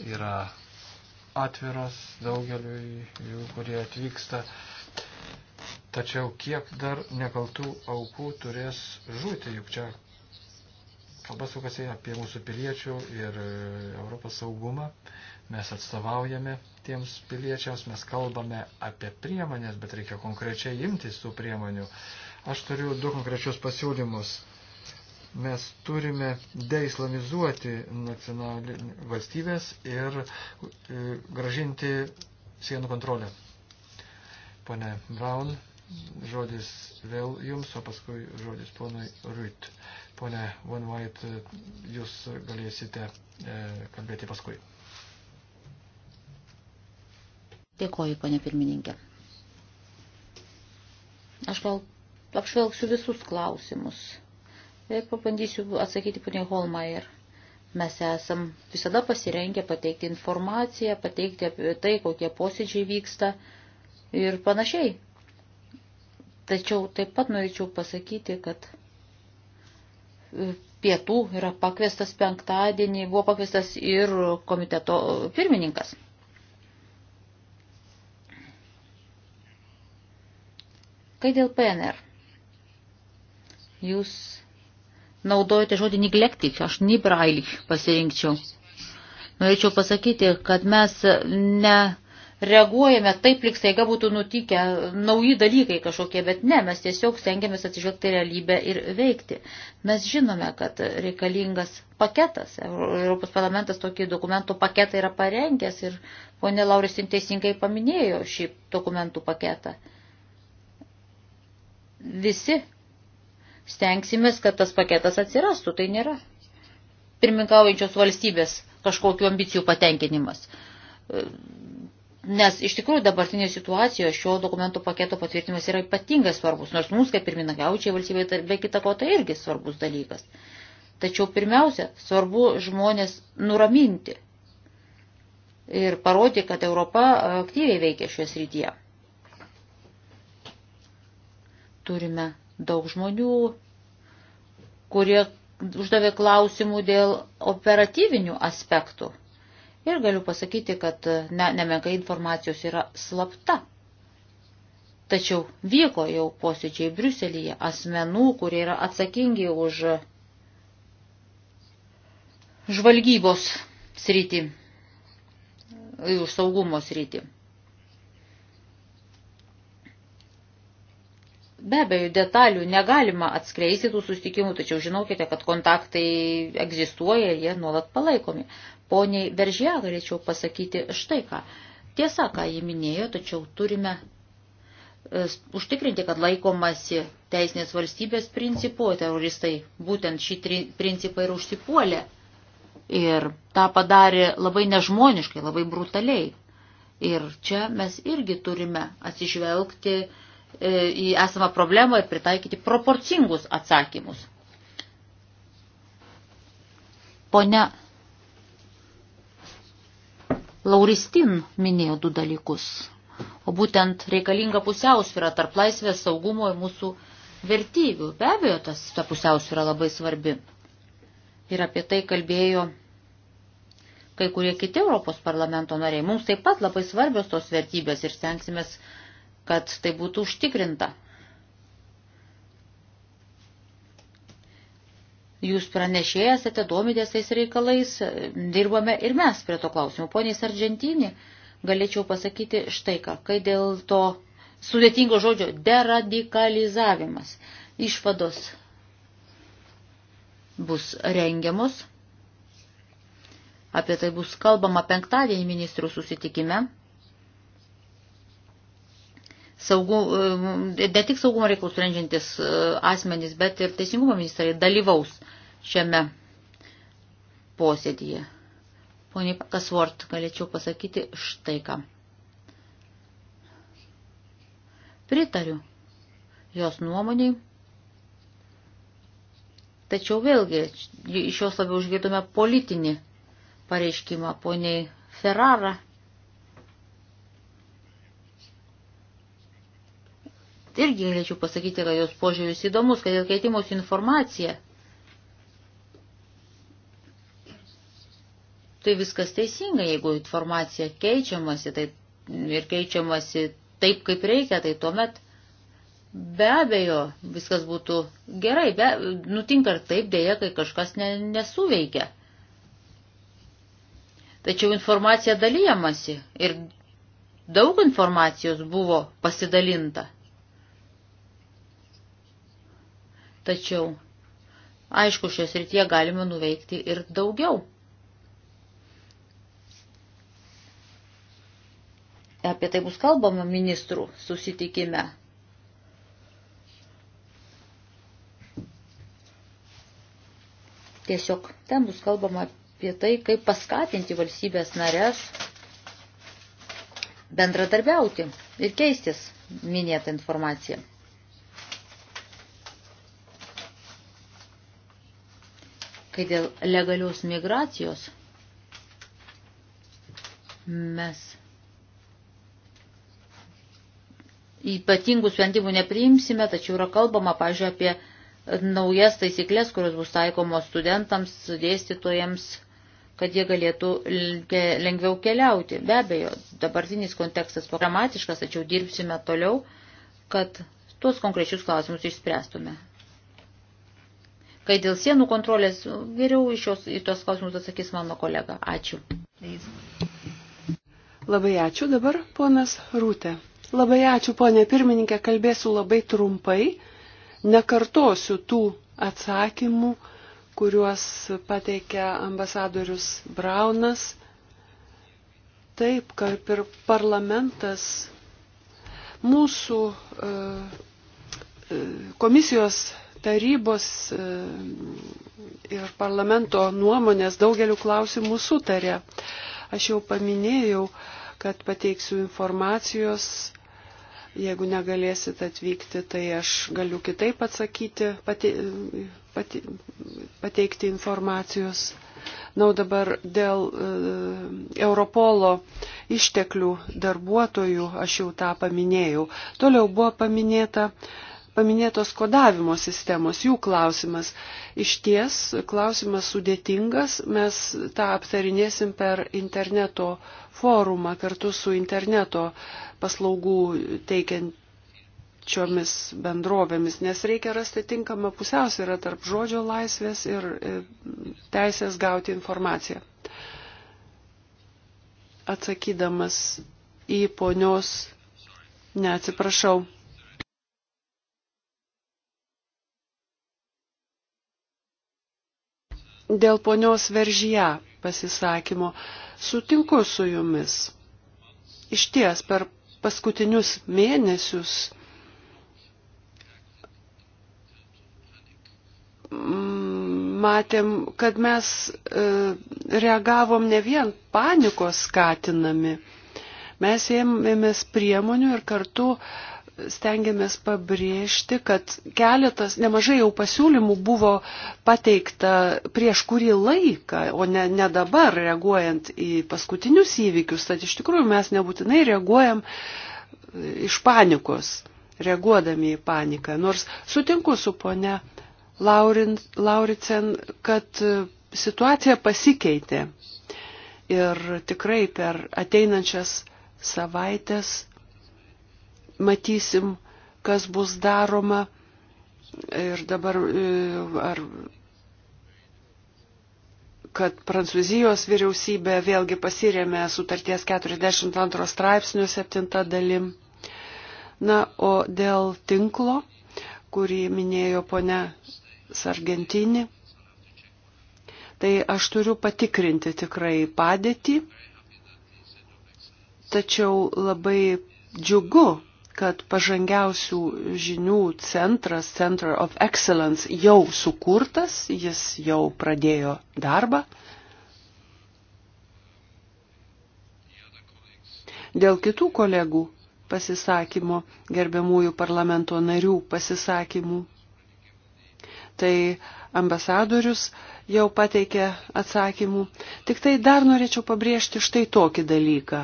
Speaker 3: yra atviros daugeliu jų, kurie atvyksta. Tačiau kiek dar nekaltų aukų turės žūti, juk čia kalba sukasi apie mūsų piliečių ir e, Europos saugumą. Mes atstovaujame tiems piliečiams, mes kalbame apie priemonės, bet reikia konkrečiai imtis tų priemonių. Aš turiu du konkrečius pasiūlymus. Mes turime deislamizuoti valstybės ir e, gražinti sienų kontrolę. Pone Braun, žodis vėl jums, o paskui žodis ponui Ruit. Uh, Pone Van White, jūs galėsite e, kalbėti paskui.
Speaker 2: Dėkoju, ponė pirmininkė. Aš gal apžvelgsiu visus klausimus ir pabandysiu atsakyti ponė Holmeier. Mes esam visada pasirengę pateikti informaciją, pateikti apie tai, kokie posėdžiai vyksta ir panašiai. Tačiau taip pat norėčiau pasakyti, kad pietų yra pakviestas penktadienį, buvo pakviestas ir komiteto pirmininkas. Kai dėl PNR? Jūs naudojate žodį neglectic, aš nebrailik pasirinkčiau. Norėčiau pasakyti, kad mes ne reaguojame taip, lyg staiga būtų nutikę nauji dalykai kažkokie, bet ne, mes tiesiog stengiamės atsižvelgti realybę ir veikti. Mes žinome, kad reikalingas paketas, Europos parlamentas tokį dokumentų paketą yra parengęs ir ponė Laurisin teisingai paminėjo šį dokumentų paketą. Visi stengsimės, kad tas paketas atsirastų, tai nėra pirminkaujančios valstybės kažkokiu ambicijų patenkinimas Nes iš tikrųjų dabartinė situacija šio dokumentų paketo patvirtinimas yra ypatingai svarbus, nors mums, kaip pirminagaučiai valstybėje, tai be kita ko, tai irgi svarbus dalykas. Tačiau pirmiausia, svarbu žmonės nuraminti ir parodyti, kad Europa aktyviai veikia šioje srityje. Turime daug žmonių, kurie uždavė klausimų dėl operatyvinių aspektų Ir galiu pasakyti, kad ne, nemenkai informacijos yra slapta. Tačiau vyko jau posėdžiai Briuselyje asmenų, kurie yra atsakingi už žvalgybos sritį, už saugumo sritį. Be abejo, detalių negalima atskleisti tų sustikimų, tačiau žinokite, kad kontaktai egzistuoja ir jie nuolat palaikomi. Poniai Veržė galėčiau pasakyti štai ką. Tiesa, ką jį minėjo, tačiau turime e, užtikrinti, kad laikomasi teisinės valstybės principų, teroristai būtent šį principą ir užsipuolė. Ir tą padarė labai nežmoniškai, labai brutaliai. Ir čia mes irgi turime atsižvelgti e, į esamą problemą ir pritaikyti proporcingus atsakymus. Pone Lauristin minėjo du dalykus, o būtent reikalinga pusiausvyrą tarp laisvės saugumo ir mūsų vertybių. Be abejo, tas, ta pusiausvyrą labai svarbi. Ir apie tai kalbėjo kai kurie kiti Europos parlamento nariai. Mums taip pat labai svarbios tos vertybės ir stengsimės, kad tai būtų užtikrinta. Jūs pranešėjas, atidomitės tais reikalais, dirbame ir mes prie to klausimų. Poniai Sargentinį, galėčiau pasakyti štai ką, kai dėl to sudėtingo žodžio deradikalizavimas išvados bus rengiamos, apie tai bus kalbama penktadienį ministrų susitikime saugų, e, ne tik saugumo reikalus sprendžiantis e, asmenys, bet ir teisingumo ministrai dalyvaus šiame posėdyje. Pone Kasvort, galėčiau pasakyti štai ką. Pritariu jos nuomoniai. Tačiau vėlgi iš jos labiau užgirdome politinį pareiškimą poniai Ferrara irgi galėčiau pasakyti, kad jos požiūris įdomus, kad dėl keitimos informacija. Tai viskas teisinga, jeigu informacija keičiamasi tai ir keičiamasi taip, kaip reikia, tai tuomet be abejo viskas būtų gerai. Be, nutinka ir taip dėja, kai kažkas ne, nesuveikia. Tačiau informacija dalyjamasi ir daug informacijos buvo pasidalinta. Tačiau, aišku, šios rytie galime nuveikti ir daugiau. Apie tai bus kalbama ministrų susitikime. Tiesiog ten bus kalbama apie tai, kaip paskatinti valstybės narės bendradarbiauti ir keistis minėtą informaciją. kai dėl legalios migracijos mes ypatingų sprendimų nepriimsime, tačiau yra kalbama, pažiūrėjau, apie naujas taisyklės, kurios bus taikomos studentams, dėstytojams, kad jie galėtų lengviau keliauti. Be abejo, dabartinis kontekstas programatiškas, tačiau dirbsime toliau, kad tuos konkrečius klausimus išspręstume. Kai dėl sienų kontrolės, geriau iš šios, į tos klausimus atsakys mano kolega. Ačiū. Labai ačiū dabar, ponas Rūtė.
Speaker 1: Labai ačiū, ponė pirmininkė, kalbėsiu labai trumpai. Nekartosiu tų atsakymų, kuriuos pateikė ambasadorius Braunas. Taip, kaip ir parlamentas mūsų e, e, komisijos tarybos e, ir parlamento nuomonės daugeliu klausimų sutarė. Aš jau paminėjau, kad pateiksiu informacijos, jeigu negalėsit atvykti, tai aš galiu kitaip atsakyti, pate, pate, pateikti informacijos. Na, o dabar dėl e, Europolo išteklių darbuotojų aš jau tą paminėjau. Toliau buvo paminėta e, paminėtos kodavimo sistemos, jų klausimas. Iš ties klausimas sudėtingas, mes tą aptarinėsim per interneto forumą kartu su interneto paslaugų teikiant šiomis bendrovėmis, nes reikia rasti tinkamą pusiausvyrą tarp žodžio laisvės ir e, teisės gauti informaciją. Atsakydamas į ponios, neatsiprašau, dėl ponios veržyje pasisakymo sutinku su jumis. Iš ties per paskutinius mėnesius matėm, kad mes e, reagavom ne vien panikos skatinami, mes ėmėmės priemonių ir kartu stengiamės pabrėžti, kad keletas, nemažai jau pasiūlymų buvo pateikta prieš kurį laiką, o ne, ne dabar reaguojant į paskutinius įvykius, tad iš tikrųjų mes nebūtinai reaguojam e, iš panikos, reaguodami į paniką. Nors sutinku su ponia Laurin, Lauricen, kad e, situacija pasikeitė. Ir tikrai per ateinančias savaitės matysim, kas bus daroma. Ir dabar e, ar kad Prancūzijos vyriausybė vėlgi pasirėmė sutarties 42 straipsnių 7 dalim. Na, o dėl tinklo, kurį minėjo ponia Sargentini, tai aš turiu patikrinti tikrai padėtį, tačiau labai džiugu, kad pažangiausių žinių centras, Center of Excellence, jau sukurtas, jis jau pradėjo darbą. Dėl kitų kolegų pasisakymo, gerbiamųjų parlamento narių pasisakymų, tai ambasadorius jau pateikė atsakymų. Tik tai dar norėčiau pabrėžti štai tokį dalyką.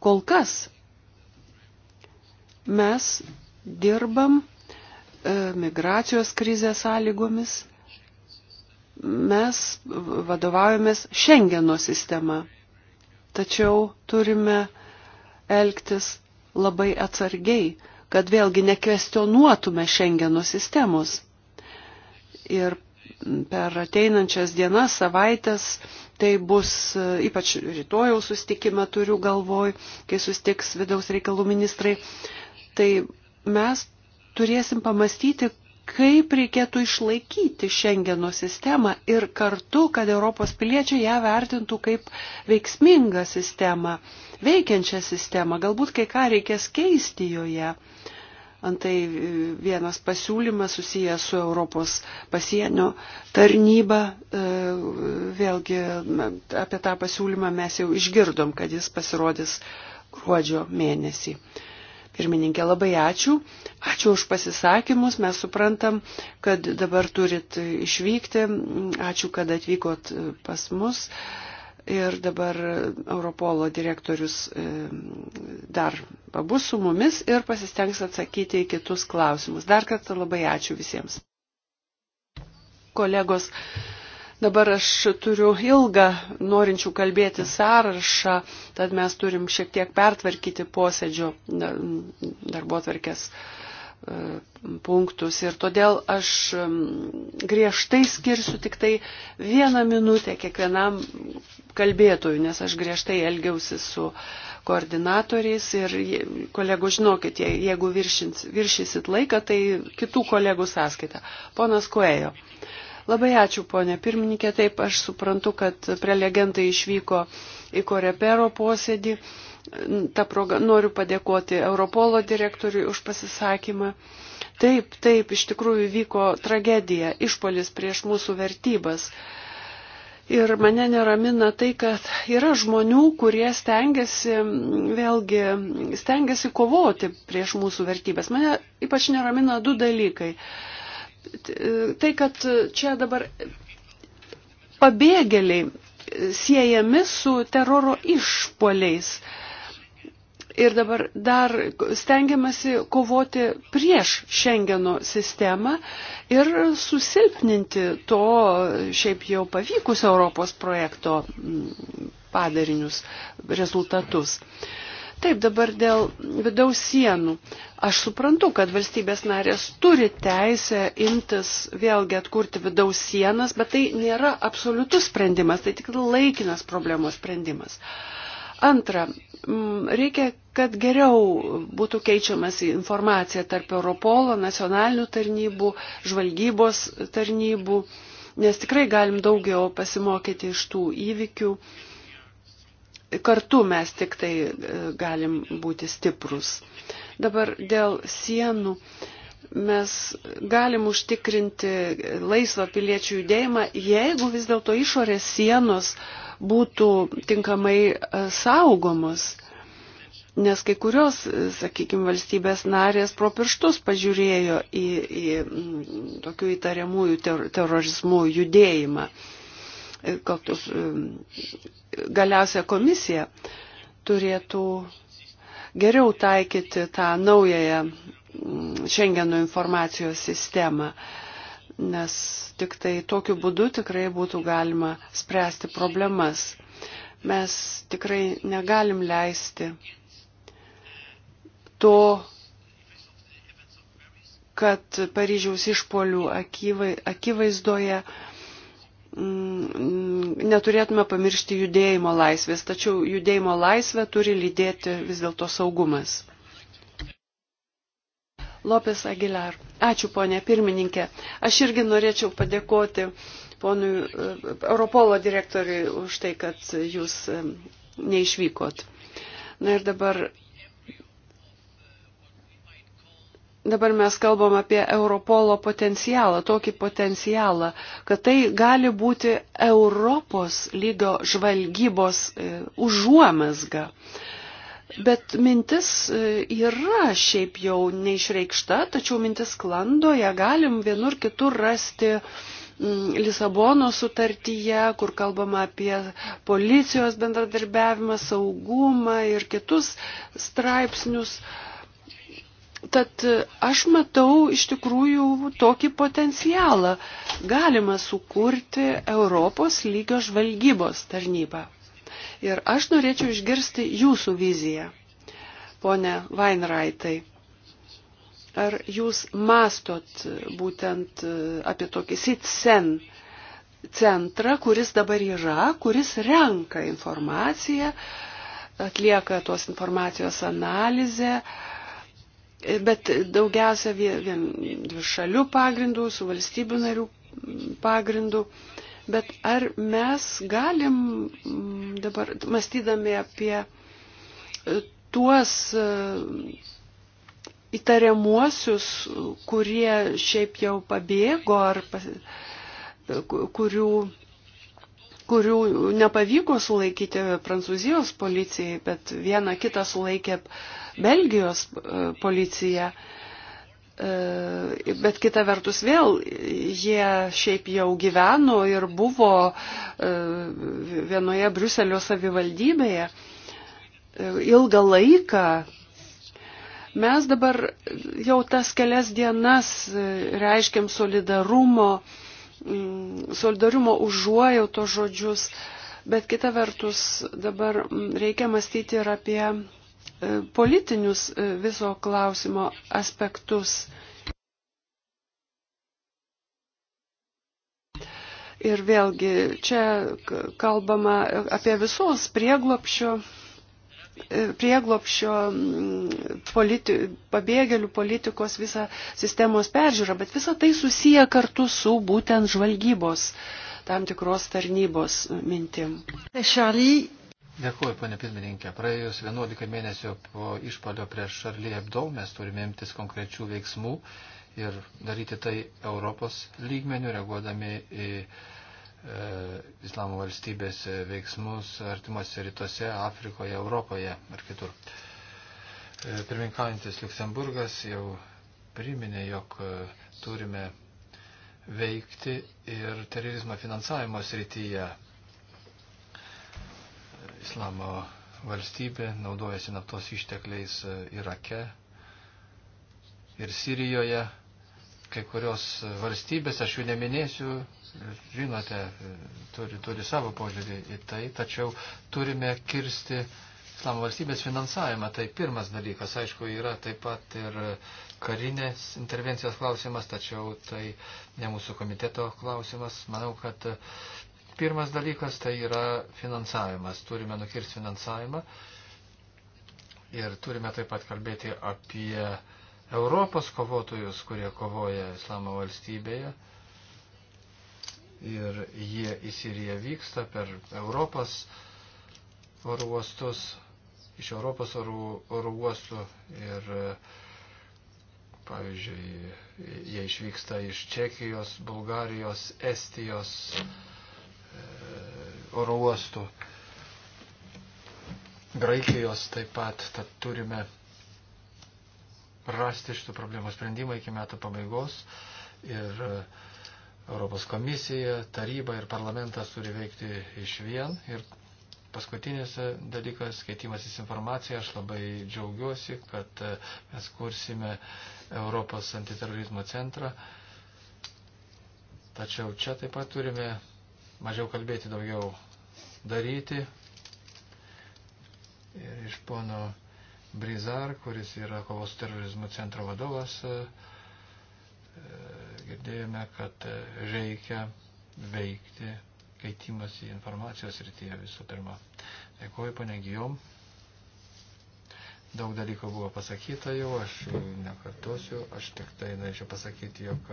Speaker 1: Kol kas Mes dirbam e, migracijos krizės sąlygomis. Mes vadovaujamės Šengeno sistema, tačiau turime elgtis labai atsargiai, kad vėlgi nekvestionuotume Šengeno sistemos. Ir per ateinančias dienas, savaitės, tai bus e, ypač rytojaus sustikime turiu galvoj, kai sustiks vidaus reikalų ministrai, tai mes turėsim pamastyti, kaip reikėtų išlaikyti Šengeno sistemą ir kartu, kad Europos piliečiai ją vertintų kaip veiksmingą sistemą, veikiančią sistemą, galbūt kai ką reikės keisti joje. Antai e, vienas pasiūlymas susijęs su Europos pasienio tarnyba, e, vėlgi apie tą pasiūlymą mes jau išgirdom, kad jis pasirodys gruodžio mėnesį. Pirmininkė, labai ačiū. Ačiū už pasisakymus. Mes suprantam, kad dabar turit išvykti. Ačiū, kad atvykot pas mus. Ir dabar Europolo direktorius e, dar pabus su mumis ir pasistengs atsakyti į kitus klausimus. Dar kartą labai ačiū visiems. Kolegos, Dabar aš turiu ilgą norinčių kalbėti sąrašą, tad mes turim šiek tiek pertvarkyti posėdžio darbo atvarkės e, punktus. Ir todėl aš griežtai skirsiu tik tai vieną minutę kiekvienam kalbėtojui, nes aš griežtai elgiausi su koordinatoriais ir kolegų žinokit, jeigu viršins, viršysit laiką, tai kitų kolegų sąskaita. Ponas Kuejo. Uh, Labai ačiū, ponė pirmininkė. Taip, aš suprantu, kad prelegentai išvyko į Korepero posėdį. Ta proga noriu padėkoti Europolo direktoriui už pasisakymą. Taip, taip, iš tikrųjų vyko tragedija, išpolis prieš mūsų vertybas. Ir mane neramina tai, kad yra žmonių, kurie stengiasi, vėlgi, stengiasi kovoti prieš mūsų vertybės. Mane ypač neramina du dalykai tai, kad čia dabar pabėgėliai siejami su teroro išpoliais. Ir dabar dar stengiamasi kovoti prieš Šengeno sistemą ir susilpninti to šiaip jau pavykus Europos projekto padarinius, rezultatus. Uh, Taip, dabar dėl vidaus sienų. Aš suprantu, kad valstybės narės turi teisę imtis vėlgi atkurti vidaus sienas, bet tai nėra absoliutus sprendimas, tai tik laikinas problemos sprendimas. Antra, reikia, kad geriau būtų keičiamas informacija tarp Europolo, nacionalinių tarnybų, žvalgybos tarnybų, nes tikrai galim daugiau pasimokyti iš tų įvykių kartu mes tik tai e, galim būti stiprus. Dabar dėl sienų mes galim užtikrinti laisvą piliečių judėjimą, jeigu vis dėlto išorės sienos būtų tinkamai e, saugomos. Nes kai kurios, e, sakykime, valstybės narės pro pirštus pažiūrėjo į, į tokių įtariamųjų ter, terorizmų judėjimą. Uh, kartus e, galiausia komisija turėtų geriau taikyti tą naująją mm, Schengeno informacijos sistemą, nes tik tai tokiu būdu tikrai būtų galima spręsti problemas. Mes tikrai negalim leisti to, kad Paryžiaus išpolių akivaizdoje akivai Mm, neturėtume pamiršti judėjimo laisvės, tačiau judėjimo laisvę turi lydėti vis dėlto saugumas. Lopes Aguilar. Ačiū, ponė pirmininkė. Aš irgi norėčiau padėkoti ponui e, Europolo direktoriui už tai, kad jūs e, neišvykot. Na ir dabar Dabar mes kalbam apie Europolo potencialą, tokį potencialą, kad tai gali būti Europos lygio žvalgybos e, užuomasga. Bet mintis e, yra šiaip jau neišreikšta, tačiau mintis klando, ją galim vienur kitur rasti Lisabono sutartyje, kur kalbama apie policijos bendradarbiavimą, saugumą ir kitus straipsnius. Uh, Tad e, aš matau iš tikrųjų tokį potencialą. Galima sukurti Europos lygio žvalgybos tarnybą. Ir aš norėčiau išgirsti jūsų viziją, ponė Vainraitai. Ar jūs mastot būtent e, apie tokį SITSEN centrą, kuris dabar yra, kuris renka informaciją, atlieka tos informacijos analizę, uh, bet daugiausia vien dvišalių pagrindų, su valstybių narių pagrindų. Bet ar mes galim mm, dabar, mąstydami apie e, tuos e, įtariamuosius, kurie šiaip jau pabėgo ar pas, e, kurių kurių nepavyko sulaikyti Prancūzijos policijai, bet vieną kitą sulaikė Belgijos e, policija. E, bet kita vertus vėl jie šiaip jau gyveno ir buvo e, vienoje Briuselio savivaldybėje ilgą laiką. Mes dabar jau tas kelias dienas reiškiam solidarumo, uh, Mm, solidarumo užuojauto žodžius, bet kita vertus dabar mm, reikia mąstyti ir apie e, politinius e, viso klausimo aspektus. Ir vėlgi čia kalbama apie visos prieglopšio prieglopšio mm, politi, pabėgėlių politikos visą sistemos peržiūrą, bet visa tai susiję kartu su būtent žvalgybos tam tikros tarnybos mintim. Charlie.
Speaker 3: Dėkuoju, ponė pirmininkė. Praėjus 11 mėnesių po išpalio prieš Šarlį Hebdo mes turime imtis konkrečių veiksmų ir daryti tai Europos lygmenių, reaguodami į E, islamo valstybės veiksmus artimuose rytuose, Afrikoje, Europoje ar kitur. E, Pirminkaujantis Luksemburgas jau priminė, jog e, turime veikti ir terorizmo finansavimo srityje. Islamo valstybė naudojasi naftos ištekliais Irake ir Sirijoje. Kai kurios valstybės, aš jų neminėsiu, žinote, turi, turi savo požiūrį į tai, tačiau turime kirsti islamo valstybės finansavimą. Tai pirmas dalykas, aišku, yra taip pat ir karinės intervencijos klausimas, tačiau tai ne mūsų komiteto klausimas. Manau, kad pirmas dalykas tai yra finansavimas. Turime nukirsti finansavimą ir turime taip pat kalbėti apie Europos kovotojus, kurie kovoja islamo valstybėje ir jie į Siriją vyksta per Europos oro uostus, iš Europos oro, oro uostų ir, pavyzdžiui, jie išvyksta iš Čekijos, Bulgarijos, Estijos e, oro uostų, Graikijos taip pat, tad turime rasti šitų problemų sprendimą iki metų pabaigos ir uh, Europos komisija, taryba ir parlamentas turi veikti iš vien. Ir paskutinis e, dalykas, keitimasis informacija, aš labai džiaugiuosi, kad e, mes kursime Europos antiterorizmo centrą. Tačiau čia taip pat turime mažiau kalbėti, daugiau daryti. Ir iš pono Brizar, kuris yra kovos su terorizmu centro vadovas, e, girdėjome, kad e, reikia veikti keitimas į informacijos rytyje visų pirma. Dėkuoju, pane Gijom. Daug dalykų buvo pasakyta jau, aš jų nekartosiu, aš tik tai norėčiau pasakyti, jog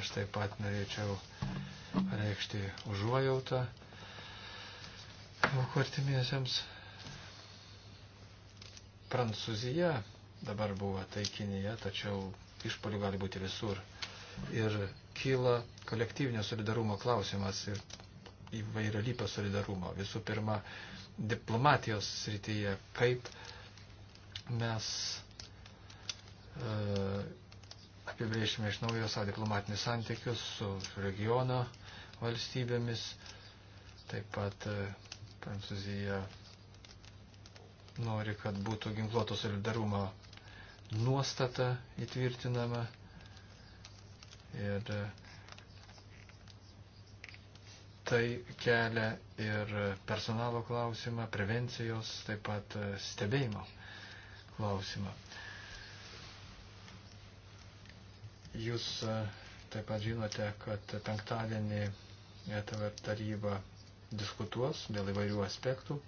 Speaker 3: aš taip pat norėčiau reikšti užuojautą aukų artimiesiems. Prancūzija dabar buvo taikinyje, tačiau išpolių gali būti visur ir kyla kolektyvinio solidarumo klausimas ir įvairialypio solidarumo. Visų pirma, diplomatijos srityje, kaip mes e, apibrėžime iš naujo savo diplomatinius santykius su regiono valstybėmis, taip pat e, Prancūzija nori, kad būtų ginkluoto solidarumo nuostata įtvirtinama Ir e, tai kelia ir personalo klausimą, prevencijos, taip pat e, stebėjimo klausimą. Jūs e, taip pat žinote, kad penktadienį ETV taryba diskutuos dėl įvairių aspektų.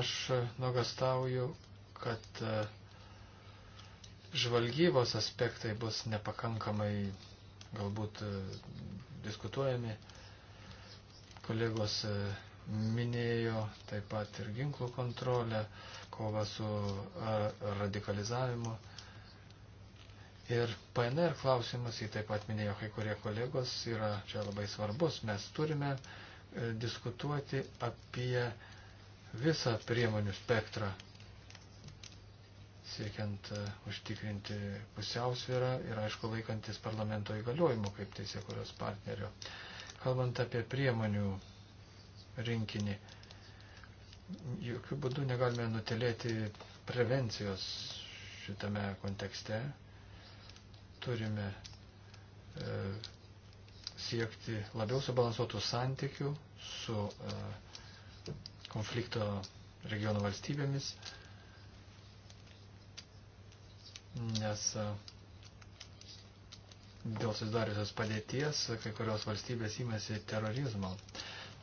Speaker 3: Aš nuogastauju, kad žvalgybos aspektai bus nepakankamai galbūt e, diskutuojami. Kolegos e, minėjo taip pat ir ginklų kontrolę, kova su e, radikalizavimu. Ir PNR klausimas, jį taip pat minėjo kai kurie kolegos, yra čia labai svarbus. Mes turime diskutuoti apie visą priemonių spektrą, siekiant e, užtikrinti pusiausvyrą ir, aišku, laikantis parlamento įgaliojimų kaip teisėkuros partnerio. Kalbant apie priemonių rinkinį, jokių būdų negalime nutelėti prevencijos šitame kontekste. Turime e, siekti labiau subalansuotų santykių su e, konflikto regiono valstybėmis. E, nes e, dėl susidariusios padėties kai kurios valstybės įmėsi terorizmo.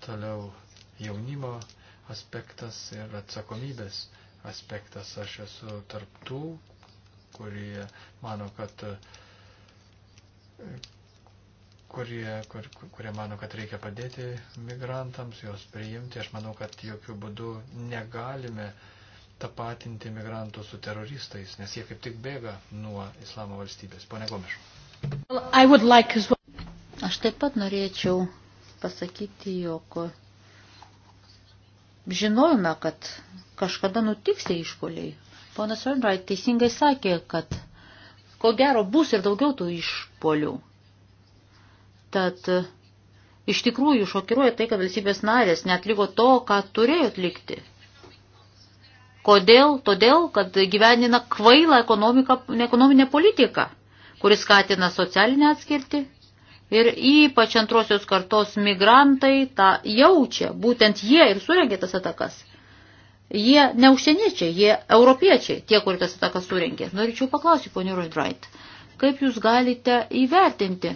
Speaker 3: Toliau jaunimo aspektas ir atsakomybės aspektas. Aš esu tarptų, kurie mano, kad e, kurie, kur, kurie mano, kad reikia padėti migrantams, juos priimti. Aš manau, kad jokių būdų negalime uh, tapatinti migrantus su teroristais, nes jie kaip tik bėga nuo islamo valstybės. Pone Gomiš.
Speaker 2: Aš taip pat norėčiau pasakyti, jog žinojome, kad kažkada nutiks tie išpoliai. Ponas Wainwright teisingai sakė, kad ko gero bus ir daugiau tų išpolių. Tad iš tikrųjų šokiruoja tai, kad valstybės narės netliko to, ką turėjo atlikti. Kodėl? Todėl, kad gyvenina kvailą ekonominę politiką, kuris skatina socialinę atskirtį. Ir ypač antrosios kartos migrantai tą jaučia, būtent jie ir surengė tas atakas. Jie ne užsieniečiai, jie europiečiai, tie, kur tas atakas surengė. Norėčiau paklausyti, ponė Roidrait, kaip jūs galite įvertinti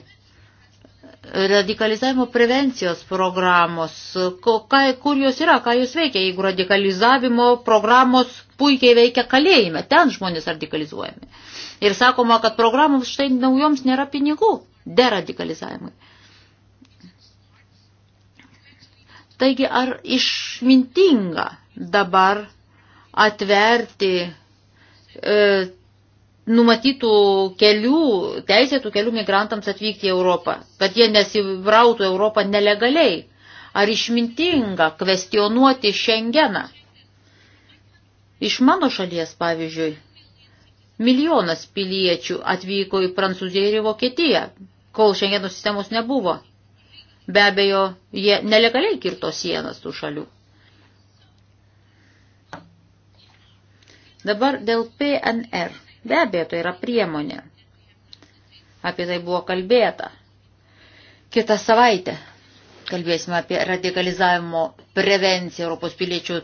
Speaker 2: radikalizavimo prevencijos programos, kur jos yra, ką jos veikia, jeigu radikalizavimo programos puikiai veikia kalėjime, ten žmonės radikalizuojami. Ir sakoma, kad programoms štai naujoms nėra pinigų deradikalizavimui. Taigi, ar išmintinga dabar atverti e, numatytų kelių, teisėtų kelių migrantams atvykti į Europą, kad jie nesivrautų Europą nelegaliai. Ar išmintinga kvestionuoti Šengeną? Iš mano šalies, pavyzdžiui, milijonas piliečių atvyko į Prancūziją ir į Vokietiją, kol Šengeno sistemos nebuvo. Be abejo, jie nelegaliai kirto sienas tų šalių. Dabar dėl PNR Be abejo, tai yra priemonė. Apie tai buvo kalbėta. Kitą savaitę kalbėsime apie radikalizavimo prevenciją Europos piliečių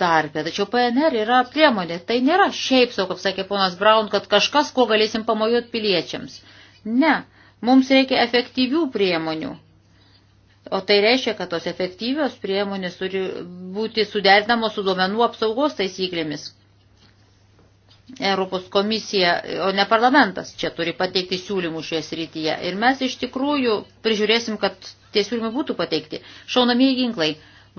Speaker 2: tarpę. Tačiau PNR yra priemonė. Tai nėra šiaip sau, kaip sakė ponas Braun, kad kažkas, kuo galėsim pamojuoti piliečiams. Ne, mums reikia efektyvių priemonių. O tai reiškia, kad tos efektyvios priemonės turi būti suderinamos su duomenų apsaugos taisyklėmis. Europos komisija, o ne parlamentas čia turi pateikti siūlymų šioje srityje. Ir mes iš tikrųjų prižiūrėsim, kad tie siūlymai būtų pateikti. Šaunamieji ginklai.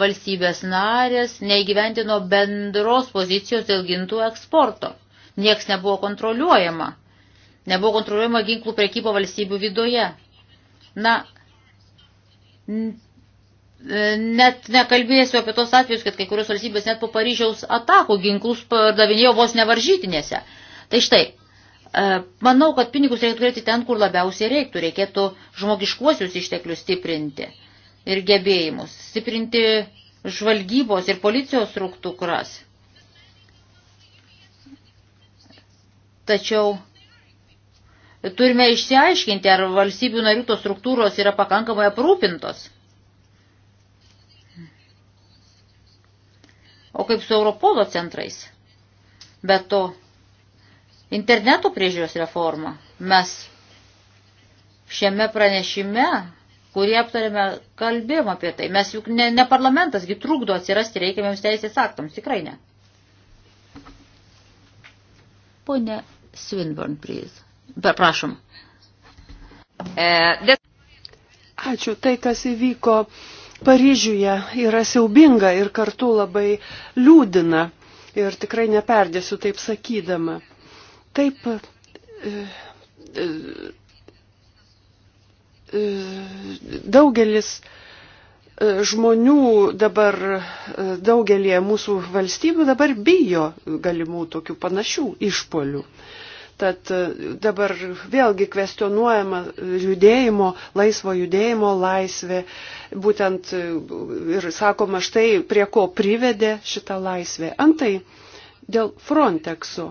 Speaker 2: Valstybės narės neįgyventino bendros pozicijos dėl gintų eksporto. Nieks nebuvo kontroliuojama. Nebuvo kontroliuojama ginklų prekybo valstybių viduje. Na, Net nekalbėsiu apie tos atvejus, kad kai kurios valstybės net po Paryžiaus atakų ginklus pardavinėjo vos nevaržytinėse. Tai štai, e, manau, kad pinigus reikėtų turėti ten, kur labiausiai reiktų. Reikėtų žmogiškuosius išteklius stiprinti ir gebėjimus, stiprinti žvalgybos ir policijos struktūras. Tačiau turime išsiaiškinti, ar valstybių narių tos struktūros yra pakankamai aprūpintos O kaip su Europolo centrais? Be to, interneto priežiūros reforma. Mes šiame pranešime, kurį aptarėme, kalbėjom apie tai. Mes juk ne, ne parlamentasgi trukdo atsirasti reikiamiems teisės aktams, tikrai ne. Pone Swinburne, please. Prašom. E, Ačiū. Tai, kas įvyko Paryžiuje
Speaker 1: yra siaubinga ir kartu labai liūdina. Ir tikrai neperdėsiu taip sakydama. Taip. E, e, e daugelis e, žmonių dabar, e, daugelie mūsų valstybių dabar bijo galimų tokių panašių išpolių. Tad e, dabar vėlgi kvestionuojama judėjimo, laisvo judėjimo laisvė, būtent e, ir sakoma štai, prie ko privedė šitą laisvę. Antai dėl Frontexo,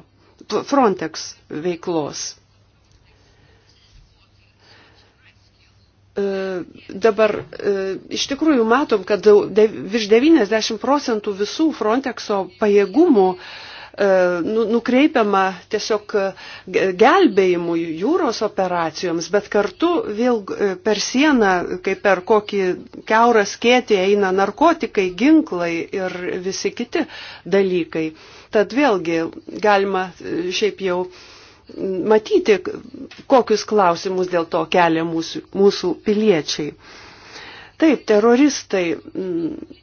Speaker 1: Frontex veiklos. E, dabar iš tikrųjų matom, kad virš 90 procentų visų Frontexo pajėgumų E, nu, nukreipiama tiesiog e, gelbėjimui jūros operacijoms, bet kartu vėl e, per sieną, kaip per kokį keurą skėtį eina narkotikai, ginklai ir visi kiti dalykai. Tad vėlgi galima šiaip jau matyti, kokius klausimus dėl to kelia mūsų, mūsų piliečiai. Taip, teroristai. Mm,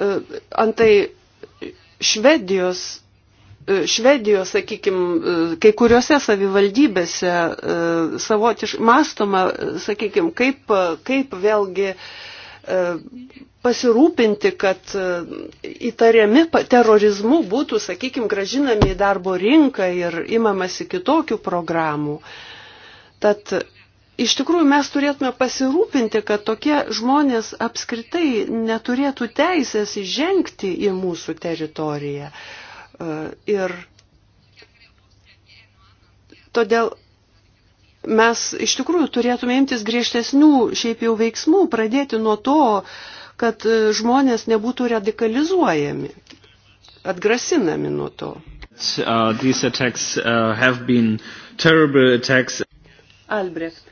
Speaker 1: E, antai Švedijos, e, Švedijos, sakykime, kai kuriuose savivaldybėse e, savotiškai mastoma, sakykime, kaip, kaip vėlgi pasirūpinti, kad įtariami terorizmu būtų, sakykime, gražinami į darbo rinką ir imamasi kitokių programų. Tad iš tikrųjų mes turėtume pasirūpinti, kad tokie žmonės apskritai neturėtų teisės įžengti į mūsų teritoriją. E, ir todėl mes iš tikrųjų turėtume imtis griežtesnių šiaip jau veiksmų, pradėti nuo to, kad žmonės nebūtų radikalizuojami, atgrasinami nuo to. Uh, Albrecht.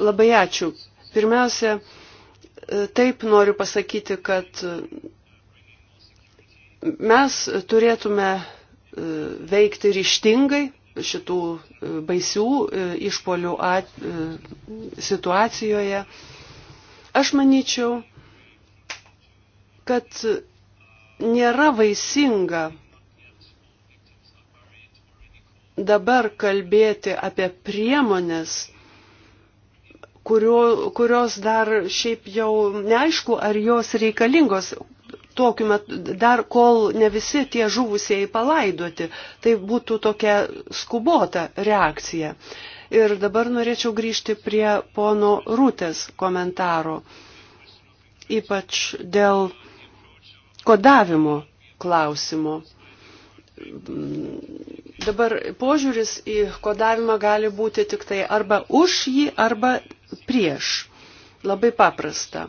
Speaker 1: Labai ačiū. Pirmiausia, e, taip noriu pasakyti, kad mes turėtume e, veikti ryštingai šitų e, baisių išpolių at, situacijoje. Aš manyčiau, kad nėra vaisinga dabar kalbėti apie priemonės, kurio, kurios dar šiaip jau neaišku, ar jos reikalingos tokiu metu, dar kol ne visi tie žuvusieji palaidoti. Tai būtų tokia skubota reakcija. Ir dabar norėčiau grįžti prie pono Rūtės komentaro, ypač dėl kodavimo klausimo dabar požiūris į kodavimą gali būti tik tai arba už jį, arba prieš. Labai paprasta.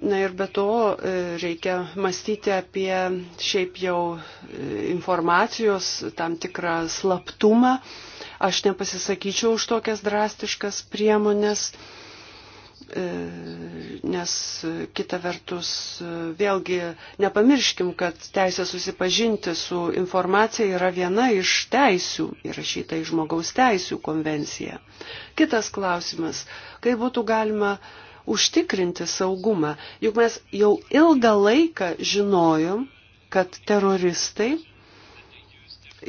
Speaker 1: Na ir be to e, reikia mąstyti apie šiaip jau e, informacijos tam tikrą slaptumą. Aš nepasisakyčiau už tokias drastiškas priemonės. E, nes kita vertus e, vėlgi nepamirškim, kad teisė susipažinti su informacija yra viena iš teisių įrašyta į žmogaus teisų konvenciją. Kitas klausimas, kaip būtų galima užtikrinti saugumą, juk mes jau ilgą laiką žinojom, kad teroristai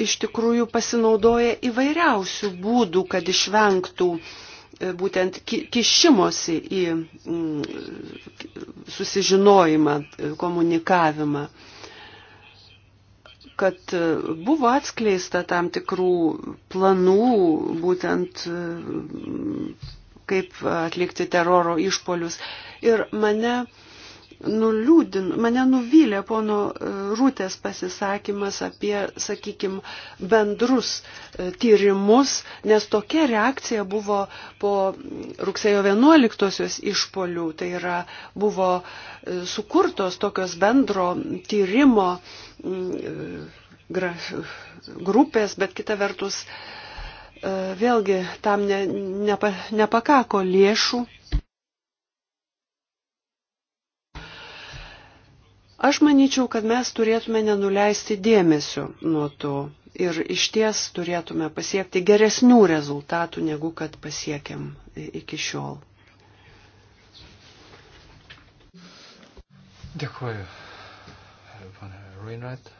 Speaker 1: iš tikrųjų pasinaudoja įvairiausių būdų, kad išvengtų uh, būtent kišimosi į mm, susižinojimą, komunikavimą kad e, buvo atskleista tam tikrų planų, būtent e, kaip atlikti teroro išpolius. Ir mane uh, nuliūdin, mane nuvylė pono e, Rūtės pasisakymas apie, sakykime, bendrus e, tyrimus, nes tokia reakcija buvo po rugsėjo 11-osios išpolių, tai yra buvo e, sukurtos tokios bendro tyrimo grupės, bet kita vertus vėlgi tam ne, nepa, nepakako lėšų Aš manyčiau, kad mes turėtume nenuleisti dėmesio nuo to ir iš ties turėtume pasiekti geresnių rezultatų, negu kad pasiekėm iki šiol.
Speaker 3: Dėkuoju, pana Reinrat.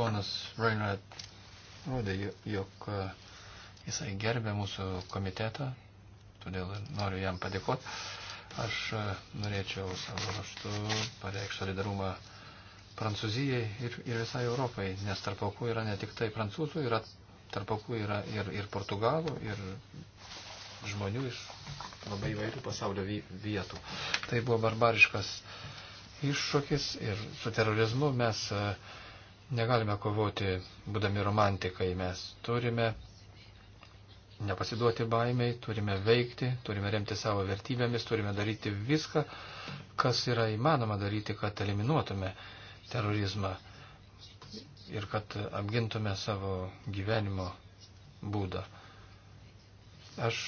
Speaker 3: Ponas Reinrat rodė, jog jisai gerbė mūsų komitetą, todėl noriu jam padėkoti. Aš e, norėčiau savo raštu pareikšti solidarumą Prancūzijai ir, ir visai Europai, nes tarp aukų yra ne tik tai prancūzų, yra, tarp aukų yra ir, ir portugalų, ir žmonių iš labai įvairių pasaulio vietų. Tai buvo barbariškas iššūkis ir su terorizmu mes e, negalime kovoti, būdami romantikai, mes turime nepasiduoti baimiai, turime veikti, turime remti savo vertybėmis, turime daryti viską, kas yra įmanoma daryti, kad eliminuotume terorizmą ir kad apgintume savo gyvenimo būdą. Aš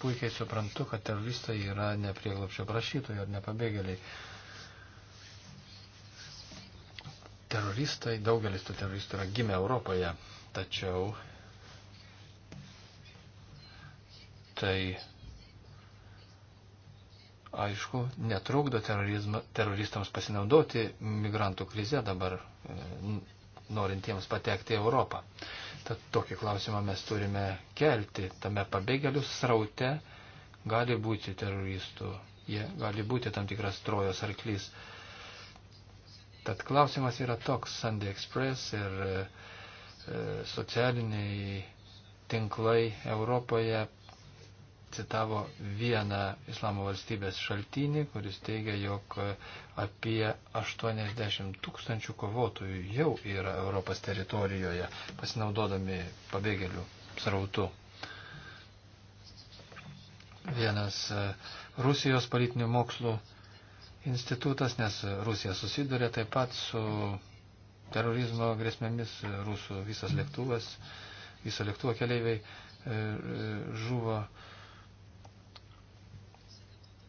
Speaker 3: puikiai suprantu, kad teroristai yra neprieglapšio prašytojai ar nepabėgėliai. Teroristai, daugelis tų teroristų yra gimę Europoje, tačiau tai aišku, netrukdo teroristams pasinaudoti migrantų krize dabar e, norintiems patekti į Europą. Tad tokį klausimą mes turime kelti. Tame pabėgėlių sraute gali būti teroristų, jie gali būti tam tikras trojos arklys. Tad klausimas yra toks, Sunday Express ir e, e socialiniai tinklai Europoje citavo vieną Islamo valstybės šaltinį, kuris teigia, jog apie 80 tūkstančių kovotojų jau yra Europos teritorijoje, pasinaudodami pabėgėlių srautu. Vienas e, Rusijos politinių mokslų institutas, nes Rusija susiduria taip pat su terorizmo grėsmėmis, rusų visas lėktuvas, viso lėktuvo keleiviai e, e, žuvo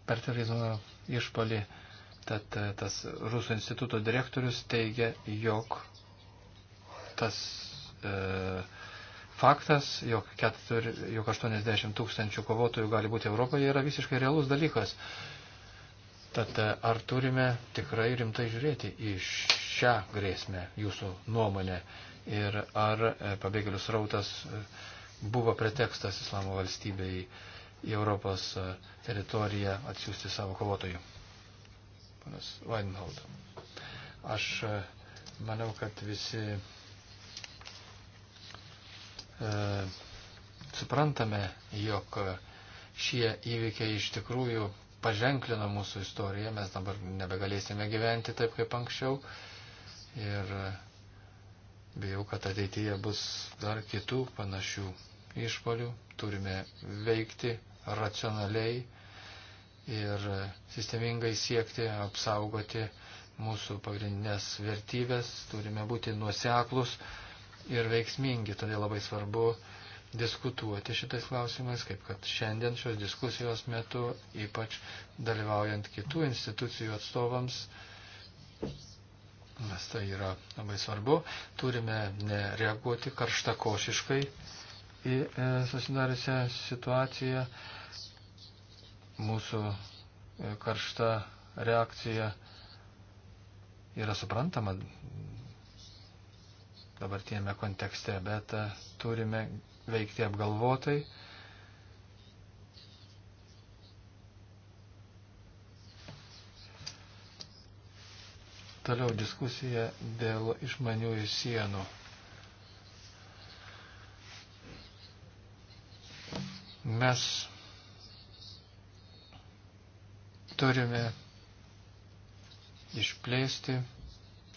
Speaker 3: per terorizmo išpolį. Tad e, tas Rusų instituto direktorius teigia, jog tas e, faktas, jog, keturi, jog 80 tūkstančių kovotojų gali būti Europoje, yra visiškai realus dalykas. Tad e, ar turime tikrai rimtai žiūrėti į šią grėsmę, jūsų nuomonę, ir ar e, pabėgėlių srautas buvo pretekstas Islamo valstybei? E, į Europos e, teritoriją atsiųsti savo kovotojų. Panas Weinhold. Aš e, manau, kad visi e, suprantame, jog šie įvykiai iš tikrųjų paženklino mūsų istoriją, mes dabar nebegalėsime gyventi taip kaip anksčiau ir e, bijau, kad ateityje bus dar kitų panašių išpolių, turime veikti racionaliai ir sistemingai siekti apsaugoti mūsų pagrindinės vertybės, turime būti nuoseklus ir veiksmingi, todėl labai svarbu diskutuoti šitais klausimais, kaip kad šiandien šios diskusijos metu, ypač dalyvaujant kitų institucijų atstovams, nes tai yra labai svarbu, turime nereaguoti karštakošiškai į e, susidariusią situaciją, mūsų e, karšta reakcija yra suprantama dabartėjame kontekste, bet e, turime veikti apgalvotai. Toliau diskusija dėl išmaniųjų sienų. Mes turime išplėsti,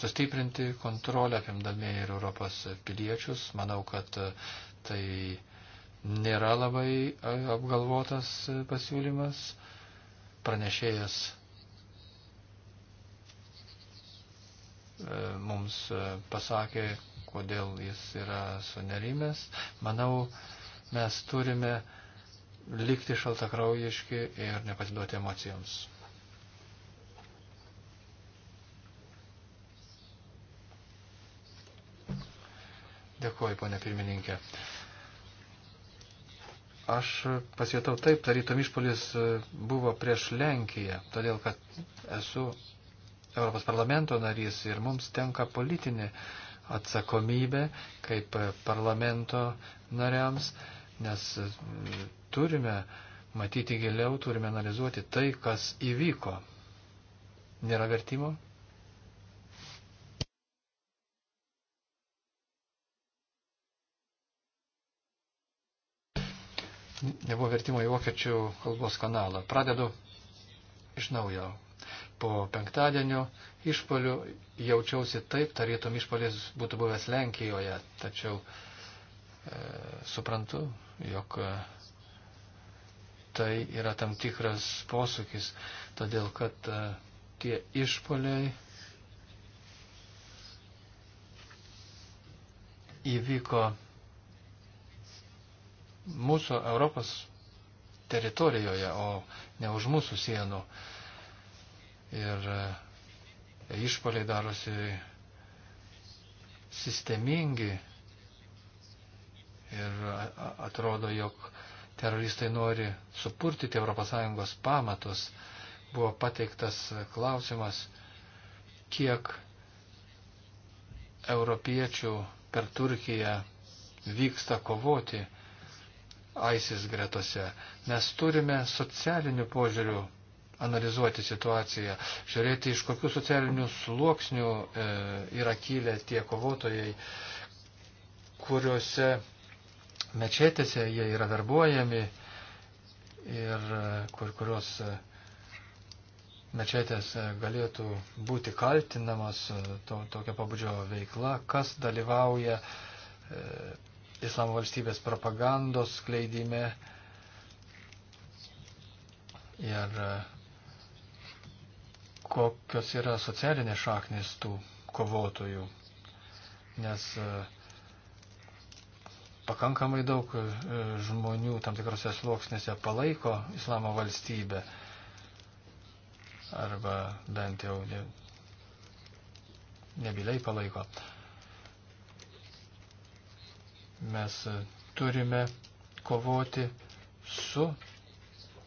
Speaker 3: sustiprinti kontrolę apimdami ir Europos piliečius. Manau, kad tai nėra labai apgalvotas pasiūlymas. Pranešėjas e, mums pasakė, kodėl jis yra sunerimęs. Manau, mes turime likti šaltakraujiški ir nepasiduoti emocijoms. Dėkuoju, ponė pirmininkė. Aš pasijutau taip, tarytum išpolis buvo prieš Lenkiją, todėl kad esu Europos parlamento narys ir mums tenka politinė atsakomybė kaip parlamento nariams. Uh, nes e, turime matyti giliau, turime analizuoti tai, kas įvyko. Nėra vertimo? Nebuvo vertimo į vokiečių kalbos kanalą. Pradedu iš naujo. Po penktadienio išpolių jaučiausi taip, tarytum išpolis būtų buvęs Lenkijoje, tačiau E, suprantu, jog e, tai yra tam tikras posūkis, todėl kad e, tie išpoliai įvyko mūsų Europos teritorijoje, o ne už mūsų sienų. Ir išpoliai darosi sistemingi ir atrodo, jog teroristai nori supurtyti ES pamatus. Buvo pateiktas klausimas, kiek europiečių per Turkiją vyksta kovoti ISIS gretose. Mes turime socialinių požiūrių analizuoti situaciją, žiūrėti iš kokių socialinių sluoksnių e, yra kilę tie kovotojai, kuriuose mečetėse jie yra darbuojami ir e, kur, kurios e, mečetės e, galėtų būti kaltinamas to, tokio pabudžio veikla, kas dalyvauja e, islamo valstybės propagandos skleidime ir kokios yra socialinės šaknis tų kovotojų. Nes e, pakankamai daug e, žmonių tam tikrose sluoksnėse palaiko islamo valstybę. Arba bent jau ne, nebiliai palaiko. Mes e, turime kovoti su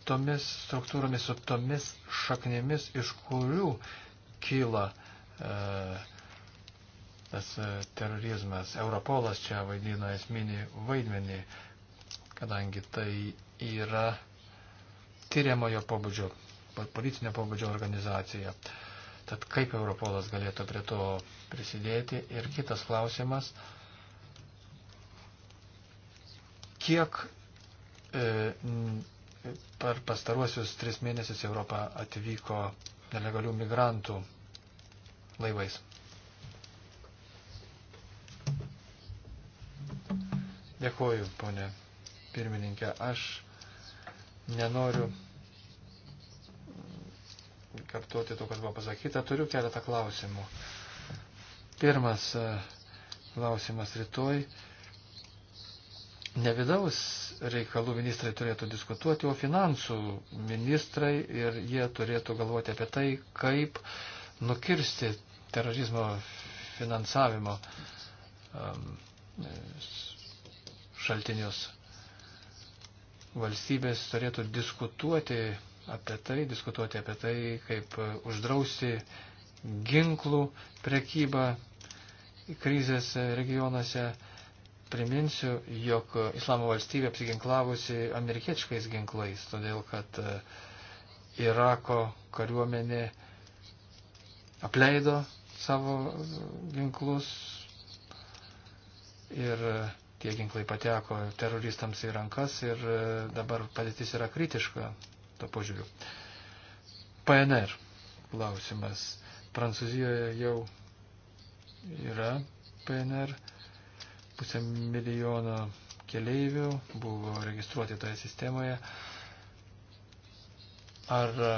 Speaker 3: tomis struktūromis, su tomis šaknėmis, iš kurių kyla e, tas e, terorizmas. Europolas čia vaidino esminį vaidmenį, kadangi tai yra tyriamojo pobūdžio, politinio pobūdžio organizacija. Tad kaip Europolas galėtų prie to prisidėti? Ir kitas klausimas, kiek e, per pastaruosius tris mėnesius Europą atvyko nelegalių migrantų laivais? Dėkuoju, ponė pirmininkė. Aš nenoriu kartuoti to, kas buvo pasakyta. Turiu keletą klausimų. Pirmas e, klausimas rytoj. Ne vidaus reikalų ministrai turėtų diskutuoti, o finansų ministrai ir jie turėtų galvoti apie tai, kaip nukirsti terorizmo finansavimo um, šaltinius. Valstybės turėtų diskutuoti apie tai, diskutuoti apie tai, kaip uždrausti ginklų prekybą krizės regionuose. Priminsiu, jog Islamo valstybė apsiginklavusi amerikiečiais ginklais, todėl kad e, Irako kariuomenė apleido savo e, ginklus ir e, tie ginklai pateko teroristams į rankas ir e, dabar padėtis yra kritiška to požiūriu. PNR klausimas. Prancūzijoje jau yra PNR, pusę milijono keleivių buvo registruoti toje sistemoje. Ar e,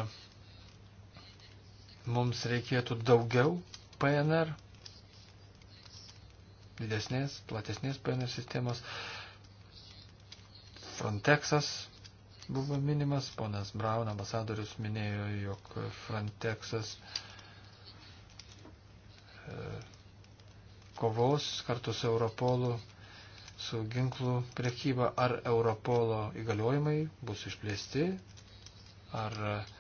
Speaker 3: mums reikėtų daugiau PNR didesnės, platesnės PNR sistemos. Frontexas buvo minimas, ponas Braun ambasadorius minėjo, jog Frontexas e, kovos kartu su Europolu, su ginklų priekyba, ar Europolo įgaliojimai bus išplėsti, ar uh,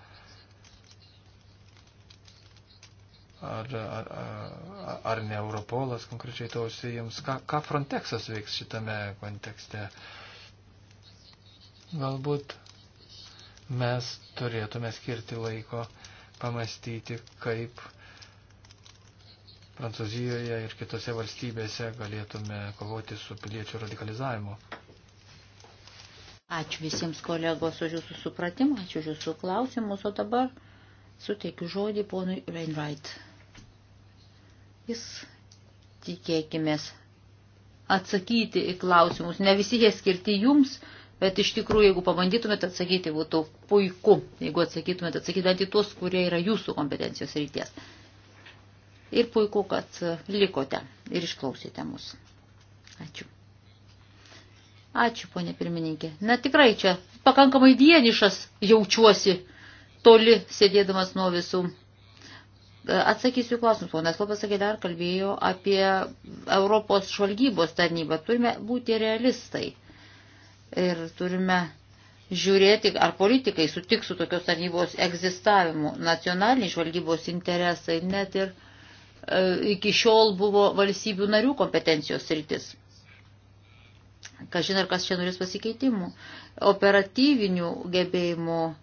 Speaker 3: ar, ar, ar, ar ne Europolas konkrečiai to užsijims, ką, ką Frontexas veiks šitame kontekste. Galbūt mes turėtume skirti laiko pamastyti, kaip Prancūzijoje ir kitose valstybėse galėtume kovoti su piliečių radikalizavimu.
Speaker 2: Ačiū visiems kolegos už jūsų supratimą, ačiū už jūsų klausimus, o dabar suteikiu žodį ponui Reinwright jis tikėkime atsakyti į klausimus. Ne visi jie skirti jums, bet iš tikrųjų, jeigu pabandytumėte atsakyti, būtų puiku, jeigu atsakytumėte atsakyti bent į tuos, kurie yra jūsų kompetencijos ryties. Ir puiku, kad likote ir išklausėte mus. Ačiū. Ačiū, ponė pirmininkė. Na tikrai čia pakankamai vienišas jaučiuosi toli sėdėdamas nuo visų Atsakysiu klausimus, ponas Lopas sakė, dar kalbėjo apie Europos žvalgybos tarnybą. Turime būti realistai ir turime žiūrėti, ar politikai sutiks su tokios tarnybos egzistavimu. Nacionaliniai žvalgybos interesai net ir e, iki šiol buvo valstybių narių kompetencijos rytis. Kažin ar kas čia norės pasikeitimų. Operatyvinių gebėjimų e,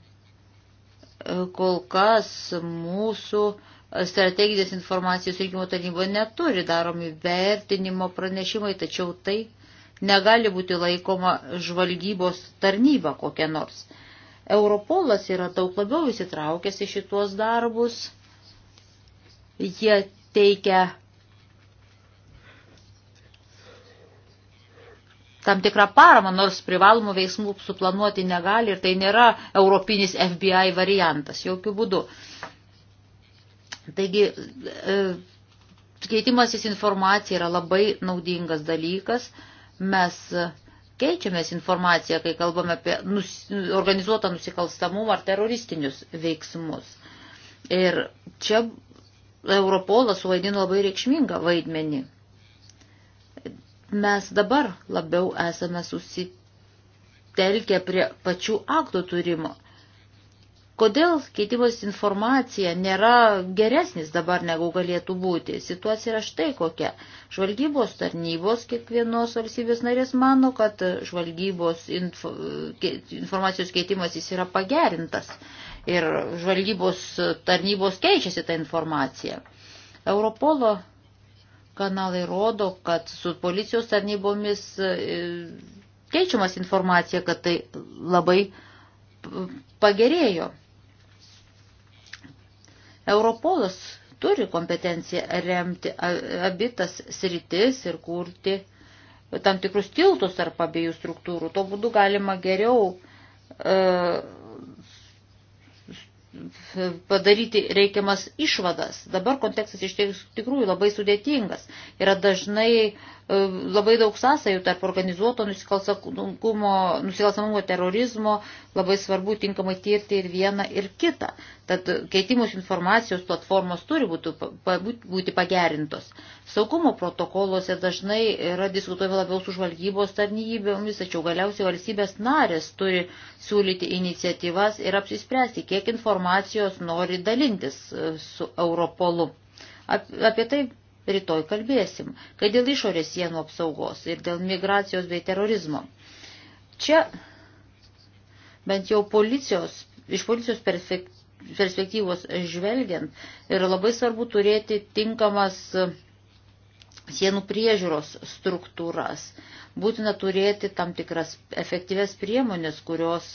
Speaker 2: kol kas mūsų e, strateginės informacijos rinkimo tarnyboje neturi daromi vertinimo pranešimai, tačiau tai negali būti laikoma žvalgybos tarnyba kokia nors. Europolas yra daug labiau įsitraukęs į šitos darbus. Jie teikia tam tikrą paramą, nors privalomų veiksmų suplanuoti negali ir tai nėra europinis FBI variantas, jokių būdų. Taigi, e, keitimasis informacija yra labai naudingas dalykas. Mes keičiamės informaciją, kai kalbame apie nus, organizuotą nusikalstamumą ar teroristinius veiksmus. Ir čia Europolas suvaidino labai reikšmingą vaidmenį. Mes dabar labiau esame susitelkę prie pačių aktų turimo. Kodėl keitimas informacija nėra geresnis dabar negu galėtų būti? Situacija yra štai kokia. Žvalgybos tarnybos kiekvienos valstybės narės mano, kad žvalgybos info, informacijos keitimas jis yra pagerintas ir žvalgybos tarnybos keičiasi tą informaciją. Europolo kanalai rodo, kad su policijos tarnybomis e, keičiamas informacija, kad tai labai pagerėjo. Europolas turi kompetenciją remti abitas sritis ir kurti tam tikrus tiltus tarp abiejų struktūrų. Tuo būdu galima geriau e, padaryti reikiamas išvadas. Dabar kontekstas iš tikrųjų labai sudėtingas. Yra dažnai E, labai daug sąsajų tarp organizuoto nusikalstamumo terorizmo, labai svarbu tinkamai tirti ir vieną, ir kitą. Tad keitimus informacijos platformos turi būti, būti pagerintos. Saugumo protokoluose dažnai yra diskutuojama labiau su žvalgybos tarnybėmis, tačiau galiausiai valstybės narės turi siūlyti iniciatyvas ir apsispręsti, kiek informacijos nori dalintis e, su Europolu. Apie tai rytoj kalbėsim, kai dėl išorės sienų apsaugos ir dėl migracijos bei terorizmo. Čia bent jau policijos, iš policijos perspektyvos žvelgiant, yra labai svarbu turėti tinkamas e, sienų priežiūros struktūras. Būtina turėti tam tikras efektyves priemonės, kurios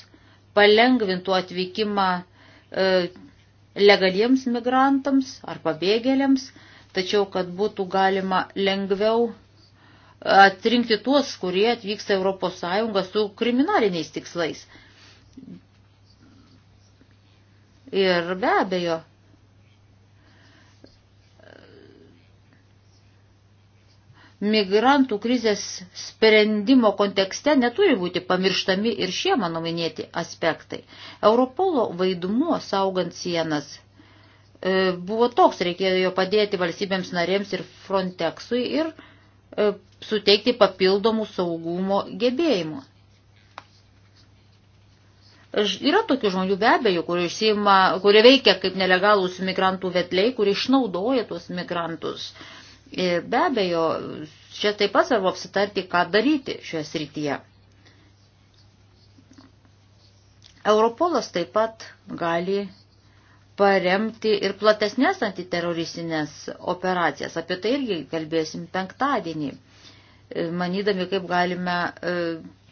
Speaker 2: palengvintų atvykimą e, legaliems migrantams ar pabėgėliams, tačiau kad būtų galima lengviau atrinkti tuos, kurie atvyksta Europos Sąjungą su kriminaliniais tikslais. Ir be abejo, migrantų krizės sprendimo kontekste neturi būti pamirštami ir šie mano minėti aspektai. Europolo vaidmuo saugant sienas E, buvo toks, reikėjo padėti valstybėms narėms ir Frontexui ir e, suteikti papildomų saugumo gebėjimų. Yra tokių žmonių be abejo, kurie, išsima, kurie veikia kaip nelegalūs migrantų vetliai, kurie išnaudoja tuos migrantus. Ir e, be abejo, čia taip pat svarbu apsitarti, ką daryti šioje srityje. Europolas taip pat gali paremti ir platesnės antiteroristinės operacijas. Apie tai irgi kalbėsim penktadienį, e, manydami, kaip galime e,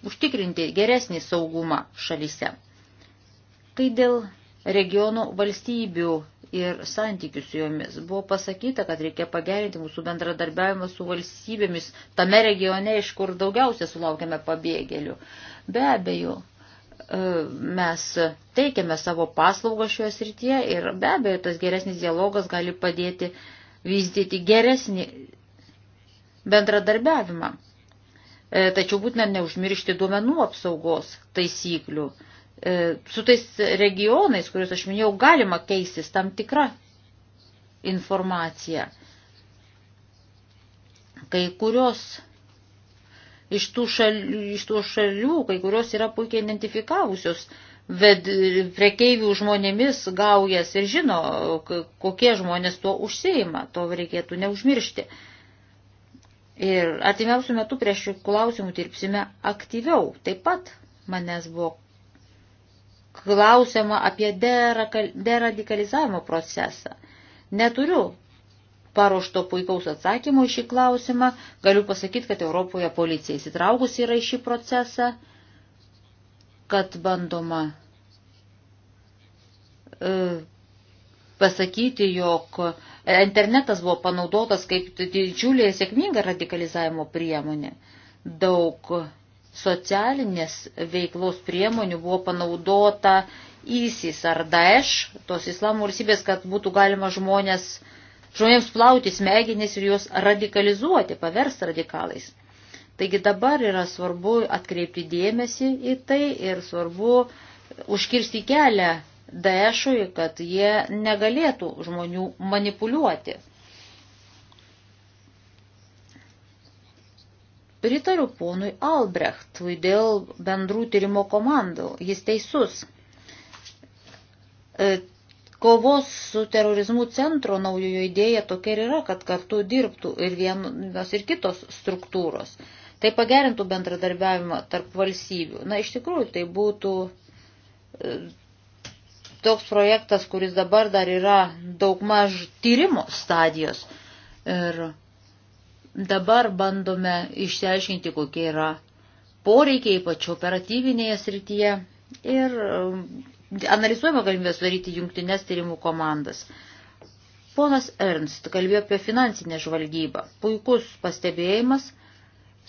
Speaker 2: užtikrinti geresnį saugumą šalyse. Kai dėl regionų valstybių ir santykių su jomis buvo pasakyta, kad reikia pagerinti mūsų bendradarbiavimą su valstybėmis tame regione, iš kur daugiausia sulaukiame pabėgėlių. Be abejo, E, mes teikiame savo paslaugą šioje srityje ir be abejo tas geresnis dialogas gali padėti vystyti geresnį bendradarbiavimą. E, tačiau būtina neužmiršti duomenų apsaugos taisyklių. E, su tais regionais, kuriuos aš minėjau, galima keistis tam tikrą informaciją. Kai kurios iš tų šalių, iš tų šalių kai kurios yra puikiai identifikavusios ved, prekeivių žmonėmis gaujas ir žino, kokie žmonės tuo užseima, to reikėtų neužmiršti. Ir atimiausių metų prie šių klausimų dirbsime aktyviau. Taip pat manęs buvo klausiama apie deradikalizavimo procesą. Neturiu paruošto puikaus atsakymo į šį klausimą. Galiu pasakyti, kad Europoje policija įsitraukusi yra į šį procesą, kad bandoma e, pasakyti, jog internetas buvo panaudotas kaip didžiulė sėkminga radikalizavimo priemonė. Daug socialinės veiklos priemonių buvo panaudota ISIS ar Daesh, tos islamo valstybės, kad būtų galima žmonės uh, žmonėms plauti smegenis ir juos radikalizuoti, paversti radikalais. Taigi dabar yra svarbu atkreipti dėmesį į tai ir svarbu užkirsti kelią Daešui, kad jie negalėtų žmonių manipuliuoti. Pritariu ponui Albrechtui dėl bendrų tyrimo komandų. Jis teisus e, Kovos su terorizmu centro naujojo idėja tokia ir yra, kad kartu dirbtų ir vienos ir kitos struktūros. Tai pagerintų bendradarbiavimą tarp valstybių. Na, iš tikrųjų, tai būtų e, toks projektas, kuris dabar dar yra daugmaž tyrimo stadijos. Ir dabar bandome išsiaiškinti, kokie yra poreikiai, ypač operatyvinėje srityje. Ir analizuojama galimybė sudaryti jungtinės tyrimų komandas. Ponas Ernst kalbėjo apie finansinę žvalgybą. Puikus pastebėjimas.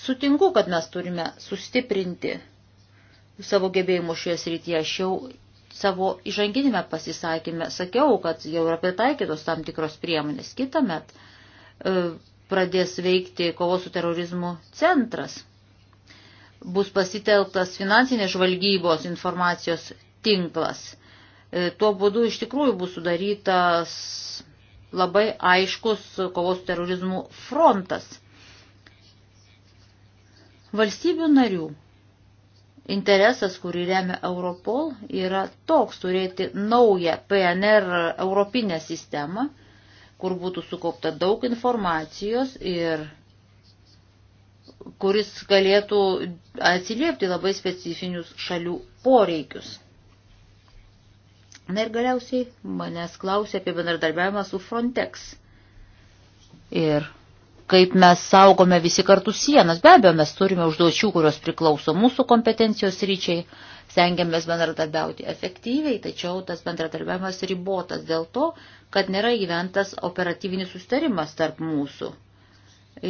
Speaker 2: Sutinku, kad mes turime sustiprinti savo gebėjimų šioje srityje. Aš jau savo įžanginėme pasisakymę sakiau, kad jau yra pritaikytos tam tikros priemonės. Kita met e, pradės veikti kovos su terorizmu centras. Bus pasitelktas finansinės žvalgybos informacijos tinklas. E, tuo būdu iš tikrųjų bus sudarytas labai aiškus kovos terorizmų frontas. Valstybių narių interesas, kurį remia Europol, yra toks turėti naują PNR europinę sistemą, kur būtų sukaupta daug informacijos ir kuris galėtų atsiliepti labai specifinius šalių poreikius. Na ir galiausiai manęs klausė apie bendradarbiavimą su Frontex. Ir kaip mes saugome visi kartu sienas. Be abejo, mes turime užduočių, kurios priklauso mūsų kompetencijos ryčiai. Sengiamės bendradarbiauti efektyviai, tačiau tas bendradarbiavimas ribotas dėl to, kad nėra įventas operatyvinis sustarimas tarp mūsų.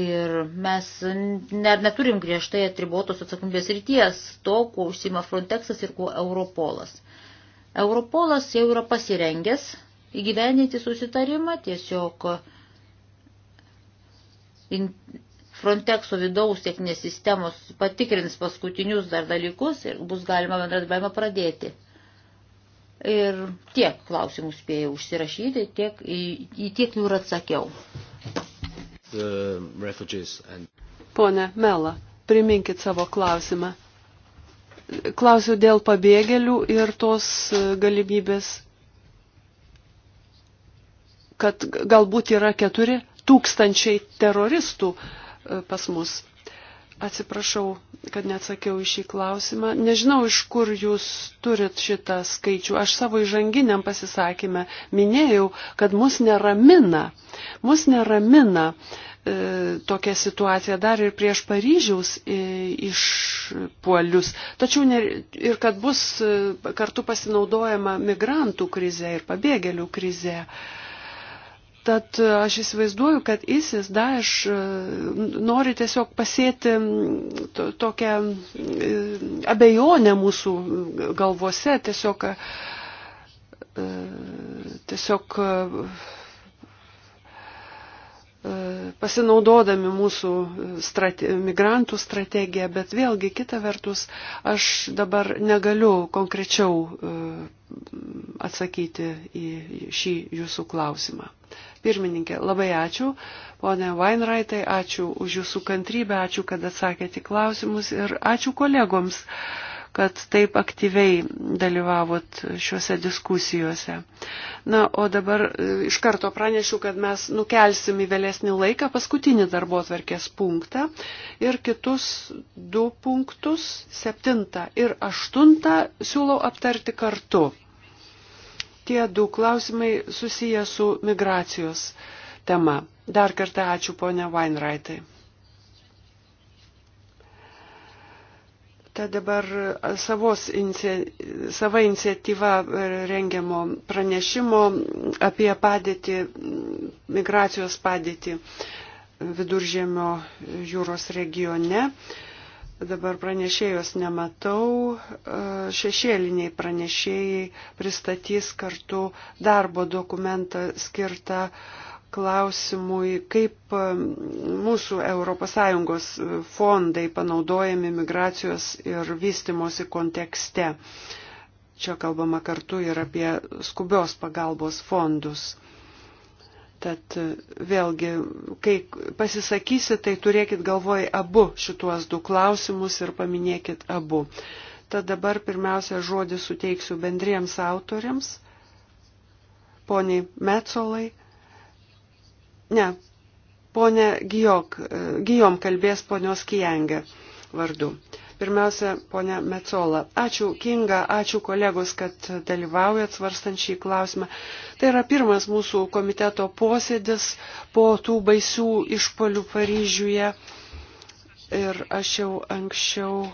Speaker 2: Ir mes ne, neturim griežtai atribotos atsakomybės ryties to, kuo užsima Frontexas ir kuo Europolas. Europolas jau yra pasirengęs įgyveninti susitarimą, tiesiog Frontexo vidaus sėkmės sistemos patikrins paskutinius dar dalykus ir bus galima bendradarbiavimą pradėti. Ir tiek klausimų spėjau užsirašyti, tiek, į, į tiek jų ir atsakiau.
Speaker 3: And...
Speaker 1: Pone Mela, priminkit savo klausimą. Klausiu dėl pabėgėlių ir tos e, galimybės, kad galbūt yra keturi tūkstančiai teroristų e, pas mus. Atsiprašau, kad neatsakiau į šį klausimą. Nežinau, iš kur jūs turit šitą skaičių. Aš savo įžanginiam pasisakymę minėjau, kad mus neramina. Mus neramina e, tokia situacija dar ir prieš Paryžiaus e, išpuolius. Tačiau ne, ir kad bus e, kartu pasinaudojama migrantų krize ir pabėgėlių krize. E, Tad e, aš įsivaizduoju, kad ISIS, Daesh e, nori tiesiog pasėti to, tokią e, abejonę mūsų galvose, tiesiog, tiesiog pasinaudodami mūsų strate, migrantų strategiją, bet vėlgi kita vertus aš dabar negaliu konkrečiau atsakyti į šį jūsų klausimą. Pirmininkė, labai ačiū. Pone Vainraitai, ačiū už jūsų kantrybę, ačiū, kad atsakėte klausimus ir ačiū kolegoms, kad taip aktyviai dalyvavot šiuose diskusijuose. Na, o dabar e, iš karto pranešiu, kad mes nukelsim į vėlesnį laiką paskutinį darbo atverkės punktą ir kitus du punktus, septintą ir aštuntą, siūlau aptarti kartu tie du klausimai susiję su migracijos tema. Dar kartą ačiū ponia Weinraitai. Ta dabar savos, sava iniciatyva rengiamo pranešimo apie padėtį, migracijos padėtį viduržėmio jūros regione. Dabar pranešėjos nematau. E, šešėliniai pranešėjai pristatys kartu darbo dokumentą skirtą klausimui, kaip e, mūsų ES fondai panaudojami migracijos ir vystimosi kontekste. Čia kalbama kartu ir apie skubios pagalbos fondus. Tad e, vėlgi, kai pasisakysi, tai turėkit galvoj abu šituos du klausimus ir paminėkit abu. Tad dabar pirmiausia žodį suteiksiu bendriems autoriams, poniai Metsolai. Ne, ponė Gijok, e, Gijom kalbės ponios Kijangė vardu. Uh, Pirmiausia, ponia Mecola. Ačiū Kinga, ačiū kolegos, kad dalyvaujat svarstant šį klausimą. Tai yra pirmas mūsų komiteto posėdis po tų baisių išpolių Paryžiuje. Ir aš jau anksčiau e,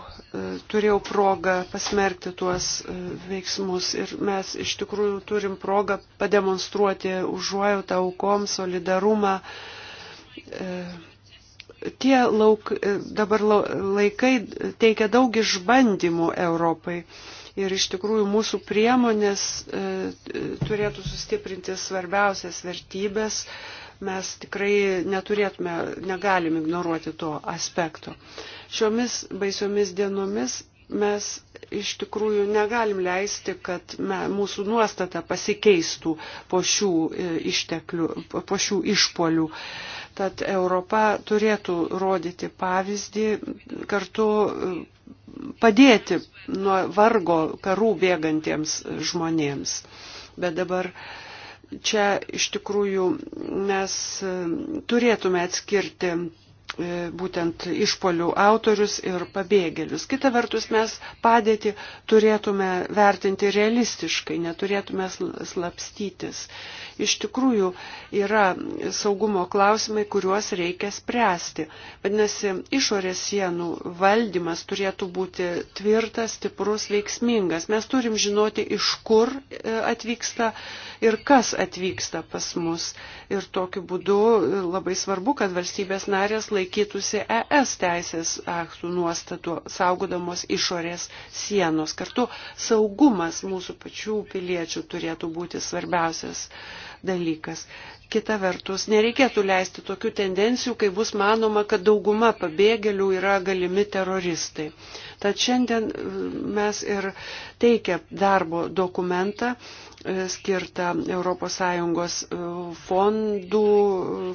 Speaker 1: turėjau progą pasmerkti tuos e, veiksmus ir mes iš tikrųjų turim progą pademonstruoti užuojautą aukom, solidarumą. E, tie lauk, e, dabar laikai teikia daug išbandymų Europai. Ir iš tikrųjų mūsų priemonės e, turėtų sustiprinti svarbiausias vertybės. Mes tikrai neturėtume, negalim ignoruoti to aspekto. Šiomis baisiomis dienomis mes iš tikrųjų negalim leisti, kad me, mūsų nuostata pasikeistų po šių e, išteklių, po šių išpolių. Tad Europa turėtų rodyti pavyzdį, kartu e, padėti nuo vargo karų bėgantiems žmonėms. Bet dabar čia iš tikrųjų mes e, turėtume atskirti E, būtent išpolių autorius ir pabėgėlius. Kita vertus, mes padėti turėtume vertinti realistiškai, neturėtume slapstytis. Iš tikrųjų, yra saugumo klausimai, kuriuos reikia spręsti. Vadinasi, išorės sienų valdymas turėtų būti tvirtas, stiprus, veiksmingas. Mes turim žinoti, iš kur e, atvyksta ir kas atvyksta pas mus. Ir tokiu būdu e, labai svarbu, kad valstybės narės laikytų laikytųsi ES teisės aktų nuostatų, saugodamos išorės sienos. Kartu saugumas mūsų pačių piliečių turėtų būti svarbiausias dalykas. Kita vertus, nereikėtų leisti tokių tendencijų, kai bus manoma, kad dauguma pabėgėlių yra galimi teroristai. Tad šiandien e, mes ir teikia darbo dokumentą skirta ES e, fondų,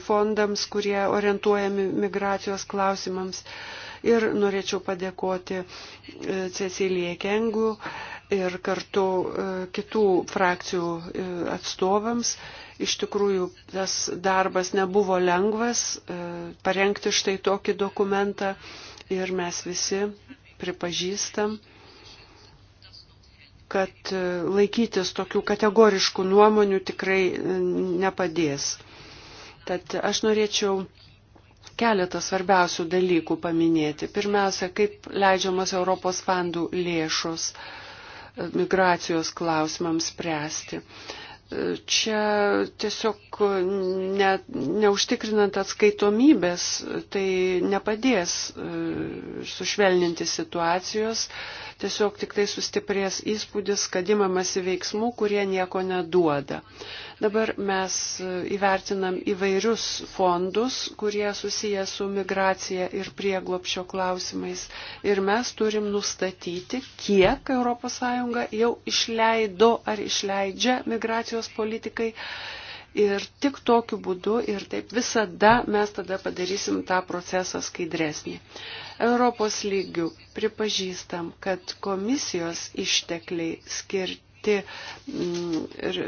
Speaker 1: fondams, kurie orientuojami migracijos klausimams. Ir norėčiau padėkoti e, Cecilijai Kengu ir kartu e, kitų frakcijų atstovams. Iš tikrųjų, tas darbas nebuvo lengvas parengti štai tokį dokumentą ir mes visi pripažįstam, kad e, laikytis tokių kategoriškų nuomonių tikrai e, nepadės. Tad aš norėčiau keletą svarbiausių dalykų paminėti. Pirmiausia, kaip leidžiamas Europos fondų lėšos e, migracijos klausimams spręsti čia tiesiog ne, neužtikrinant atskaitomybės, tai nepadės e, sušvelninti situacijos, tiesiog tik tai sustiprės įspūdis, kad imamasi veiksmų, kurie nieko neduoda. Dabar mes e, įvertinam įvairius fondus, kurie susiję su migracija ir prieglopšio klausimais ir mes turim nustatyti, kiek ES jau išleido ar išleidžia migracijos migracijos politikai. Ir tik tokiu būdu ir taip visada mes tada padarysim tą procesą skaidresnį. Europos lygių pripažįstam, kad komisijos ištekliai skirti mm, ir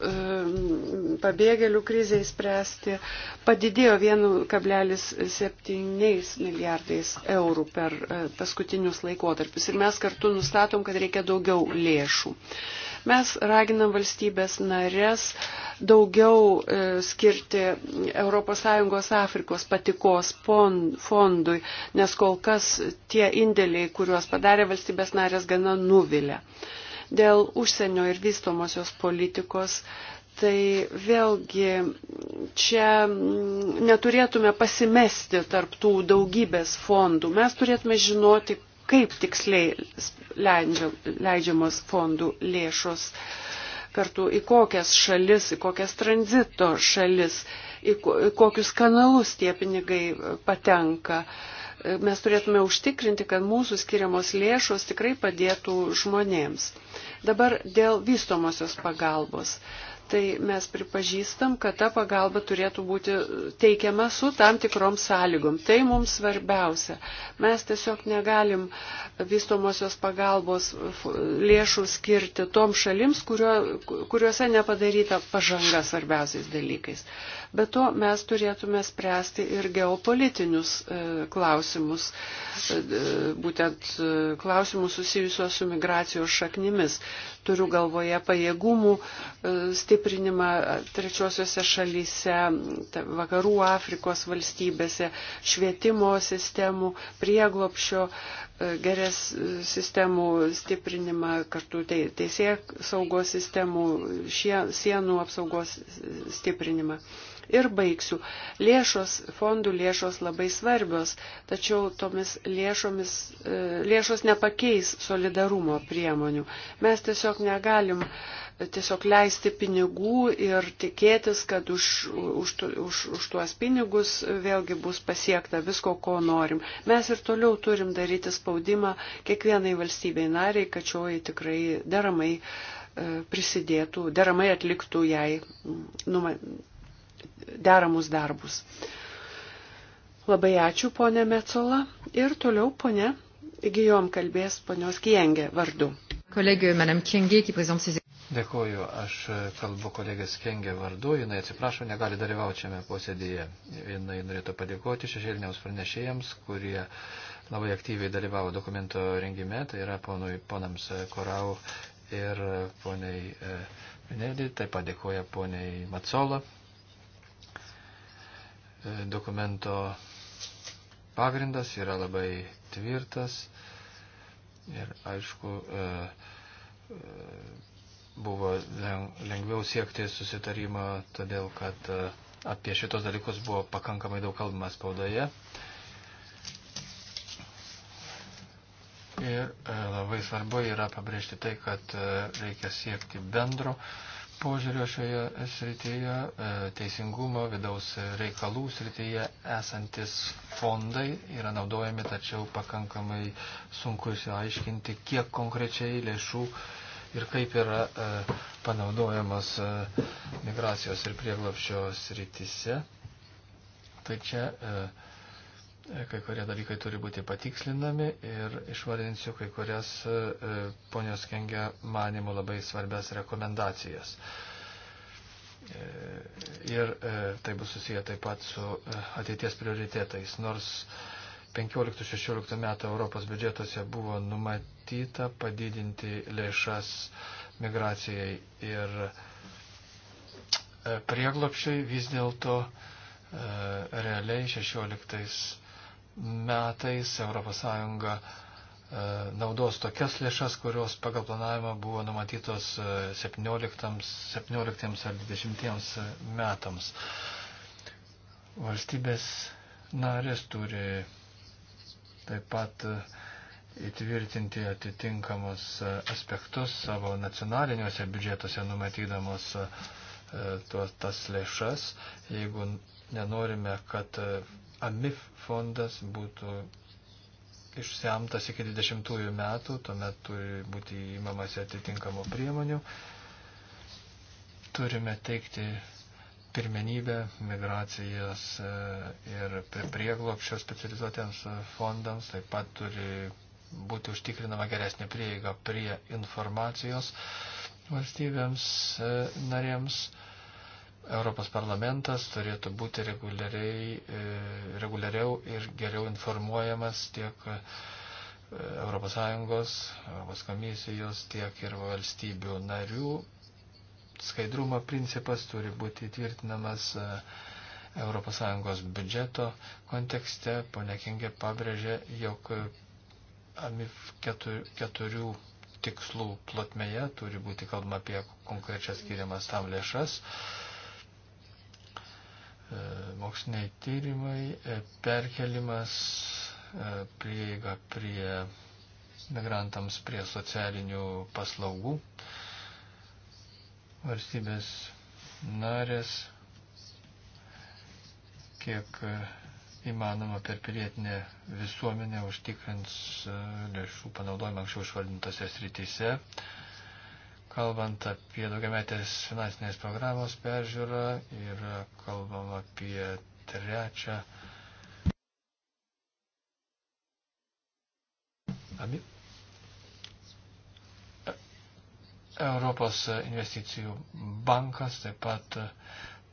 Speaker 1: E, pabėgėlių krizai spręsti, padidėjo 1,7 milijardais eurų per e, paskutinius laikotarpius. Ir mes kartu nustatom, kad reikia daugiau lėšų. Mes raginam valstybės narės daugiau e, skirti ES Afrikos patikos fondui, nes kol kas tie indėliai, kuriuos padarė valstybės narės, gana nuvilia. Dėl užsienio ir vystomosios politikos tai vėlgi čia neturėtume pasimesti tarptų daugybės fondų. Mes turėtume žinoti, kaip tiksliai leidžiamos fondų lėšos kartu į kokias šalis, į kokias tranzito šalis, į kokius kanalus tie pinigai patenka. Uh, mes turėtume užtikrinti, kad mūsų skiriamos lėšos tikrai padėtų žmonėms. Dabar dėl vystomosios pagalbos. Tai mes pripažįstam, kad ta pagalba turėtų būti teikiama su tam tikrom sąlygom. Tai mums svarbiausia. Mes tiesiog negalim vystomosios pagalbos lėšų skirti tom šalims, kurio, kuriuose nepadaryta pažanga svarbiausiais dalykais. Uh, Bet to mes turėtume spręsti ir geopolitinius e, klausimus, e, būtent e, klausimus susijusios su migracijos šaknimis. Turiu galvoje pajėgumų stiprinimą trečiosiose šalyse, vakarų Afrikos valstybėse, švietimo sistemų, prieglopšio gerės sistemų stiprinimą, kartu teisė saugos sistemų, šie, sienų apsaugos stiprinimą. Ir baigsiu. Lėšos, fondų lėšos labai svarbios, tačiau tomis lėšomis, e, lėšos nepakeis solidarumo priemonių. Mes tiesiog negalim uh, tiesiog leisti pinigų ir tikėtis, kad už, už, už, už tuos pinigus vėlgi bus pasiekta visko, ko norim. Mes ir toliau turim daryti spaudimą kiekvienai valstybei nariai, kad šioji tikrai deramai e, prisidėtų, deramai atliktų jai mm, numa, deramus darbus. Labai ačiū, ponė Metzola. Ir toliau, ponė, įgyjom kalbės ponios Kiengė vardu. Kolegė, madame
Speaker 2: Kiengė, qui présente ses
Speaker 3: Dėkuoju, aš e, kalbu kolegės Kengė vardu, jinai atsiprašo, negali dalyvauti šiame posėdėje. Jinai norėtų padėkoti šešėliniams pranešėjams, kurie labai aktyviai dalyvavo dokumento rengime, tai yra ponui, ponams Korau ir poniai e, Minelį, taip pat dėkuoja poniai Matsola. E, dokumento pagrindas yra labai tvirtas ir aišku, buvo lengviau siekti susitarimą, todėl kad e, apie šitos dalykus buvo pakankamai daug kalbama spaudoje. Ir e, labai svarbu yra pabrėžti tai, kad e, reikia siekti bendro požiūrio šioje srityje, teisingumo, vidaus reikalų srityje esantis fondai yra naudojami, tačiau pakankamai sunku įsiaiškinti, kiek konkrečiai lėšų uh, ir kaip yra e, panaudojamos e, migracijos ir prieglapščio srityse. Tai čia e, kai kurie dalykai turi būti patikslinami ir išvardinsiu kai kurias ponios Kengia manimų labai svarbias rekomendacijas. Ir tai bus susiję taip pat su ateities prioritetais. Nors uh, 15-16 metų Europos biudžetuose buvo numatyta padidinti lėšas migracijai ir e, prieglopšiai vis dėlto e, realiai 16 metais ES e, naudos tokias lėšas, kurios pagal planavimą buvo numatytos 17, 17 ar 20 metams. Valstybės narės turi taip pat e, įtvirtinti atitinkamus e, aspektus savo nacionaliniuose biudžetuose numatydamos e, tuos, tas lėšas, jeigu nenorime, kad AMIF fondas būtų išsemtas iki 20 metų, tuomet turi būti įmamasi atitinkamų priemonių. Turime teikti pirmenybę migracijas e, ir prieglopščio specializuotiems fondams, taip pat turi būti užtikrinama geresnė prieiga prie informacijos valstybėms e, narėms. Europos parlamentas turėtų būti e, reguliariau ir geriau informuojamas tiek ES, ES komisijos, tiek ir valstybių narių Skaidrumo principas turi būti tvirtinamas ES biudžeto kontekste. Pone Kengė pabrėžė, jog AMIF keturių tikslų plotmėje turi būti kalbama apie konkrečias skiriamas tam lėšas. E, moksliniai tyrimai, e, perkelimas, e, prieiga prie migrantams prie socialinių paslaugų. E, valstybės narės, kiek įmanoma per pilietinę visuomenę užtikrins e, lėšų panaudojimą anksčiau išvardintose srityse. Kalbant apie daugiametės finansinės programos peržiūrą ir kalbam apie trečią. Abi. Europos investicijų bankas taip pat e,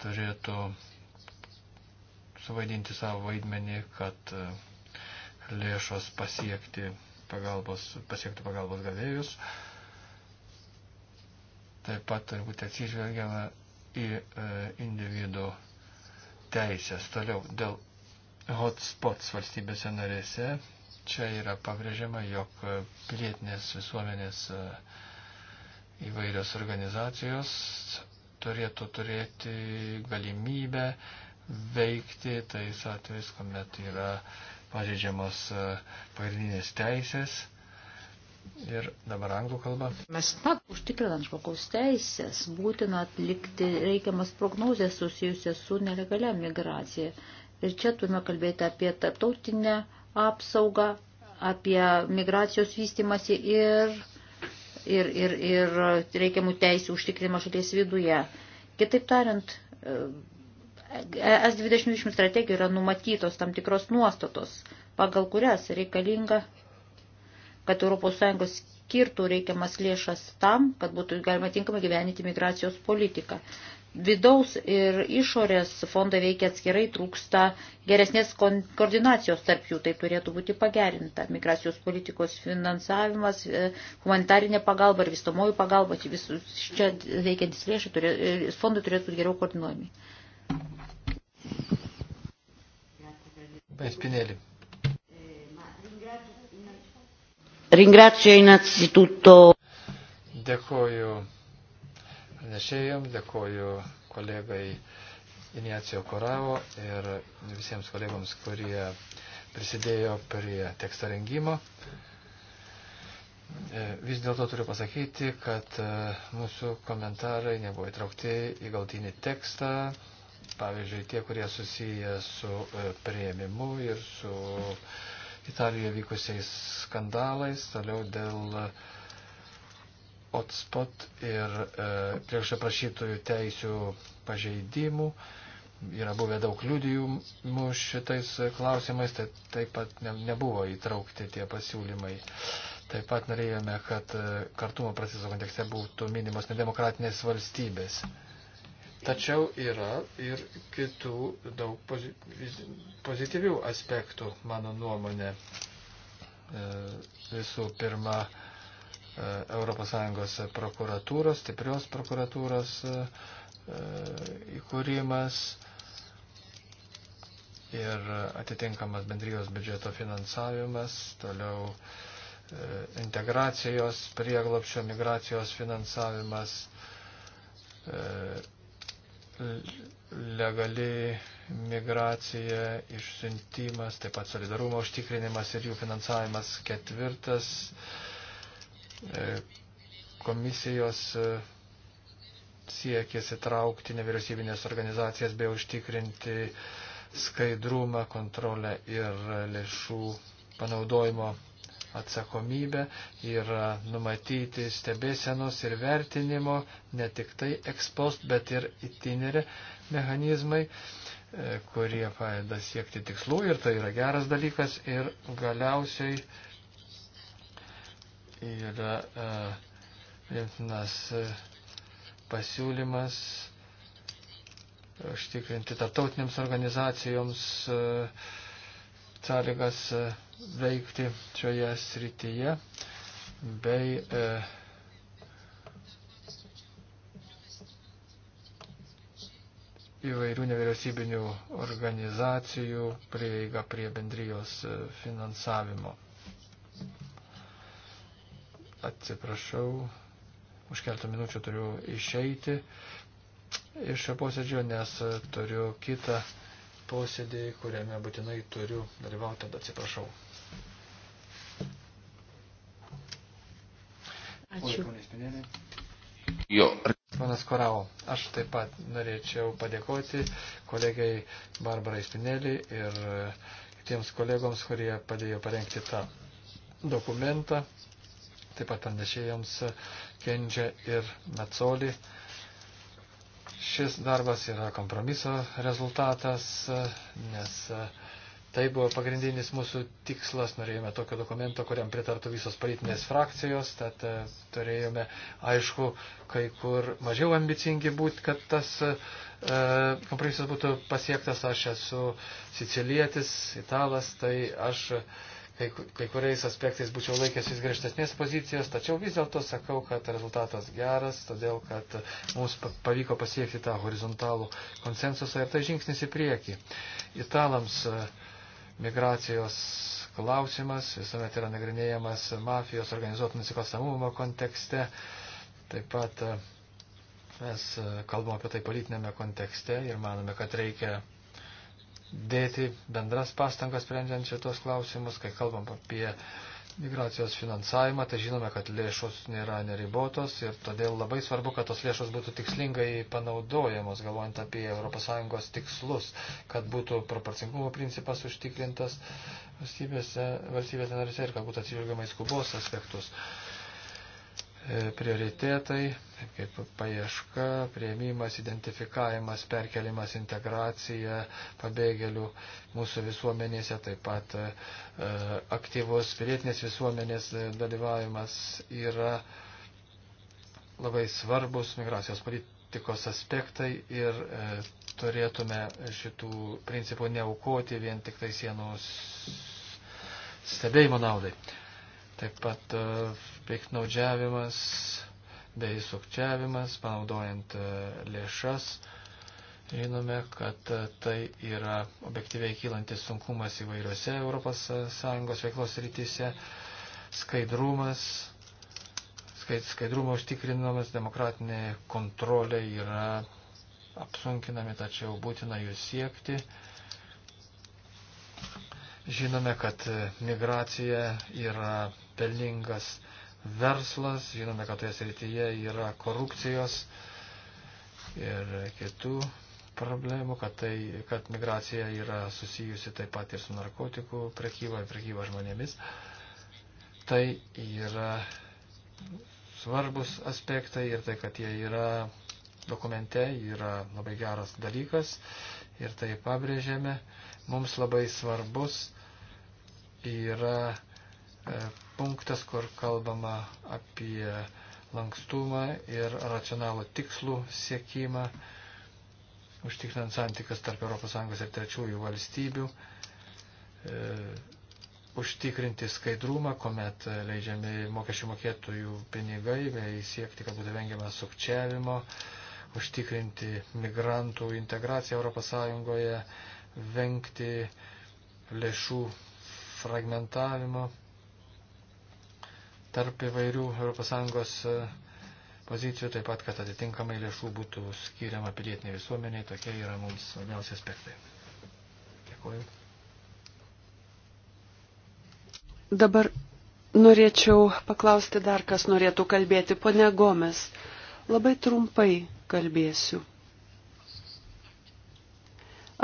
Speaker 3: turėtų suvaidinti savo vaidmenį, kad e, lėšos pasiekti pagalbos, pasiektų pagalbos gavėjus. Taip pat turi būti atsižvelgiama į e, individų teisės. Toliau dėl hotspots valstybėse narėse. Čia yra pabrėžiama, jog e, pilietinės visuomenės e, įvairios organizacijos turėtų turėti galimybę veikti tais atvejais, kuomet yra pažeidžiamos e, pagrindinės teisės. Ir dabar anglų kalba.
Speaker 2: Mes pat užtikrinant žmogaus teisės būtina atlikti reikiamas prognozijas susijusias su nelegalia migracija. Ir čia turime kalbėti apie tarptautinę apsaugą, apie migracijos vystimasi ir ir, ir, ir reikiamų teisų užtikrinimą šalies viduje. Kitaip tariant, e, e S2020 strategijoje yra numatytos tam tikros nuostatos, pagal kurias reikalinga, kad ES skirtų reikiamas lėšas tam, kad būtų galima tinkamai gyveninti migracijos politiką vidaus ir išorės fondai veikia atskirai, trūksta geresnės koordinacijos tarp jų, tai turėtų būti pagerinta. Migracijos politikos finansavimas, e, humanitarinė pagalba ir vystomoji pagalba, visus čia veikiantis lėšai turė, e, fondai turėtų būti geriau koordinuojami. Spinelli. Ringrazio innanzitutto.
Speaker 3: Dėkoju pranešėjom, dėkoju kolegai Inicijo Koravo ir visiems kolegoms, kurie prisidėjo prie teksto rengimo. E, vis dėlto turiu pasakyti, kad e, mūsų komentarai nebuvo įtraukti į galtinį tekstą. Pavyzdžiui, tie, kurie susiję su e, prieimimu ir su Italijoje vykusiais skandalais, toliau dėl uh, hotspot ir e, priekšio prašytojų teisių pažeidimų. Yra buvę daug liudijimų šitais klausimais, tai taip pat ne, nebuvo įtraukti tie pasiūlymai. Taip pat norėjome, kad e, kartumo proceso kontekste būtų minimos nedemokratinės valstybės. Tačiau yra ir kitų daug pozityvių aspektų, mano nuomonė. E, visų pirma, ES prokuratūros, stiprios prokuratūros e, e, įkūrimas ir atitinkamas bendrijos biudžeto finansavimas, toliau e, integracijos prieglopščio migracijos finansavimas, legali migracija, išsiuntimas, taip pat solidarumo užtikrinimas ir jų finansavimas ketvirtas E, komisijos e, siekis įtraukti nevyriausybinės organizacijas bei užtikrinti skaidrumą, kontrolę ir lėšų panaudojimo atsakomybę yra numatyti stebėsenos ir vertinimo, ne tik tai ekspost, bet ir itinerė mechanizmai, e, kurie padeda siekti tikslų ir tai yra geras dalykas ir galiausiai yra priimtinas e, e, pasiūlymas užtikrinti tarptautinėms organizacijoms e, sąlygas veikti šioje srityje bei e, įvairių nevyriausybinių organizacijų prieiga prie bendrijos finansavimo. Atsiprašau, už keletą minučių turiu išeiti iš šio posėdžio, nes turiu kitą posėdį, kuriame būtinai turiu dalyvauti, tad atsiprašau. Ačiū. Jo. Panas Korau, aš taip pat norėčiau padėkoti kolegai Barbarai Spinelį ir kitiems kolegoms, kurie padėjo parengti tą dokumentą taip pat pranešėjams Kendžia ir Nacoli. Šis darbas yra kompromiso rezultatas, nes tai buvo pagrindinis mūsų tikslas. Norėjome tokio dokumento, kuriam pritartų visos politinės frakcijos, tad e, turėjome, aišku, kai kur mažiau ambicingi būti, kad tas e, kompromisas būtų pasiektas. Aš esu sicilietis, italas, tai aš. E, kai, kai kuriais aspektais būčiau laikęsis griežtesnės pozicijos, tačiau vis dėlto sakau, kad rezultatas geras, todėl kad mums pavyko pasiekti tą horizontalų konsensusą ir tai žingsnis į priekį. Italams e, migracijos klausimas visuomet yra nagrinėjamas mafijos organizuotų nusikalstamumo kontekste. Taip pat e, mes e, kalbam apie tai politinėme kontekste ir manome, kad reikia dėti bendras pastangas sprendžiant šitos klausimus, kai kalbam apie migracijos finansavimą, tai žinome, kad lėšos nėra neribotos ir todėl labai svarbu, kad tos lėšos būtų tikslingai panaudojamos, galvojant apie ES tikslus, kad būtų proporcingumo principas užtikrintas valstybėse, valstybėse narise ir kad būtų atsižvelgiama į skubos aspektus. Uh, prioritetai, kaip paieška, prieimimas, identifikavimas, perkelimas, integracija pabėgėlių mūsų visuomenėse, taip pat e, aktyvus pilietinės visuomenės dalyvavimas yra labai svarbus migracijos politikos aspektai ir e, turėtume šitų principų neaukoti vien tik tai sienos stebėjimo naudai. Taip pat e, piknaudžiavimas bei sukčiavimas, panaudojant e, lėšas. Žinome, kad e, tai yra objektyviai kylantis sunkumas įvairiose ES e, veiklos rytise, skaidrumas, skaidrumo užtikrinamas, demokratinė kontrolė yra apsunkinami, tačiau būtina jų siekti. Žinome, kad migracija yra pelningas verslas, žinome, kad toje srityje yra korupcijos ir kitų problemų, kad, tai, kad migracija yra susijusi taip pat ir su narkotikų prekyba ir prekyba žmonėmis. Tai yra svarbus aspektai ir tai, kad jie yra dokumente, yra labai geras dalykas ir tai pabrėžėme. Mums labai svarbus yra E, punktas, kur kalbama apie lankstumą ir racionalų tikslų siekimą, užtikrinant santykas tarp ES ir trečiųjų valstybių, e, užtikrinti skaidrumą, kuomet leidžiami mokesčių mokėtojų pinigai, bei siekti, kad būtų vengiama sukčiavimo, užtikrinti migrantų integraciją ES, vengti lėšų fragmentavimo tarp įvairių ES e, pozicijų, taip pat, kad atitinkamai lėšų būtų skiriama pilietiniai visuomeniai, tokie yra mums svarbiausi aspektai. Dėkuoju.
Speaker 1: Dabar norėčiau paklausti dar, kas norėtų kalbėti. Pone Gomes, labai trumpai kalbėsiu.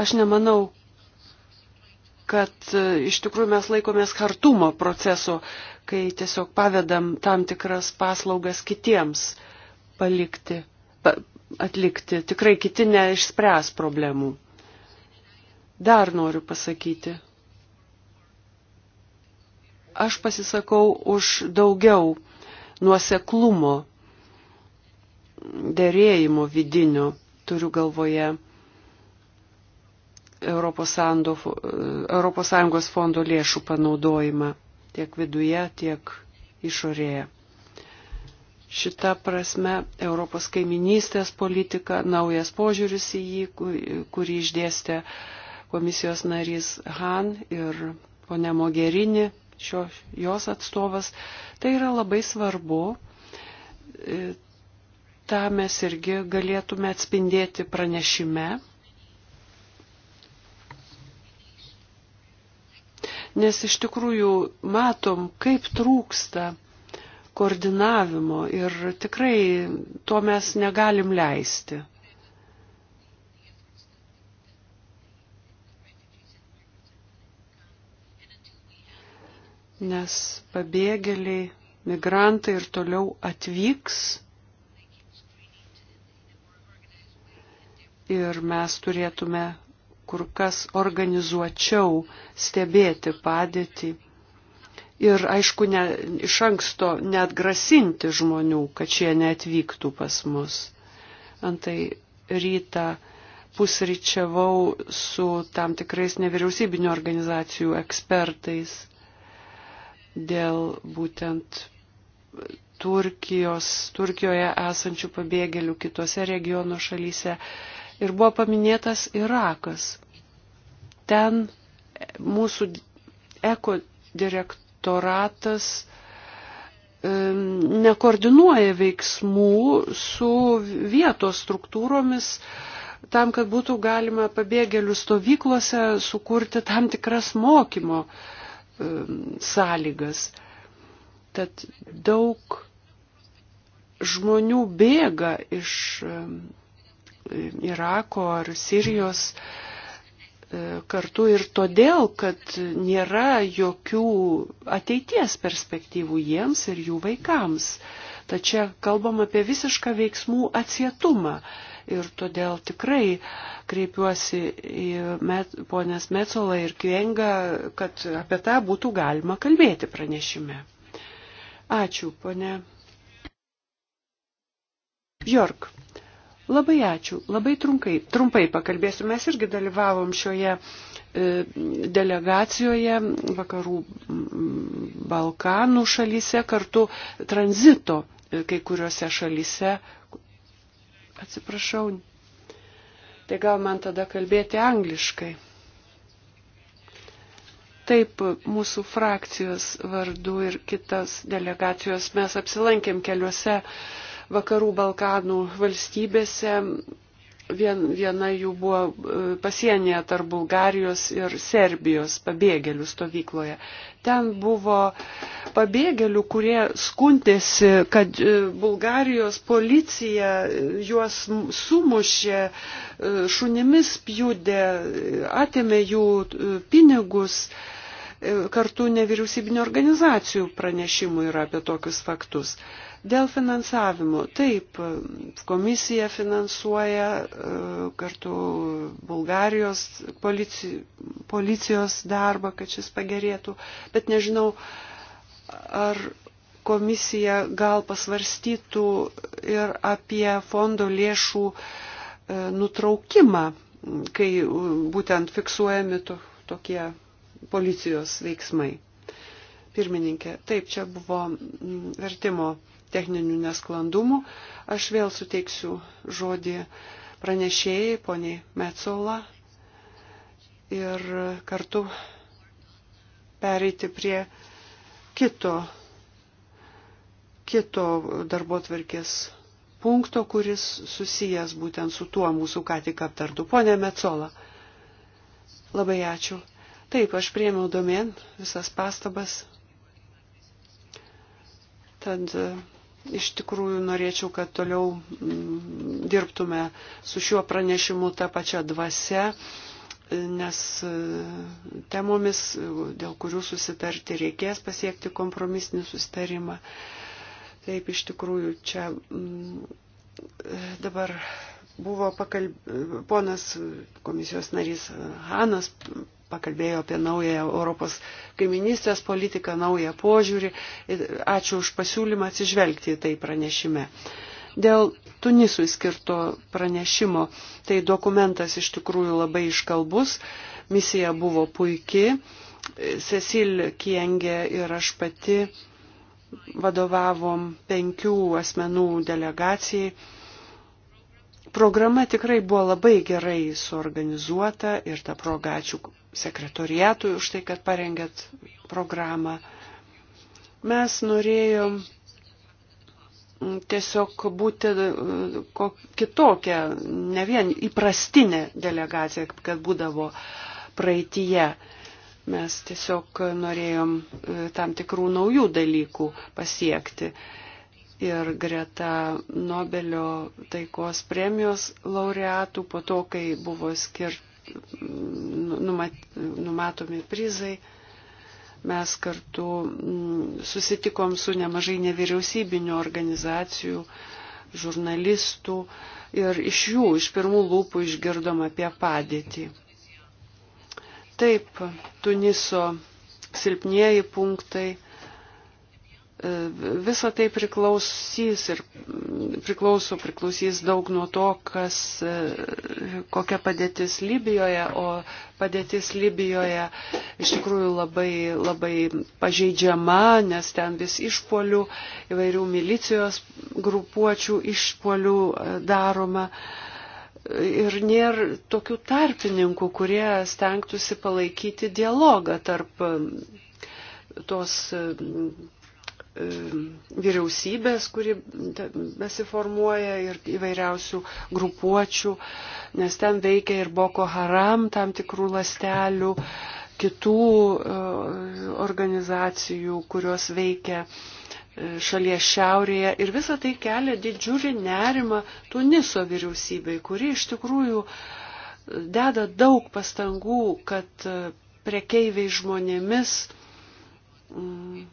Speaker 1: Aš nemanau, kad e, iš tikrųjų mes laikomės hartumo proceso, kai tiesiog pavedam tam tikras paslaugas kitiems palikti, pa, atlikti. Tikrai kiti neišspręs problemų. Dar noriu pasakyti. Aš pasisakau už daugiau nuoseklumo, dėrėjimo vidinio, turiu galvoje Europos, sando, Europos Sąjungos fondo lėšų panaudojimą tiek viduje, tiek išorėje. Šita prasme Europos kaiminystės politika, naujas požiūris į jį, kurį išdėstė komisijos narys Han ir ponė Mogerini, šio, jos atstovas, tai yra labai svarbu. E, Ta mes irgi galėtume atspindėti pranešime nes iš tikrųjų matom, kaip trūksta koordinavimo ir tikrai to mes negalim leisti. Nes pabėgėliai, migrantai ir toliau atvyks ir mes turėtume kur kas organizuočiau stebėti padėtį. Ir aišku, ne, iš anksto net grasinti žmonių, kad šie neatvyktų pas mus. Antai rytą pusryčiavau su tam tikrais nevyriausybinio organizacijų ekspertais dėl būtent Turkijos, Turkijoje esančių pabėgėlių kitose regiono šalyse ir buvo paminėtas Irakas. Ten mūsų eko direktoratas nekoordinuoja veiksmų su vietos struktūromis, tam, kad būtų galima pabėgėlių stovyklose sukurti tam tikras mokymo sąlygas. Tad daug žmonių bėga iš Irako ar Sirijos e, kartu ir todėl, kad nėra jokių ateities perspektyvų jiems ir jų vaikams. Tačiau kalbam apie visišką veiksmų atsietumą. Ir todėl tikrai kreipiuosi į met, ponės Metsolą ir Kvengą, kad apie tą būtų galima kalbėti pranešime. Ačiū, ponė. Bjork. Labai ačiū, labai trumpai, trumpai pakalbėsiu. Mes irgi dalyvavom šioje e, delegacijoje vakarų mm, Balkanų šalyse, kartu tranzito e, kai kuriuose šalyse. Atsiprašau, tai gal man tada kalbėti angliškai. Taip, mūsų frakcijos vardu ir kitas delegacijos mes apsilankėm keliuose uh, vakarų Balkanų valstybėse. Vien, viena jų buvo e, pasienyje tarp Bulgarijos ir Serbijos pabėgėlių stovykloje. Ten buvo pabėgėlių, kurie skundėsi, kad e, Bulgarijos policija e, juos sumušė, šunimis pjūdė, atėmė jų pinigus kartu nevyriausybinio organizacijų pranešimų yra apie tokius faktus. Dėl finansavimo. Taip, komisija finansuoja e, kartu Bulgarijos polici, policijos darbą, kad šis pagerėtų, bet nežinau, ar komisija gal pasvarstytų ir apie fondo lėšų e, nutraukimą, kai būtent fiksuojami to, tokie policijos veiksmai. Pirmininkė, taip, čia buvo mm, vertimo techninių nesklandumų. Aš vėl suteiksiu žodį pranešėjai, poniai Metzola, ir kartu pereiti prie kito, kito darbo tvarkės punkto, kuris susijęs būtent su tuo mūsų ką tik aptartu. Pone Metzola, labai ačiū. Taip, aš priemiau domen visas pastabas. Tad e, iš tikrųjų norėčiau, kad toliau mm, dirbtume su šiuo pranešimu tą pačią dvasę, e, nes e, temomis, dėl kurių susitarti reikės pasiekti kompromisinį susitarimą. Taip, iš tikrųjų, čia mm, dabar buvo pakalb... ponas komisijos narys Hanas pakalbėjo apie naują Europos kaiminystės politiką, naują požiūrį. Ačiū už pasiūlymą atsižvelgti į tai pranešime. Dėl Tunisui skirto pranešimo, tai dokumentas iš tikrųjų labai iškalbus, misija buvo puikiai, Cecil Kiengė ir aš pati vadovavom penkių asmenų delegacijai programa tikrai buvo labai gerai suorganizuota ir tą progą ačiū sekretoriatui už tai, kad parengėt programą. Mes norėjom tiesiog būti e, kitokia, ne vien įprastinė delegacija, kad būdavo praeitie. Mes tiesiog norėjom e, tam tikrų naujų dalykų pasiekti ir greta Nobelio taikos premijos laureatų, po to, kai buvo skirt, nu, numat, numatomi prizai, mes kartu mm, susitikom su nemažai nevyriausybinių organizacijų, žurnalistų ir iš jų, iš pirmų lūpų išgirdom apie padėtį. Taip, Tuniso silpnieji punktai Visa tai priklausys ir priklauso, priklausys daug nuo to, kas, kokia padėtis Libijoje, o padėtis Libijoje iš tikrųjų labai, labai pažeidžiama, nes ten vis išpolių, įvairių milicijos grupuočių išpolių e, daroma ir nėra tokių tarpininkų, kurie stengtųsi palaikyti dialogą tarp e, tos E, vyriausybės, kuri besiformuoja ir įvairiausių grupuočių, nes ten veikia ir Boko Haram tam tikrų lastelių, kitų e, organizacijų, kurios veikia e, šalies šiaurėje. Ir visa tai kelia didžiulį nerimą Tuniso vyriausybei, kuri iš tikrųjų deda daug pastangų, kad prekeiviai žmonėmis mm,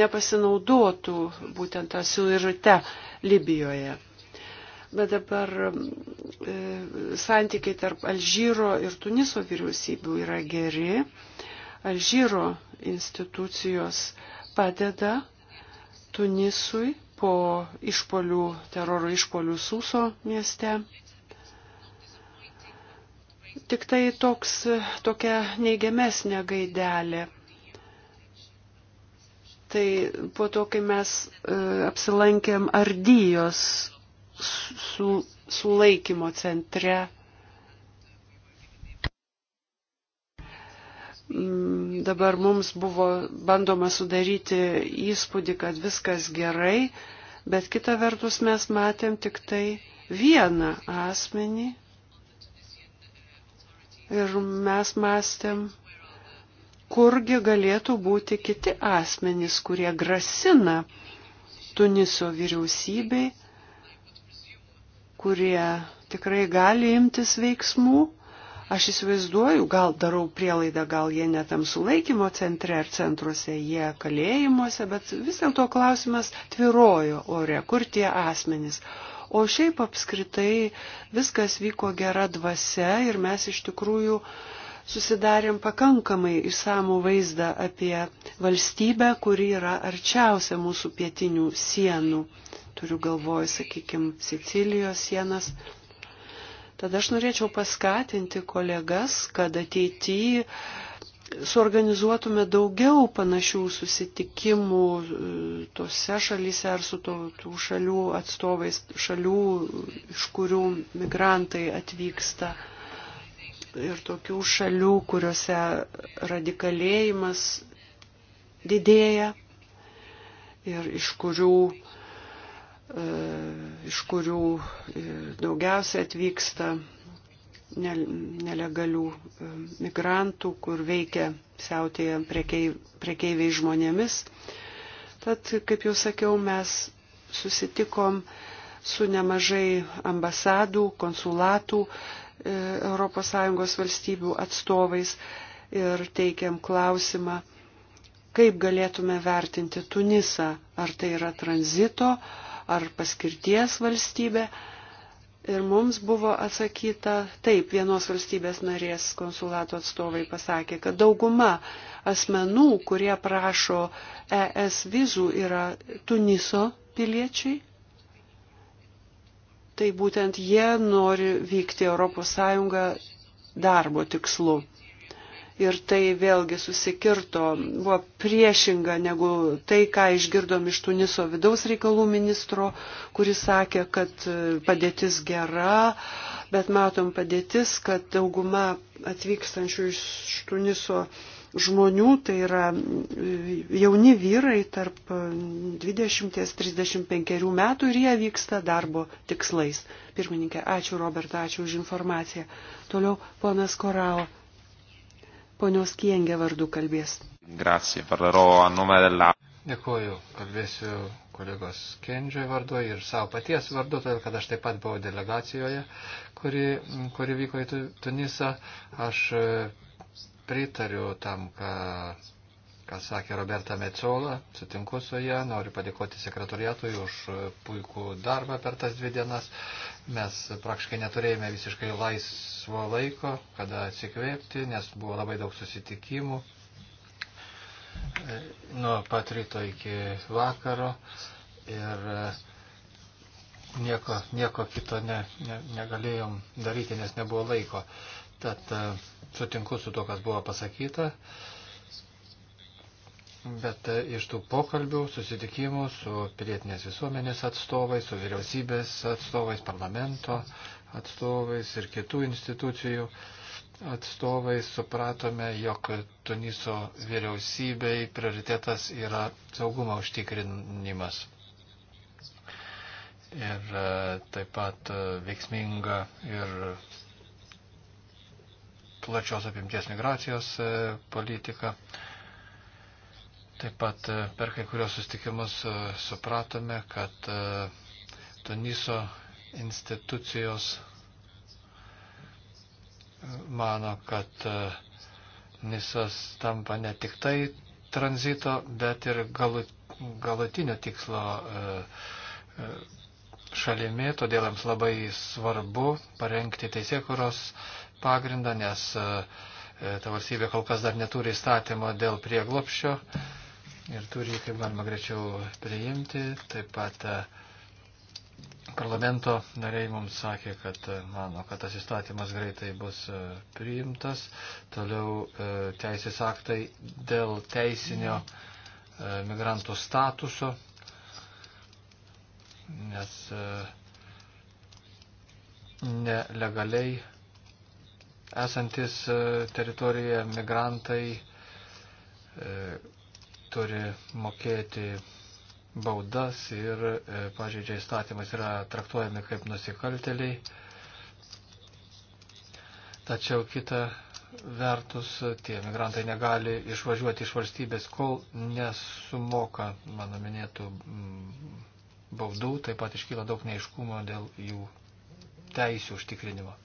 Speaker 1: nepasinaudotų būtent tą suirute Libijoje. Bet dabar e, santykiai tarp Alžyro ir Tuniso vyriausybių yra geri. Alžyro institucijos padeda Tunisui po išpolių, teroro išpolių Suso mieste. Tik tai toks, tokia neigiamesnė gaidelė Tai po to, kai mes e, apsilankėm Ardyjos su, sulaikymo centre, mm, dabar mums buvo bandoma sudaryti įspūdį, kad viskas gerai, bet kita vertus mes matėm tik tai vieną asmenį ir mes mąstėm, kurgi galėtų būti kiti asmenys, kurie grasina Tuniso vyriausybei, kurie tikrai gali imtis veiksmų. Aš įsivaizduoju, gal darau prielaidą, gal jie netam sulaikymo centre ar centruose, jie kalėjimuose, bet vis dėlto klausimas tvirojo ore, kur tie asmenys. O šiaip apskritai viskas vyko gera dvasia ir mes iš tikrųjų uh, susidarėm pakankamai išsamų vaizdą apie valstybę, kuri yra arčiausia mūsų pietinių sienų. Turiu galvoj, sakykime, Sicilijos sienas. Tada aš norėčiau paskatinti kolegas, kad ateityje suorganizuotume daugiau panašių susitikimų e, tose šalyse ar su to, tų šalių atstovais, šalių, iš kurių migrantai atvyksta ir tokių šalių, kuriuose radikalėjimas didėja ir iš kurių, e, iš kurių e, daugiausia atvyksta nelegalių e, migrantų, kur veikia siautėje prekeiviai žmonėmis. Tad, kaip jau sakiau, mes susitikom su nemažai ambasadų, konsulatų, E, ES valstybių atstovais ir teikėm klausimą, kaip galėtume vertinti Tunisą, ar tai yra tranzito, ar paskirties valstybė. Ir mums buvo atsakyta, taip, vienos valstybės narės konsulato atstovai pasakė, kad dauguma asmenų, kurie prašo ES vizų, yra Tuniso piliečiai, tai būtent jie nori vykti ES darbo tikslu. Ir tai vėlgi susikirto, buvo priešinga negu tai, ką išgirdom iš Tuniso vidaus reikalų ministro, kuris sakė, kad e, padėtis gera, bet matom padėtis, kad dauguma atvykstančių iš Tuniso žmonių, tai yra mm, jauni vyrai tarp 20-35 mm, metų ir jie vyksta darbo tikslais. Pirmininkė, ačiū Roberta, ačiū už informaciją. Toliau ponas Korao, ponios Kiengė vardu kalbės.
Speaker 2: Grazie, parlerò a nome della.
Speaker 3: Dėkuoju, kalbėsiu kolegos Kendžio vardu ir savo paties vardu, todėl kad aš taip pat buvau delegacijoje, kuri, kuri vyko į Tunisą. Aš pritariu tam, ką, ką sakė Roberta Mecola, sutinku su ją, noriu padėkoti sekretoriatui už puikų darbą per tas dvi dienas. Mes praktiškai neturėjome visiškai laisvo laiko, kada atsikvėpti, nes buvo labai daug susitikimų nuo pat ryto iki vakaro ir e, nieko, nieko kito ne, ne, negalėjom daryti, nes nebuvo laiko. Tad e, sutinku su to, kas buvo pasakyta. Bet e, iš tų pokalbių, susitikimų su pilietinės visuomenės atstovais, su vyriausybės atstovais, parlamento atstovais ir kitų institucijų atstovais supratome, jog Tuniso vyriausybei prioritetas yra saugumo užtikrinimas. Ir e, taip pat veiksminga ir plačios apimties migracijos e, politiką. Taip pat e, per kai kurios sustikimus e, supratome, kad Tuniso institucijos mano, kad Nisas tampa ne tik tai tranzito, bet ir galutinio tikslo šalimi, todėl jiems labai svarbu parengti teisėkuros pagrindą, nes e, e, ta valstybė kol kas dar neturi įstatymo dėl prieglopščio ir turi jį kaip galima greičiau priimti. Taip pat e, parlamento nariai mums sakė, kad mano, kad tas įstatymas greitai bus priimtas. Toliau teisės aktai dėl teisinio migrantų statuso, nes nelegaliai esantis e, teritorijoje migrantai e, turi mokėti baudas ir e, pažeidžia įstatymas yra traktuojami kaip nusikalteliai. Tačiau kita vertus, tie migrantai negali išvažiuoti iš valstybės, kol nesumoka mano minėtų baudų, taip pat iškyla daug neiškumo dėl jų teisų užtikrinimo.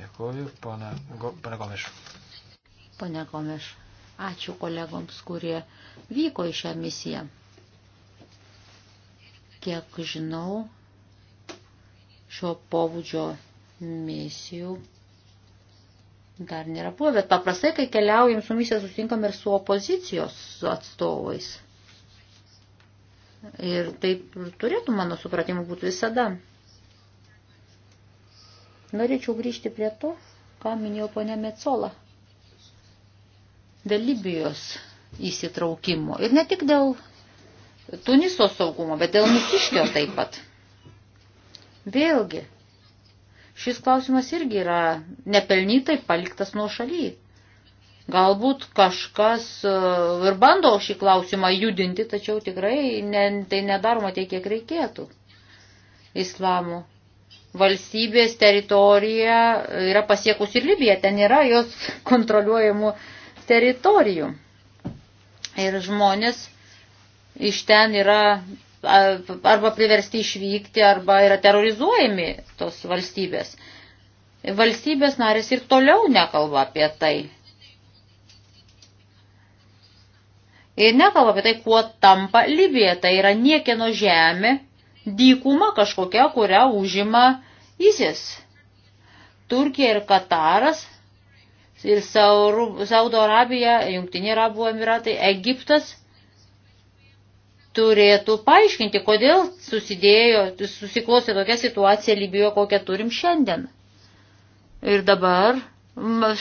Speaker 3: Dėkuoju, pana, pana Gomeš.
Speaker 2: Pane Gomeš, ačiū kolegoms, kurie vyko į šią misiją. Kiek žinau, šio pobūdžio misijų dar nėra buvę, bet paprastai, kai keliaujam su misija, susitinkam ir su opozicijos atstovais. Ir taip turėtų, mano supratimu, būti visada. Norėčiau grįžti prie to, ką minėjo ponė Mecola. Dėl Libijos įsitraukimo. Ir ne tik dėl Tuniso saugumo, bet dėl mūsiškio taip pat. Vėlgi, šis klausimas irgi yra nepelnytai paliktas nuo šaly. Galbūt kažkas e, ir bando šį klausimą judinti, tačiau tikrai ne, tai nedaroma tiek, kiek reikėtų. Islamo valstybės teritorija yra pasiekusi ir Libija, ten yra jos kontroliuojamų teritorijų. Ir žmonės iš ten yra arba priversti išvykti, arba yra terorizuojami tos valstybės. Valstybės narės ir toliau nekalba apie tai. Ir nekalba apie tai, kuo tampa Libija. Tai yra niekieno žemė, dykuma kažkokia, kurią užima ISIS. Turkija ir Kataras, ir Saudo Arabija, Jungtinė Arabų Emiratai, Egiptas turėtų paaiškinti, kodėl susidėjo, susiklosė tokia situacija Libijoje, kokią turim šiandien. Ir dabar,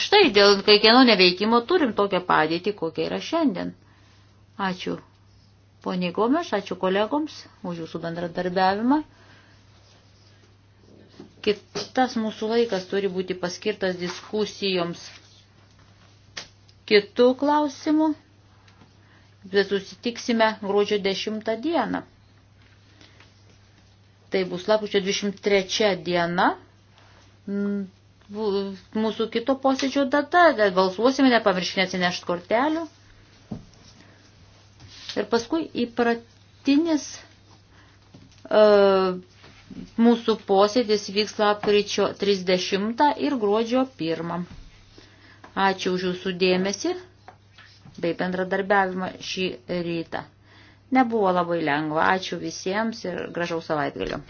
Speaker 2: štai, dėl kai kieno neveikimo turim tokią padėtį, kokia yra šiandien. Ačiū poniai Gomes, ačiū kolegoms už jūsų bendradarbiavimą. Kitas mūsų laikas turi būti paskirtas diskusijoms kitų klausimų. Bet susitiksime gruodžio 10 dieną. Tai bus lapkričio 23 diena. Mm, mūsų kito posėdžio data, balsuosime, nepamirškime atsinešti kortelių. Ir paskui įpratinis. Uh, Mūsų posėdis vyks lapkričio 30 ir gruodžio 1. Ačiū už jūsų dėmesį bei bendradarbiavimą šį rytą. Nebuvo labai lengva. Ačiū visiems ir gražaus savaitgalio.